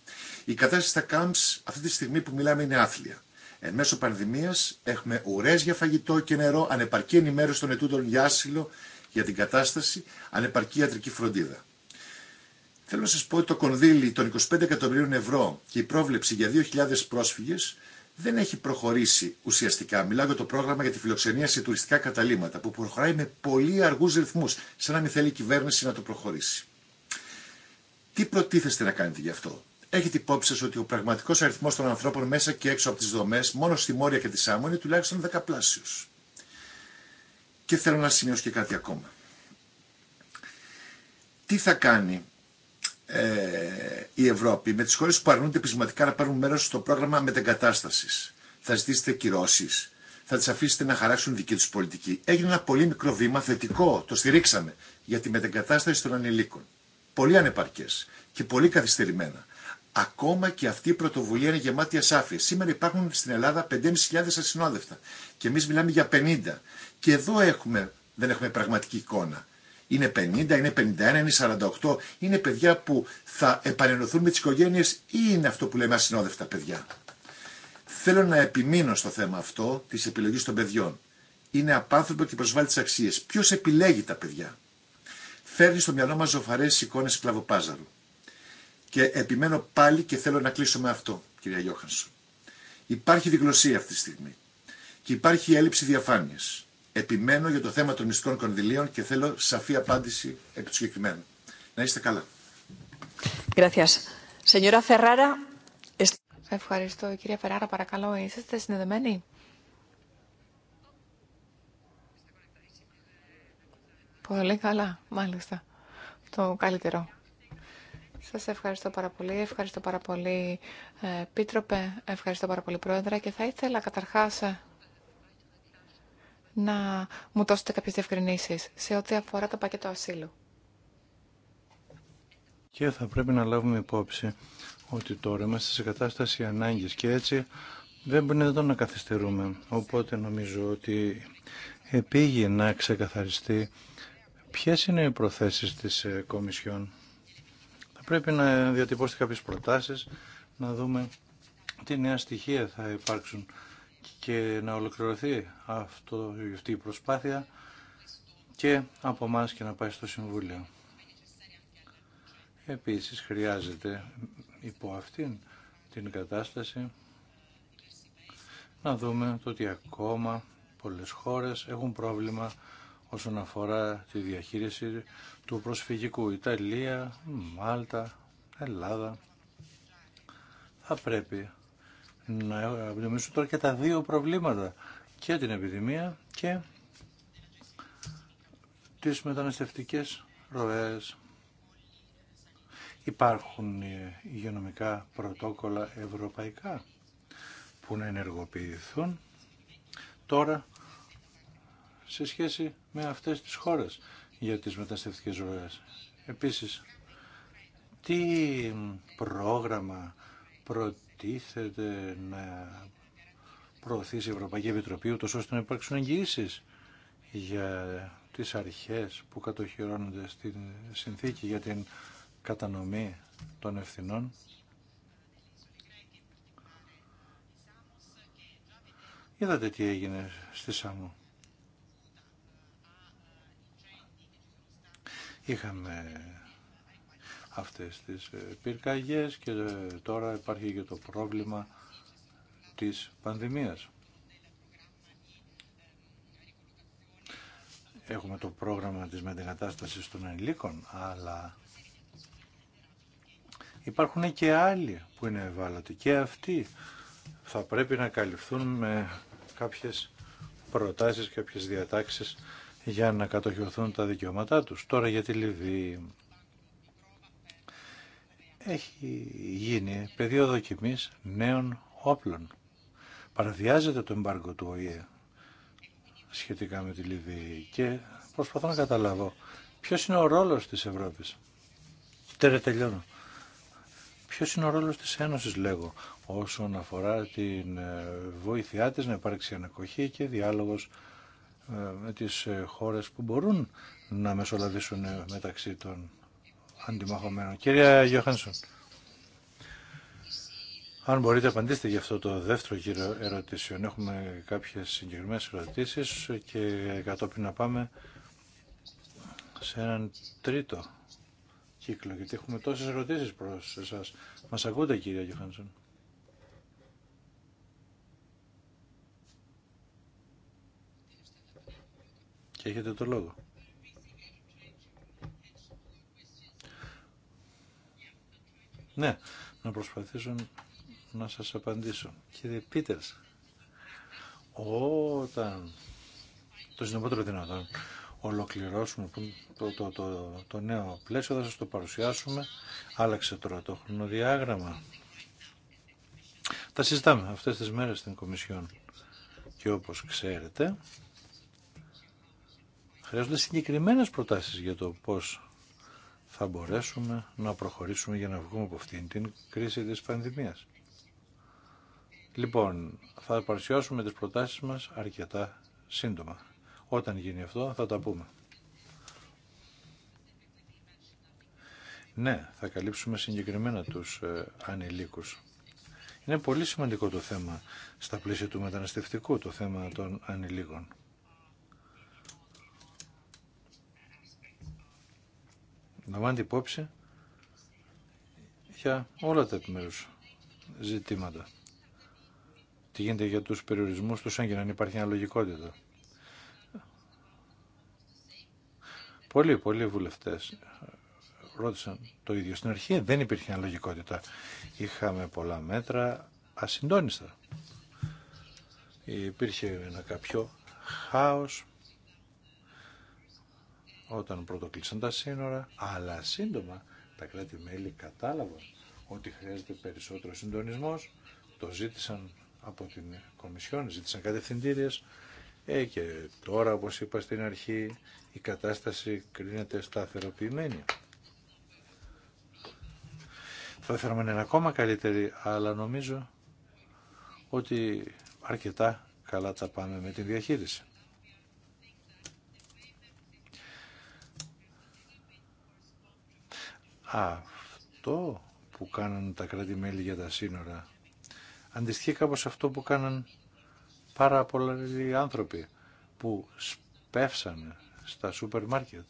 Speaker 4: Η κατάσταση στα camps αυτή τη στιγμή που μιλάμε είναι άθλια. Εν μέσω πανδημία έχουμε ουρέ για φαγητό και νερό, ανεπαρκή ενημέρωση των ετούντων για άσυλο για την κατάσταση, ανεπαρκή ιατρική φροντίδα. Θέλω να σα πω ότι το κονδύλι των 25 εκατομμυρίων ευρώ και η πρόβλεψη για 2.000 πρόσφυγε δεν έχει προχωρήσει ουσιαστικά. Μιλάω για το πρόγραμμα για τη φιλοξενία σε τουριστικά καταλήματα, που προχωράει με πολύ αργού ρυθμού, σαν να μην θέλει η κυβέρνηση να το προχωρήσει. Τι προτίθεστε να κάνετε γι' αυτό. Έχετε υπόψη σα ότι ο πραγματικό αριθμό των ανθρώπων μέσα και έξω από τι δομέ, μόνο στη Μόρια και τη Σάμμο, είναι τουλάχιστον δεκαπλάσιο. Και θέλω να σημειώσω και κάτι ακόμα. Τι θα κάνει ε, η Ευρώπη με τις χώρες που αρνούνται επισηματικά να παίρνουν μέρος στο πρόγραμμα μετεγκατάστασης. Θα ζητήσετε κυρώσει, θα τις αφήσετε να χαράξουν δική τους πολιτική. Έγινε ένα πολύ μικρό βήμα θετικό, το στηρίξαμε, για τη μετεγκατάσταση των ανηλίκων. Πολύ ανεπαρκές και πολύ καθυστερημένα. Ακόμα και αυτή η πρωτοβουλία είναι γεμάτη ασάφεια. Σήμερα υπάρχουν στην Ελλάδα 5.500 ασυνόδευτα και εμείς μιλάμε για 50. Και εδώ έχουμε, δεν έχουμε πραγματική εικόνα είναι 50, είναι 51, είναι 48, είναι παιδιά που θα επανενωθούν με τις οικογένειες ή είναι αυτό που λέμε ασυνόδευτα παιδιά. Θέλω να επιμείνω στο θέμα αυτό της επιλογής των παιδιών. Είναι απάνθρωπο και προσβάλλει τις αξίες. Ποιος επιλέγει τα παιδιά. Φέρνει στο μυαλό μας ζωφαρές εικόνες σκλαβοπάζαρου. Και επιμένω πάλι και θέλω να κλείσω με αυτό, κυρία Γιώχανσον. Υπάρχει διγλωσία αυτή τη στιγμή. Και υπάρχει έλλειψη διαφάνειας. Επιμένω για το θέμα των μυστικών κονδυλίων και θέλω σαφή απάντηση επί του συγκεκριμένου. Να είστε καλά.
Speaker 1: Ευχαριστώ. Κυρία Φεράρα, παρακαλώ, είσαστε
Speaker 3: συνδεδεμένοι. Πολύ καλά, μάλιστα. Το καλύτερο. Σας ευχαριστώ πάρα πολύ. Ευχαριστώ πάρα πολύ, ε, Πίτροπε. Ευχαριστώ πάρα πολύ, Πρόεδρε. Και θα ήθελα καταρχάς να μου δώσετε κάποιες διευκρινήσεις σε ό,τι αφορά το πακέτο ασύλου.
Speaker 2: Και θα πρέπει να λάβουμε υπόψη ότι τώρα είμαστε σε κατάσταση ανάγκης και έτσι δεν μπορεί εδώ να καθυστερούμε. Οπότε νομίζω ότι επίγει να ξεκαθαριστεί ποιες είναι οι προθέσεις της ε, Κομισιόν. Θα πρέπει να διατυπώσετε κάποιες προτάσεις, να δούμε τι νέα στοιχεία θα υπάρξουν και να ολοκληρωθεί αυτό, αυτή η προσπάθεια και από εμά και να πάει στο Συμβούλιο. Επίσης χρειάζεται υπό αυτήν την κατάσταση να δούμε το ότι ακόμα πολλές χώρες έχουν πρόβλημα όσον αφορά τη διαχείριση του προσφυγικού. Ιταλία, Μάλτα, Ελλάδα. Θα πρέπει να αντιμετωπίσουμε τώρα και τα δύο προβλήματα. Και την επιδημία και τις μεταναστευτικές ροές. Υπάρχουν ε, υγειονομικά πρωτόκολλα ευρωπαϊκά που να ενεργοποιηθούν τώρα σε σχέση με αυτές τις χώρες για τις μεταναστευτικές ροές. Επίσης, τι πρόγραμμα προτείνει υποτίθεται να προωθήσει η Ευρωπαϊκή Επιτροπή ούτως ώστε να υπάρξουν εγγυήσεις για τις αρχές που κατοχυρώνονται στη συνθήκη για την κατανομή των ευθυνών. Είδατε τι έγινε στη Σάμο. Είχαμε αυτές τις ε, πυρκαγιές και ε, τώρα υπάρχει και το πρόβλημα της πανδημίας. Έχουμε το πρόγραμμα της μετεγκατάστασης των ενηλίκων, αλλά υπάρχουν και άλλοι που είναι ευάλωτοι και αυτοί θα πρέπει να καλυφθούν με κάποιες προτάσεις, κάποιες διατάξεις για να κατοχυρωθούν τα δικαιώματά τους. Τώρα για τη Λιβύη έχει γίνει πεδίο δοκιμής νέων όπλων. Παραδιάζεται το εμπάργκο του ΟΗΕ σχετικά με τη Λιβύη και προσπαθώ να καταλάβω ποιος είναι ο ρόλος της Ευρώπης. Τέρε τελειώνω. Ποιος είναι ο ρόλος της Ένωσης λέγω όσον αφορά την ε, βοήθειά της να υπάρξει ανακοχή και διάλογος ε, με τις ε, χώρες που μπορούν να μεσολαβήσουν μεταξύ των αντιμαχωμένο. Κυρία Γιώχανσον, αν μπορείτε απαντήστε για αυτό το δεύτερο γύρο ερωτήσεων. Έχουμε κάποιες συγκεκριμένες ερωτήσεις και κατόπιν να πάμε σε έναν τρίτο κύκλο, γιατί έχουμε τόσες ερωτήσεις προς εσάς. Μας ακούτε κυρία Γιώχανσον. Και έχετε το λόγο. Ναι, να προσπαθήσω να σας απαντήσω. Κύριε Πίτερς, όταν το συνεπότερο δυνατόν ολοκληρώσουμε το, το, το, το, νέο πλαίσιο, θα σας το παρουσιάσουμε. Άλλαξε τώρα το χρονοδιάγραμμα. Τα συζητάμε αυτές τις μέρες στην Κομισιόν. Και όπως ξέρετε, χρειάζονται συγκεκριμένες προτάσεις για το πώς θα μπορέσουμε να προχωρήσουμε για να βγούμε από αυτήν την κρίση της πανδημίας. Λοιπόν, θα παρουσιάσουμε τις προτάσεις μας αρκετά σύντομα. Όταν γίνει αυτό θα τα πούμε. Ναι, θα καλύψουμε συγκεκριμένα τους ε, ανηλίκους. Είναι πολύ σημαντικό το θέμα στα πλαίσια του μεταναστευτικού, το θέμα των ανηλίκων. λαμβάνεται υπόψη για όλα τα επιμέρους ζητήματα. Τι γίνεται για τους περιορισμούς τους, αν υπάρχει αναλογικότητα. Πολλοί, πολλοί βουλευτές ρώτησαν το ίδιο. Στην αρχή δεν υπήρχε αναλογικότητα. Είχαμε πολλά μέτρα ασυντόνιστα. Υπήρχε ένα κάποιο χάος όταν πρωτοκλείσαν τα σύνορα, αλλά σύντομα τα κράτη-μέλη κατάλαβαν ότι χρειάζεται περισσότερο συντονισμός, το ζήτησαν από την Κομισιόν, ζήτησαν κατευθυντήριε ε, και τώρα, όπως είπα στην αρχή, η κατάσταση κρίνεται σταθεροποιημένη. Θα ήθελα να είναι ακόμα καλύτερη, αλλά νομίζω ότι αρκετά καλά τα πάμε με την διαχείριση. Αυτό που κάναν τα κράτη-μέλη για τα σύνορα αντιστοιχεί κάπως αυτό που κάναν πάρα πολλοί άνθρωποι που σπεύσαν στα σούπερ μάρκετ,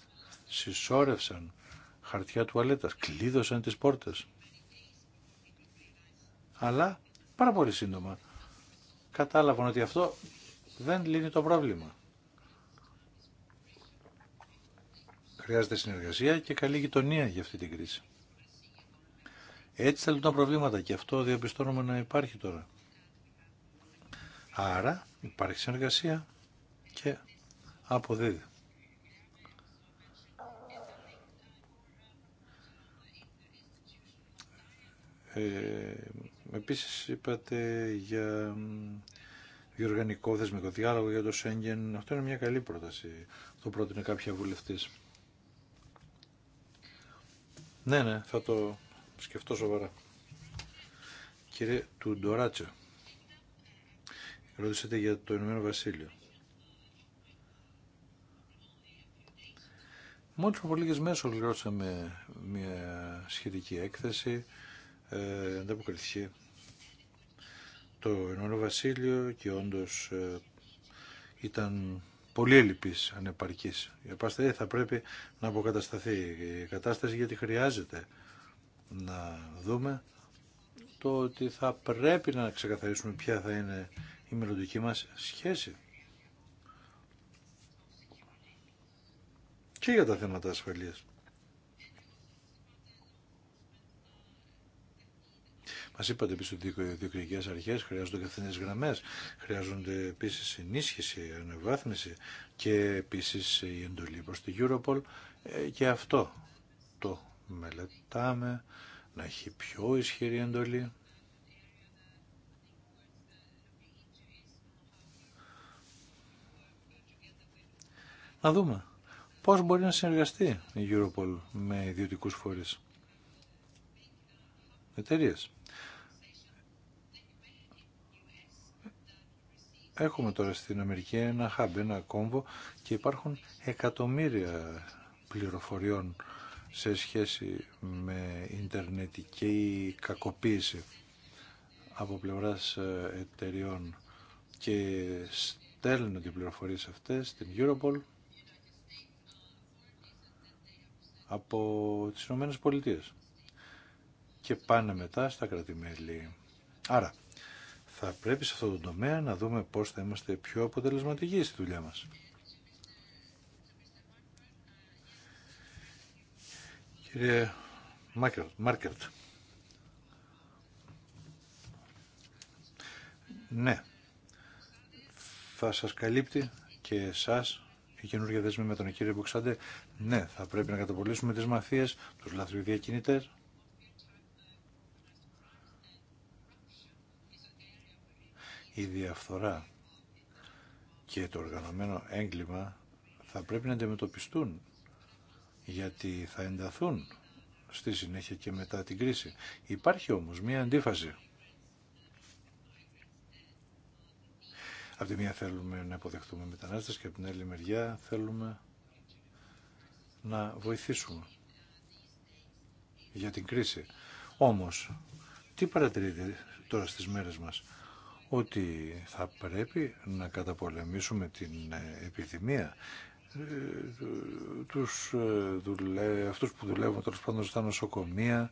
Speaker 2: συσσόρευσαν χαρτιά τουαλέτας, κλείδωσαν τις πόρτες. Αλλά πάρα πολύ σύντομα κατάλαβαν ότι αυτό δεν λύνει το πρόβλημα. χρειάζεται συνεργασία και καλή γειτονία για αυτή την κρίση. Έτσι θα λυθούν προβλήματα και αυτό διαπιστώνουμε να υπάρχει τώρα. Άρα υπάρχει συνεργασία και αποδίδει. Ε, επίσης είπατε για διοργανικό θεσμικό διάλογο για το Σέγγεν. Αυτό είναι μια καλή πρόταση. Το πρότεινε κάποια βουλευτής. Ναι, ναι, θα το σκεφτώ σοβαρά. Κύριε Τουντοράτσο, ρώτησατε για το Ηνωμένο Βασίλειο. Μόλις από λίγες μέρες ολοκληρώσαμε μια σχετική έκθεση, ε, το Ηνωμένο Βασίλειο και όντως ε, ήταν πολύ ελλειπής ανεπαρκής. Η απαστερή θα πρέπει να αποκατασταθεί η κατάσταση γιατί χρειάζεται να δούμε το ότι θα πρέπει να ξεκαθαρίσουμε ποια θα είναι η μελλοντική μας σχέση. Και για τα θέματα ασφαλείας. Μα είπατε επίση ότι οι διοικητικέ αρχέ χρειάζονται καθένε γραμμέ, χρειάζονται επίση ενίσχυση, αναβάθμιση και επίση η εντολή προ την Europol. Ε, και αυτό το μελετάμε, να έχει πιο ισχυρή εντολή. Να δούμε πώς μπορεί να συνεργαστεί η Europol με ιδιωτικούς φορείς. Εταιρείες. Έχουμε τώρα στην Αμερική ένα hub, ένα κόμβο και υπάρχουν εκατομμύρια πληροφοριών σε σχέση με ιντερνετική κακοποίηση από πλευράς ε, εταιριών και στέλνουν τις πληροφορίες αυτές στην Europol από τις Ηνωμένες Πολιτείες και πάνε μετά στα κρατημέλη. Άρα, θα πρέπει σε αυτό το τομέα να δούμε πώς θα είμαστε πιο αποτελεσματικοί στη δουλειά μας. Κύριε Μάρκερτ. Ναι. Θα σας καλύπτει και εσάς η καινούργια δεσμή με τον κύριο Μποξάντε. Ναι, θα πρέπει να καταπολύσουμε τις του τους λαθροδιακινητές. η διαφθορά και το οργανωμένο έγκλημα θα πρέπει να αντιμετωπιστούν γιατί θα ενταθούν στη συνέχεια και μετά την κρίση. Υπάρχει όμως μία αντίφαση. Από τη μία θέλουμε να αποδεχτούμε μετανάστες και από την άλλη μεριά θέλουμε να βοηθήσουμε για την κρίση. Όμως, τι παρατηρείτε τώρα στις μέρες μας ότι θα πρέπει να καταπολεμήσουμε την ε, επιδημία ε, τους ε, δουλε... αυτούς που δουλεύουν τέλο πάντων στα νοσοκομεία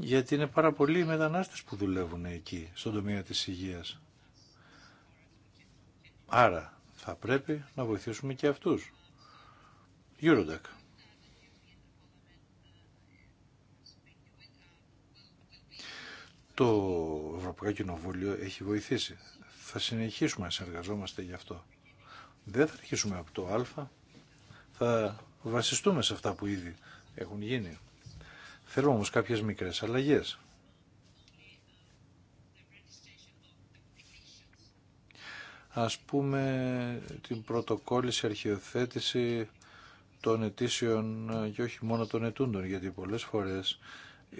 Speaker 2: γιατί είναι πάρα πολλοί οι μετανάστες που δουλεύουν εκεί στον τομέα της υγείας άρα θα πρέπει να βοηθήσουμε και αυτούς Eurodac το Ευρωπαϊκό Κοινοβούλιο έχει βοηθήσει. Θα συνεχίσουμε να συνεργαζόμαστε γι' αυτό. Δεν θα αρχίσουμε από το Α, θα βασιστούμε σε αυτά που ήδη έχουν γίνει. Θέλουμε όμως κάποιες μικρές αλλαγές. Ας πούμε την πρωτοκόλληση, αρχιοθέτηση των αιτήσεων ε, και όχι μόνο των ετούντων, γιατί πολλές φορές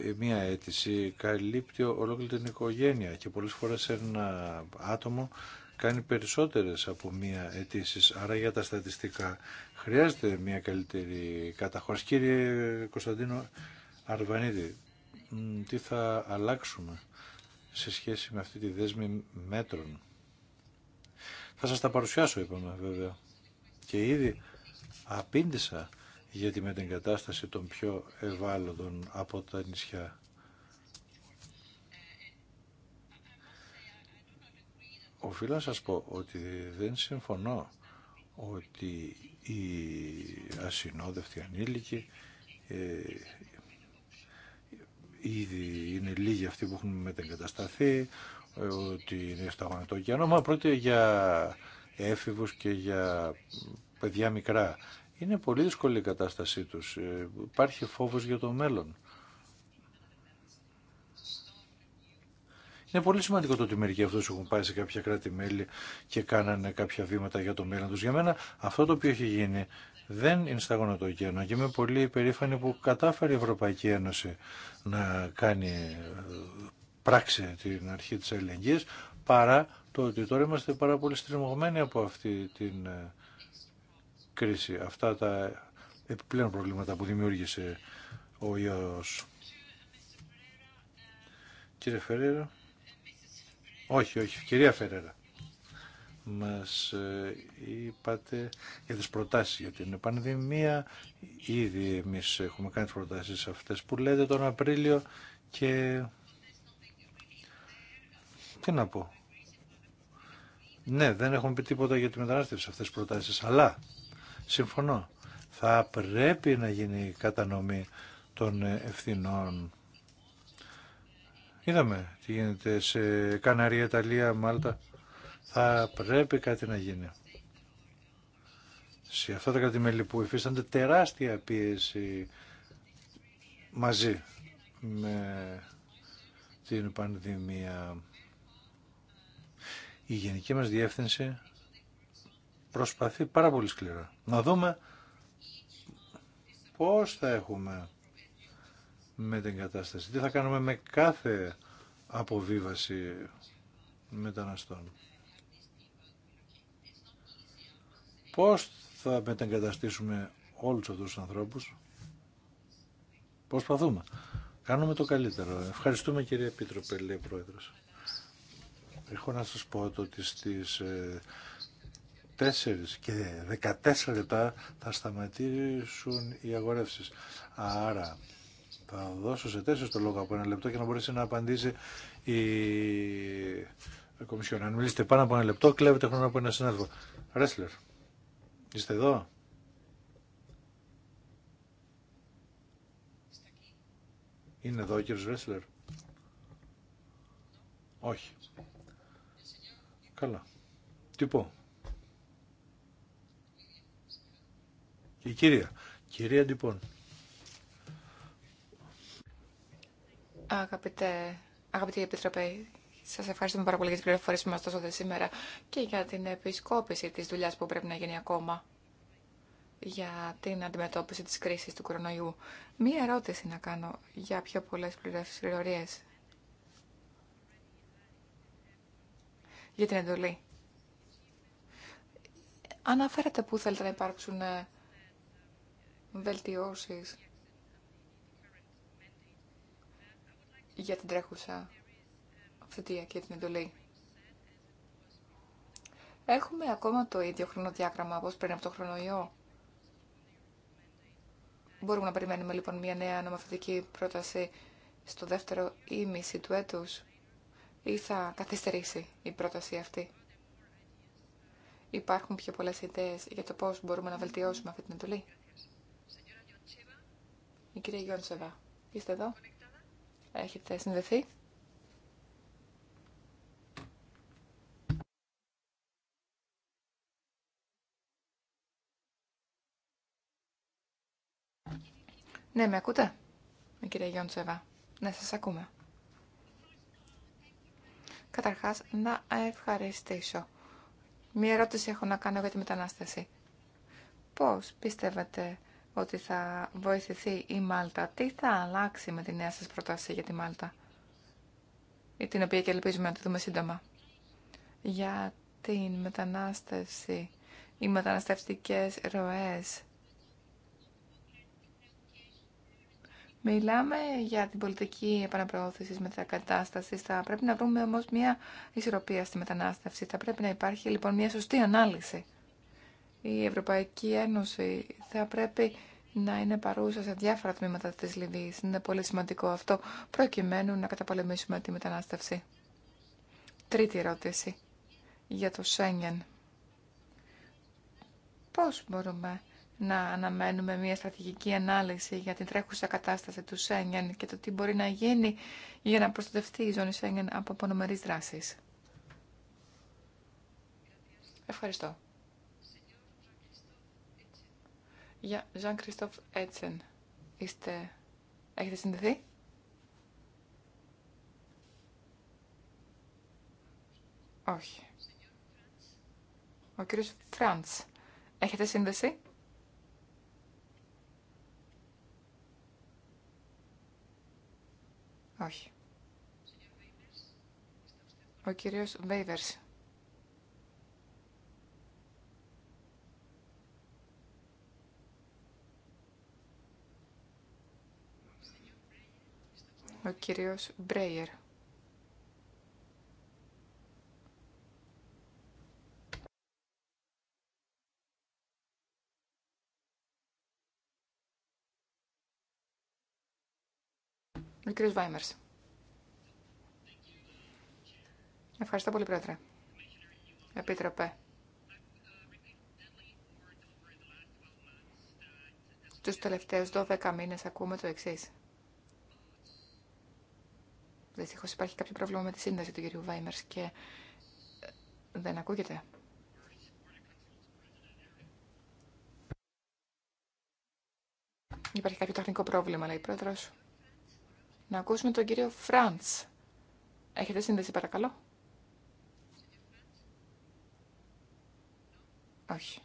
Speaker 2: ε, μία αίτηση καλύπτει ολόκληρη την οικογένεια και πολλές φορές ένα άτομο κάνει περισσότερες από μία αιτήσει. Άρα για τα στατιστικά χρειάζεται μία καλύτερη καταχώρηση. Κύριε Κωνσταντίνο Αρβανίδη, τι θα αλλάξουμε σε σχέση με αυτή τη δέσμη μέτρων. Θα σας τα παρουσιάσω, είπαμε βέβαια. Και ήδη απήντησα γιατί με την κατάσταση των πιο ευάλωτων από τα νησιά. Οφείλω να σας πω ότι δεν συμφωνώ ότι οι ασυνόδευτοι ανήλικοι ε, ήδη είναι λίγοι αυτοί που έχουν μετεγκατασταθεί, ε, ότι είναι στα γονατό ωκεανό, μα για έφηβους και για παιδιά μικρά είναι πολύ δύσκολη η κατάστασή τους. Ε, υπάρχει φόβος για το μέλλον. Είναι πολύ σημαντικό το ότι μερικοί αυτού έχουν πάει σε κάποια κράτη-μέλη και κάνανε κάποια βήματα για το μέλλον του. Για μένα αυτό το οποίο έχει γίνει δεν είναι σταγόνα το κένο και είμαι πολύ περήφανη που κατάφερε η Ευρωπαϊκή Ένωση να κάνει ε, πράξη την αρχή της αλληλεγγύης παρά το ότι τώρα είμαστε πάρα πολύ στριμωγμένοι από αυτή την ε, κρίση, αυτά τα επιπλέον προβλήματα που δημιούργησε ο ιός. Κύριε Φερέρα, όχι, όχι, κυρία Φερέρα, μας ε, είπατε για τις προτάσεις για την πανδημία. Ήδη εμείς έχουμε κάνει τις προτάσεις αυτές που λέτε τον Απρίλιο και τι να πω. Ναι, δεν έχουμε πει τίποτα για τη μετανάστευση αυτές τις προτάσεις, αλλά Συμφωνώ. Θα πρέπει να γίνει η κατανομή των ευθυνών. Είδαμε τι γίνεται σε Καναρία, Ιταλία, Μάλτα. Θα πρέπει κάτι να γίνει. Σε αυτά τα κρατημέλη που υφίστανται τεράστια πίεση μαζί με την πανδημία. Η γενική μας διεύθυνση προσπαθεί πάρα πολύ σκληρά. Να δούμε πώς θα έχουμε με την κατάσταση. Τι θα κάνουμε με κάθε αποβίβαση μεταναστών. Πώς θα μετεγκαταστήσουμε όλους αυτούς τους ανθρώπους. Προσπαθούμε. Κάνουμε το καλύτερο. Ευχαριστούμε κύριε Επίτροπε, λέει Πρόεδρος. Έχω να σας πω ότι στις ε, 4 και 14 λεπτά θα σταματήσουν οι αγορεύσεις. Άρα θα δώσω σε τέσσερις το λόγο από ένα λεπτό και να μπορέσει να απαντήσει η Κομισιόν. Αν μιλήσετε πάνω από ένα λεπτό, κλέβετε χρόνο από ένα συνάδελφο. Ρέσλερ, είστε εδώ. Είναι εδώ ο κύριος Ρέσλερ. Όχι. Καλά. Τι πω. Η κυρία. Κυρία Ντυπών.
Speaker 3: Αγαπητέ, αγαπητή Επιτροπή, σα ευχαριστούμε πάρα πολύ για τι πληροφορίε που μα δώσατε σήμερα και για την επισκόπηση τη δουλειά που πρέπει να γίνει ακόμα για την αντιμετώπιση της κρίσης του κορονοϊού. Μία ερώτηση να κάνω για πιο πολλές πληροφορίες. Για την εντολή. Αναφέρατε πού θέλετε να υπάρξουν ε, βελτιώσεις για την τρέχουσα θετία και την εντολή. Έχουμε ακόμα το ίδιο χρονοδιάγραμμα όπως πριν από το χρονοϊό. Μπορούμε να περιμένουμε λοιπόν μια νέα νομοθετική πρόταση στο δεύτερο μιση του έτους ή θα καθυστερήσει η πρόταση αυτή. Υπάρχουν πιο πολλές ιδέες για το πώς μπορούμε να βελτιώσουμε αυτή την εντολή. Η κυρία Γιόντσεβα, είστε εδώ. Έχετε συνδεθεί. Ναι, με ακούτε, η κυρία Γιόντσεβα. Ναι, σας ακούμε. Καταρχάς, να ευχαριστήσω. Μία ερώτηση έχω να κάνω για τη μετανάστευση. Πώς πιστεύετε ότι θα βοηθηθεί η Μάλτα. Τι θα αλλάξει με τη νέα σας πρόταση για τη Μάλτα, την οποία και ελπίζουμε να τη δούμε σύντομα. Για την μετανάστευση, οι μεταναστευτικές ροές. Μιλάμε για την πολιτική επαναπροώθηση κατάσταση. Θα πρέπει να βρούμε όμως, μια ισορροπία στη μετανάστευση. Θα πρέπει να υπάρχει λοιπόν μια σωστή ανάλυση η Ευρωπαϊκή Ένωση θα πρέπει να είναι παρούσα σε διάφορα τμήματα της Λιβύης. Είναι πολύ σημαντικό αυτό, προκειμένου να καταπολεμήσουμε τη μετανάστευση. Τρίτη ερώτηση για το Σέγγεν. Πώς μπορούμε να αναμένουμε μια στρατηγική ανάλυση για την τρέχουσα κατάσταση του Σέγγεν και το τι μπορεί να γίνει για να προστατευτεί η ζώνη Σέγγεν από απονομερείς δράσεις. Ευχαριστώ. Για Ζαν Κριστόφ Έτσεν. Είστε... Έχετε συνδεθεί? Όχι. Ο κύριος Φραντς. Έχετε σύνδεση? Όχι. Ο κύριος Βέιβερς. ο κύριος Μπρέιερ. Ο κύριος Βάιμερς. Ευχαριστώ πολύ, Πρόεδρε. Επίτροπε. Τους τελευταίους 12 μήνες ακούμε το εξής. Δυστυχώ υπάρχει κάποιο πρόβλημα με τη σύνδεση του κυρίου Βάιμερ και ε, δεν ακούγεται. Υπάρχει κάποιο τεχνικό πρόβλημα, λέει η πρόεδρο. Να ακούσουμε τον κύριο Φραντ. Έχετε σύνδεση, παρακαλώ. Όχι.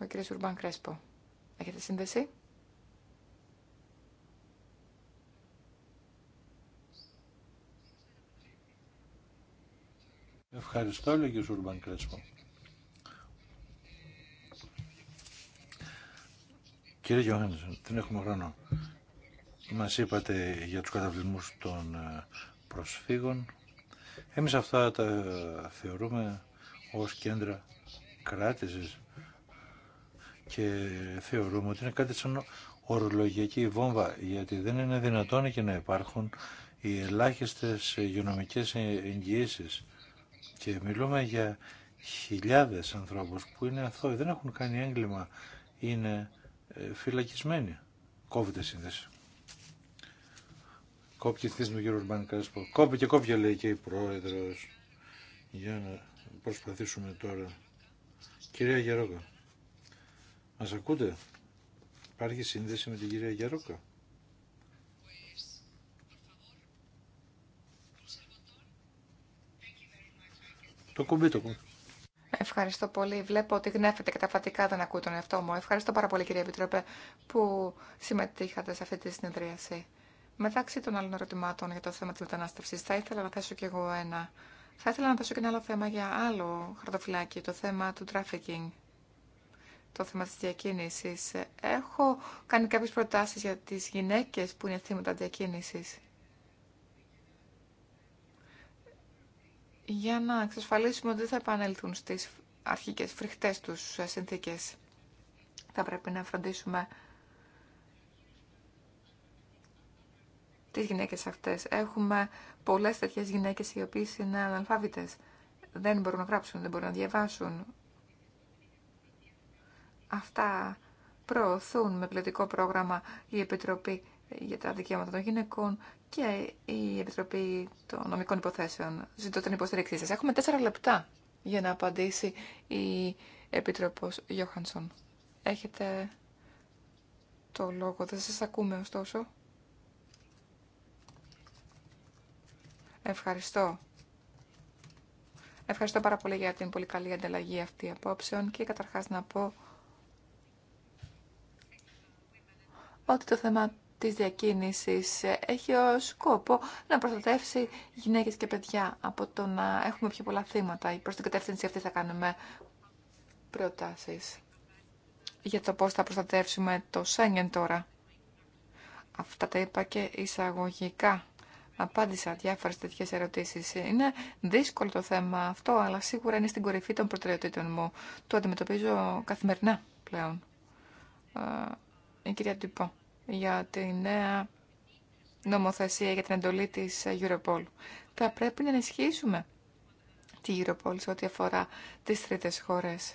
Speaker 3: Ο κύριος Ουρμπάν Κρέσπο. Έχετε σύνδεση.
Speaker 2: Ευχαριστώ, λέγει ο Ζουρμπαν Κρέσπο. Κύριε Γιώργη, δεν έχουμε χρόνο. Μας είπατε για τους καταβλημούς των ε, προσφύγων. Εμείς αυτά τα θεωρούμε ως κέντρα κράτησης και θεωρούμε ότι είναι κάτι σαν ορολογιακή βόμβα γιατί δεν είναι δυνατόν και να υπάρχουν οι ελάχιστες υγειονομικές εγγυήσεις και μιλούμε για χιλιάδες ανθρώπους που είναι αθώοι, δεν έχουν κάνει έγκλημα, είναι ε, φυλακισμένοι. Κόβεται σύνδεση. Κόπηκε η σύνδεση. του και κόπια λέει και η πρόεδρος. Για να προσπαθήσουμε τώρα. Κυρία Γερόκα, μας ακούτε. Υπάρχει σύνδεση με την κυρία Γερόκα. Το κουμπί το κουμπί.
Speaker 3: Ευχαριστώ πολύ. Βλέπω ότι γνέφεται φατικά δεν ακούει τον εαυτό μου. Ευχαριστώ πάρα πολύ, κύριε Επιτροπέ, που συμμετείχατε σε αυτή τη συνεδρίαση. Μεταξύ των άλλων ερωτημάτων για το θέμα τη μετανάστευση, θα ήθελα να θέσω κι εγώ ένα. Θα ήθελα να θέσω και ένα άλλο θέμα για άλλο χαρτοφυλάκι, το θέμα του trafficking, το θέμα τη διακίνηση. Έχω κάνει κάποιε προτάσει για τι γυναίκε που είναι θύματα διακίνηση. για να εξασφαλίσουμε ότι δεν θα επανέλθουν στις αρχικές φρικτές τους συνθήκες. Θα πρέπει να φροντίσουμε τις γυναίκες αυτές. Έχουμε πολλές τέτοιες γυναίκες οι οποίες είναι αναλφάβητες. Δεν μπορούν να γράψουν, δεν μπορούν να διαβάσουν. Αυτά προωθούν με πλαιτικό πρόγραμμα η Επιτροπή για τα δικαιώματα των γυναικών και η Επιτροπή των Νομικών Υποθέσεων. Ζητώ την υποστήριξή σας. Έχουμε τέσσερα λεπτά για να απαντήσει η Επίτροπος Γιώχανσον. Έχετε το λόγο, δεν σας ακούμε ωστόσο. Ευχαριστώ. Ευχαριστώ πάρα πολύ για την πολύ καλή ανταλλαγή αυτή απόψεων και καταρχάς να πω ότι το θέμα της διακίνησης έχει ως σκόπο να προστατεύσει γυναίκες και παιδιά από το να έχουμε πιο πολλά θύματα. Προς την κατεύθυνση αυτή θα κάνουμε προτάσεις για το πώς θα προστατεύσουμε το Σέγγεν τώρα. Αυτά τα είπα και εισαγωγικά. Απάντησα διάφορες τέτοιες ερωτήσεις. Είναι δύσκολο το θέμα αυτό, αλλά σίγουρα είναι στην κορυφή των προτεραιοτήτων μου. Το αντιμετωπίζω καθημερινά πλέον. Ε, η κυρία Τυπώ για τη νέα νομοθεσία για την εντολή της Europol. Θα πρέπει να ενισχύσουμε τη Europol σε ό,τι αφορά τις τρίτες χώρες,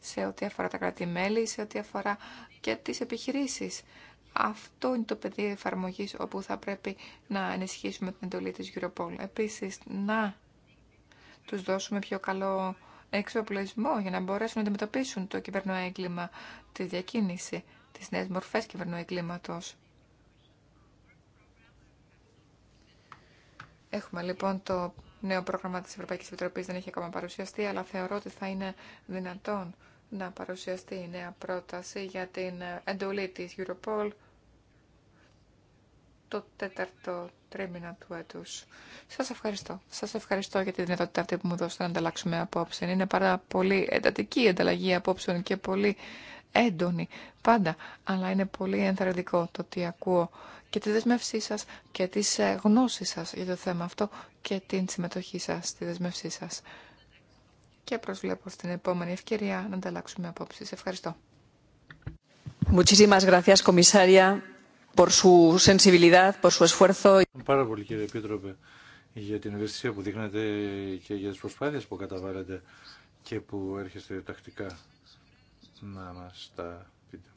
Speaker 3: σε ό,τι αφορά τα κράτη-μέλη, σε ό,τι αφορά και τις επιχειρήσεις. Αυτό είναι το πεδίο εφαρμογή όπου θα πρέπει να ενισχύσουμε την εντολή της Europol. Επίσης, να τους δώσουμε πιο καλό εξοπλισμό για να μπορέσουν να αντιμετωπίσουν το έγκλημα τη διακίνηση τις νέες μορφές κυβερνοεγκλήματος. Έχουμε λοιπόν το νέο πρόγραμμα της Ευρωπαϊκής Επιτροπής, δεν έχει ακόμα παρουσιαστεί, αλλά θεωρώ ότι θα είναι δυνατόν να παρουσιαστεί η νέα πρόταση για την εντολή της Europol, το τέταρτο Σα του Σας ευχαριστώ. Σα ευχαριστώ για τη δυνατότητα αυτή που μου δώσετε να ανταλλάξουμε απόψε. Είναι πάρα πολύ εντατική η ανταλλαγή απόψεων και πολύ έντονη πάντα. Αλλά είναι πολύ ενθαρρυντικό το ότι ακούω και τη δεσμευσή σα και τι ε, γνώσει σα για το θέμα αυτό και την συμμετοχή σα στη δεσμευσή σα. Και προσβλέπω στην επόμενη ευκαιρία να ανταλλάξουμε απόψει. Ευχαριστώ.
Speaker 1: Muchísimas gracias, comisaria por
Speaker 2: Πάρα πολύ κύριε Επίτροπε για την ευαισθησία που δείχνετε και για τις προσπάθειες που καταβάλλετε και που έρχεστε τακτικά να μας τα πείτε.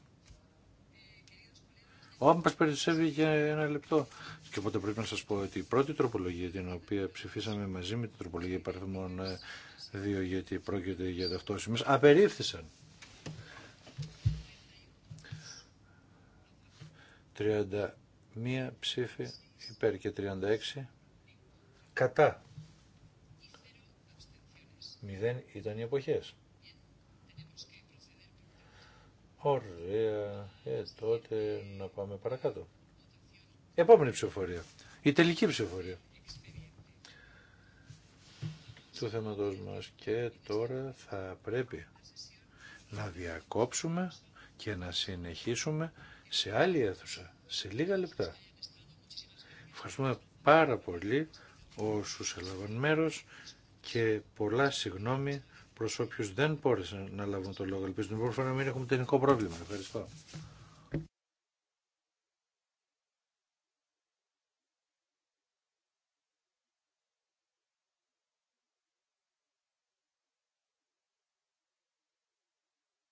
Speaker 2: Ο Άμπας περισσεύει για ένα λεπτό. Και οπότε πρέπει να σας πω ότι η πρώτη τροπολογία την οποία ψηφίσαμε μαζί με την τροπολογία παρθμών ε, δύο γιατί πρόκειται για ταυτόσιμες απερίφθησαν. 31 ψήφι υπέρ και 36 κατά. Μηδέν ήταν οι εποχές. Ωραία. Ε, τότε να πάμε παρακάτω. Επόμενη ψηφοφορία. Η τελική ψηφοφορία του θέματος μας και τώρα θα πρέπει να διακόψουμε και να συνεχίσουμε σε άλλη αίθουσα, σε λίγα λεπτά. Ευχαριστούμε πάρα πολύ όσους έλαβαν μέρος και πολλά συγγνώμη προς όποιους δεν μπόρεσαν να λάβουν το λόγο. Ελπίζω την να μην έχουμε τεχνικό πρόβλημα. Ευχαριστώ.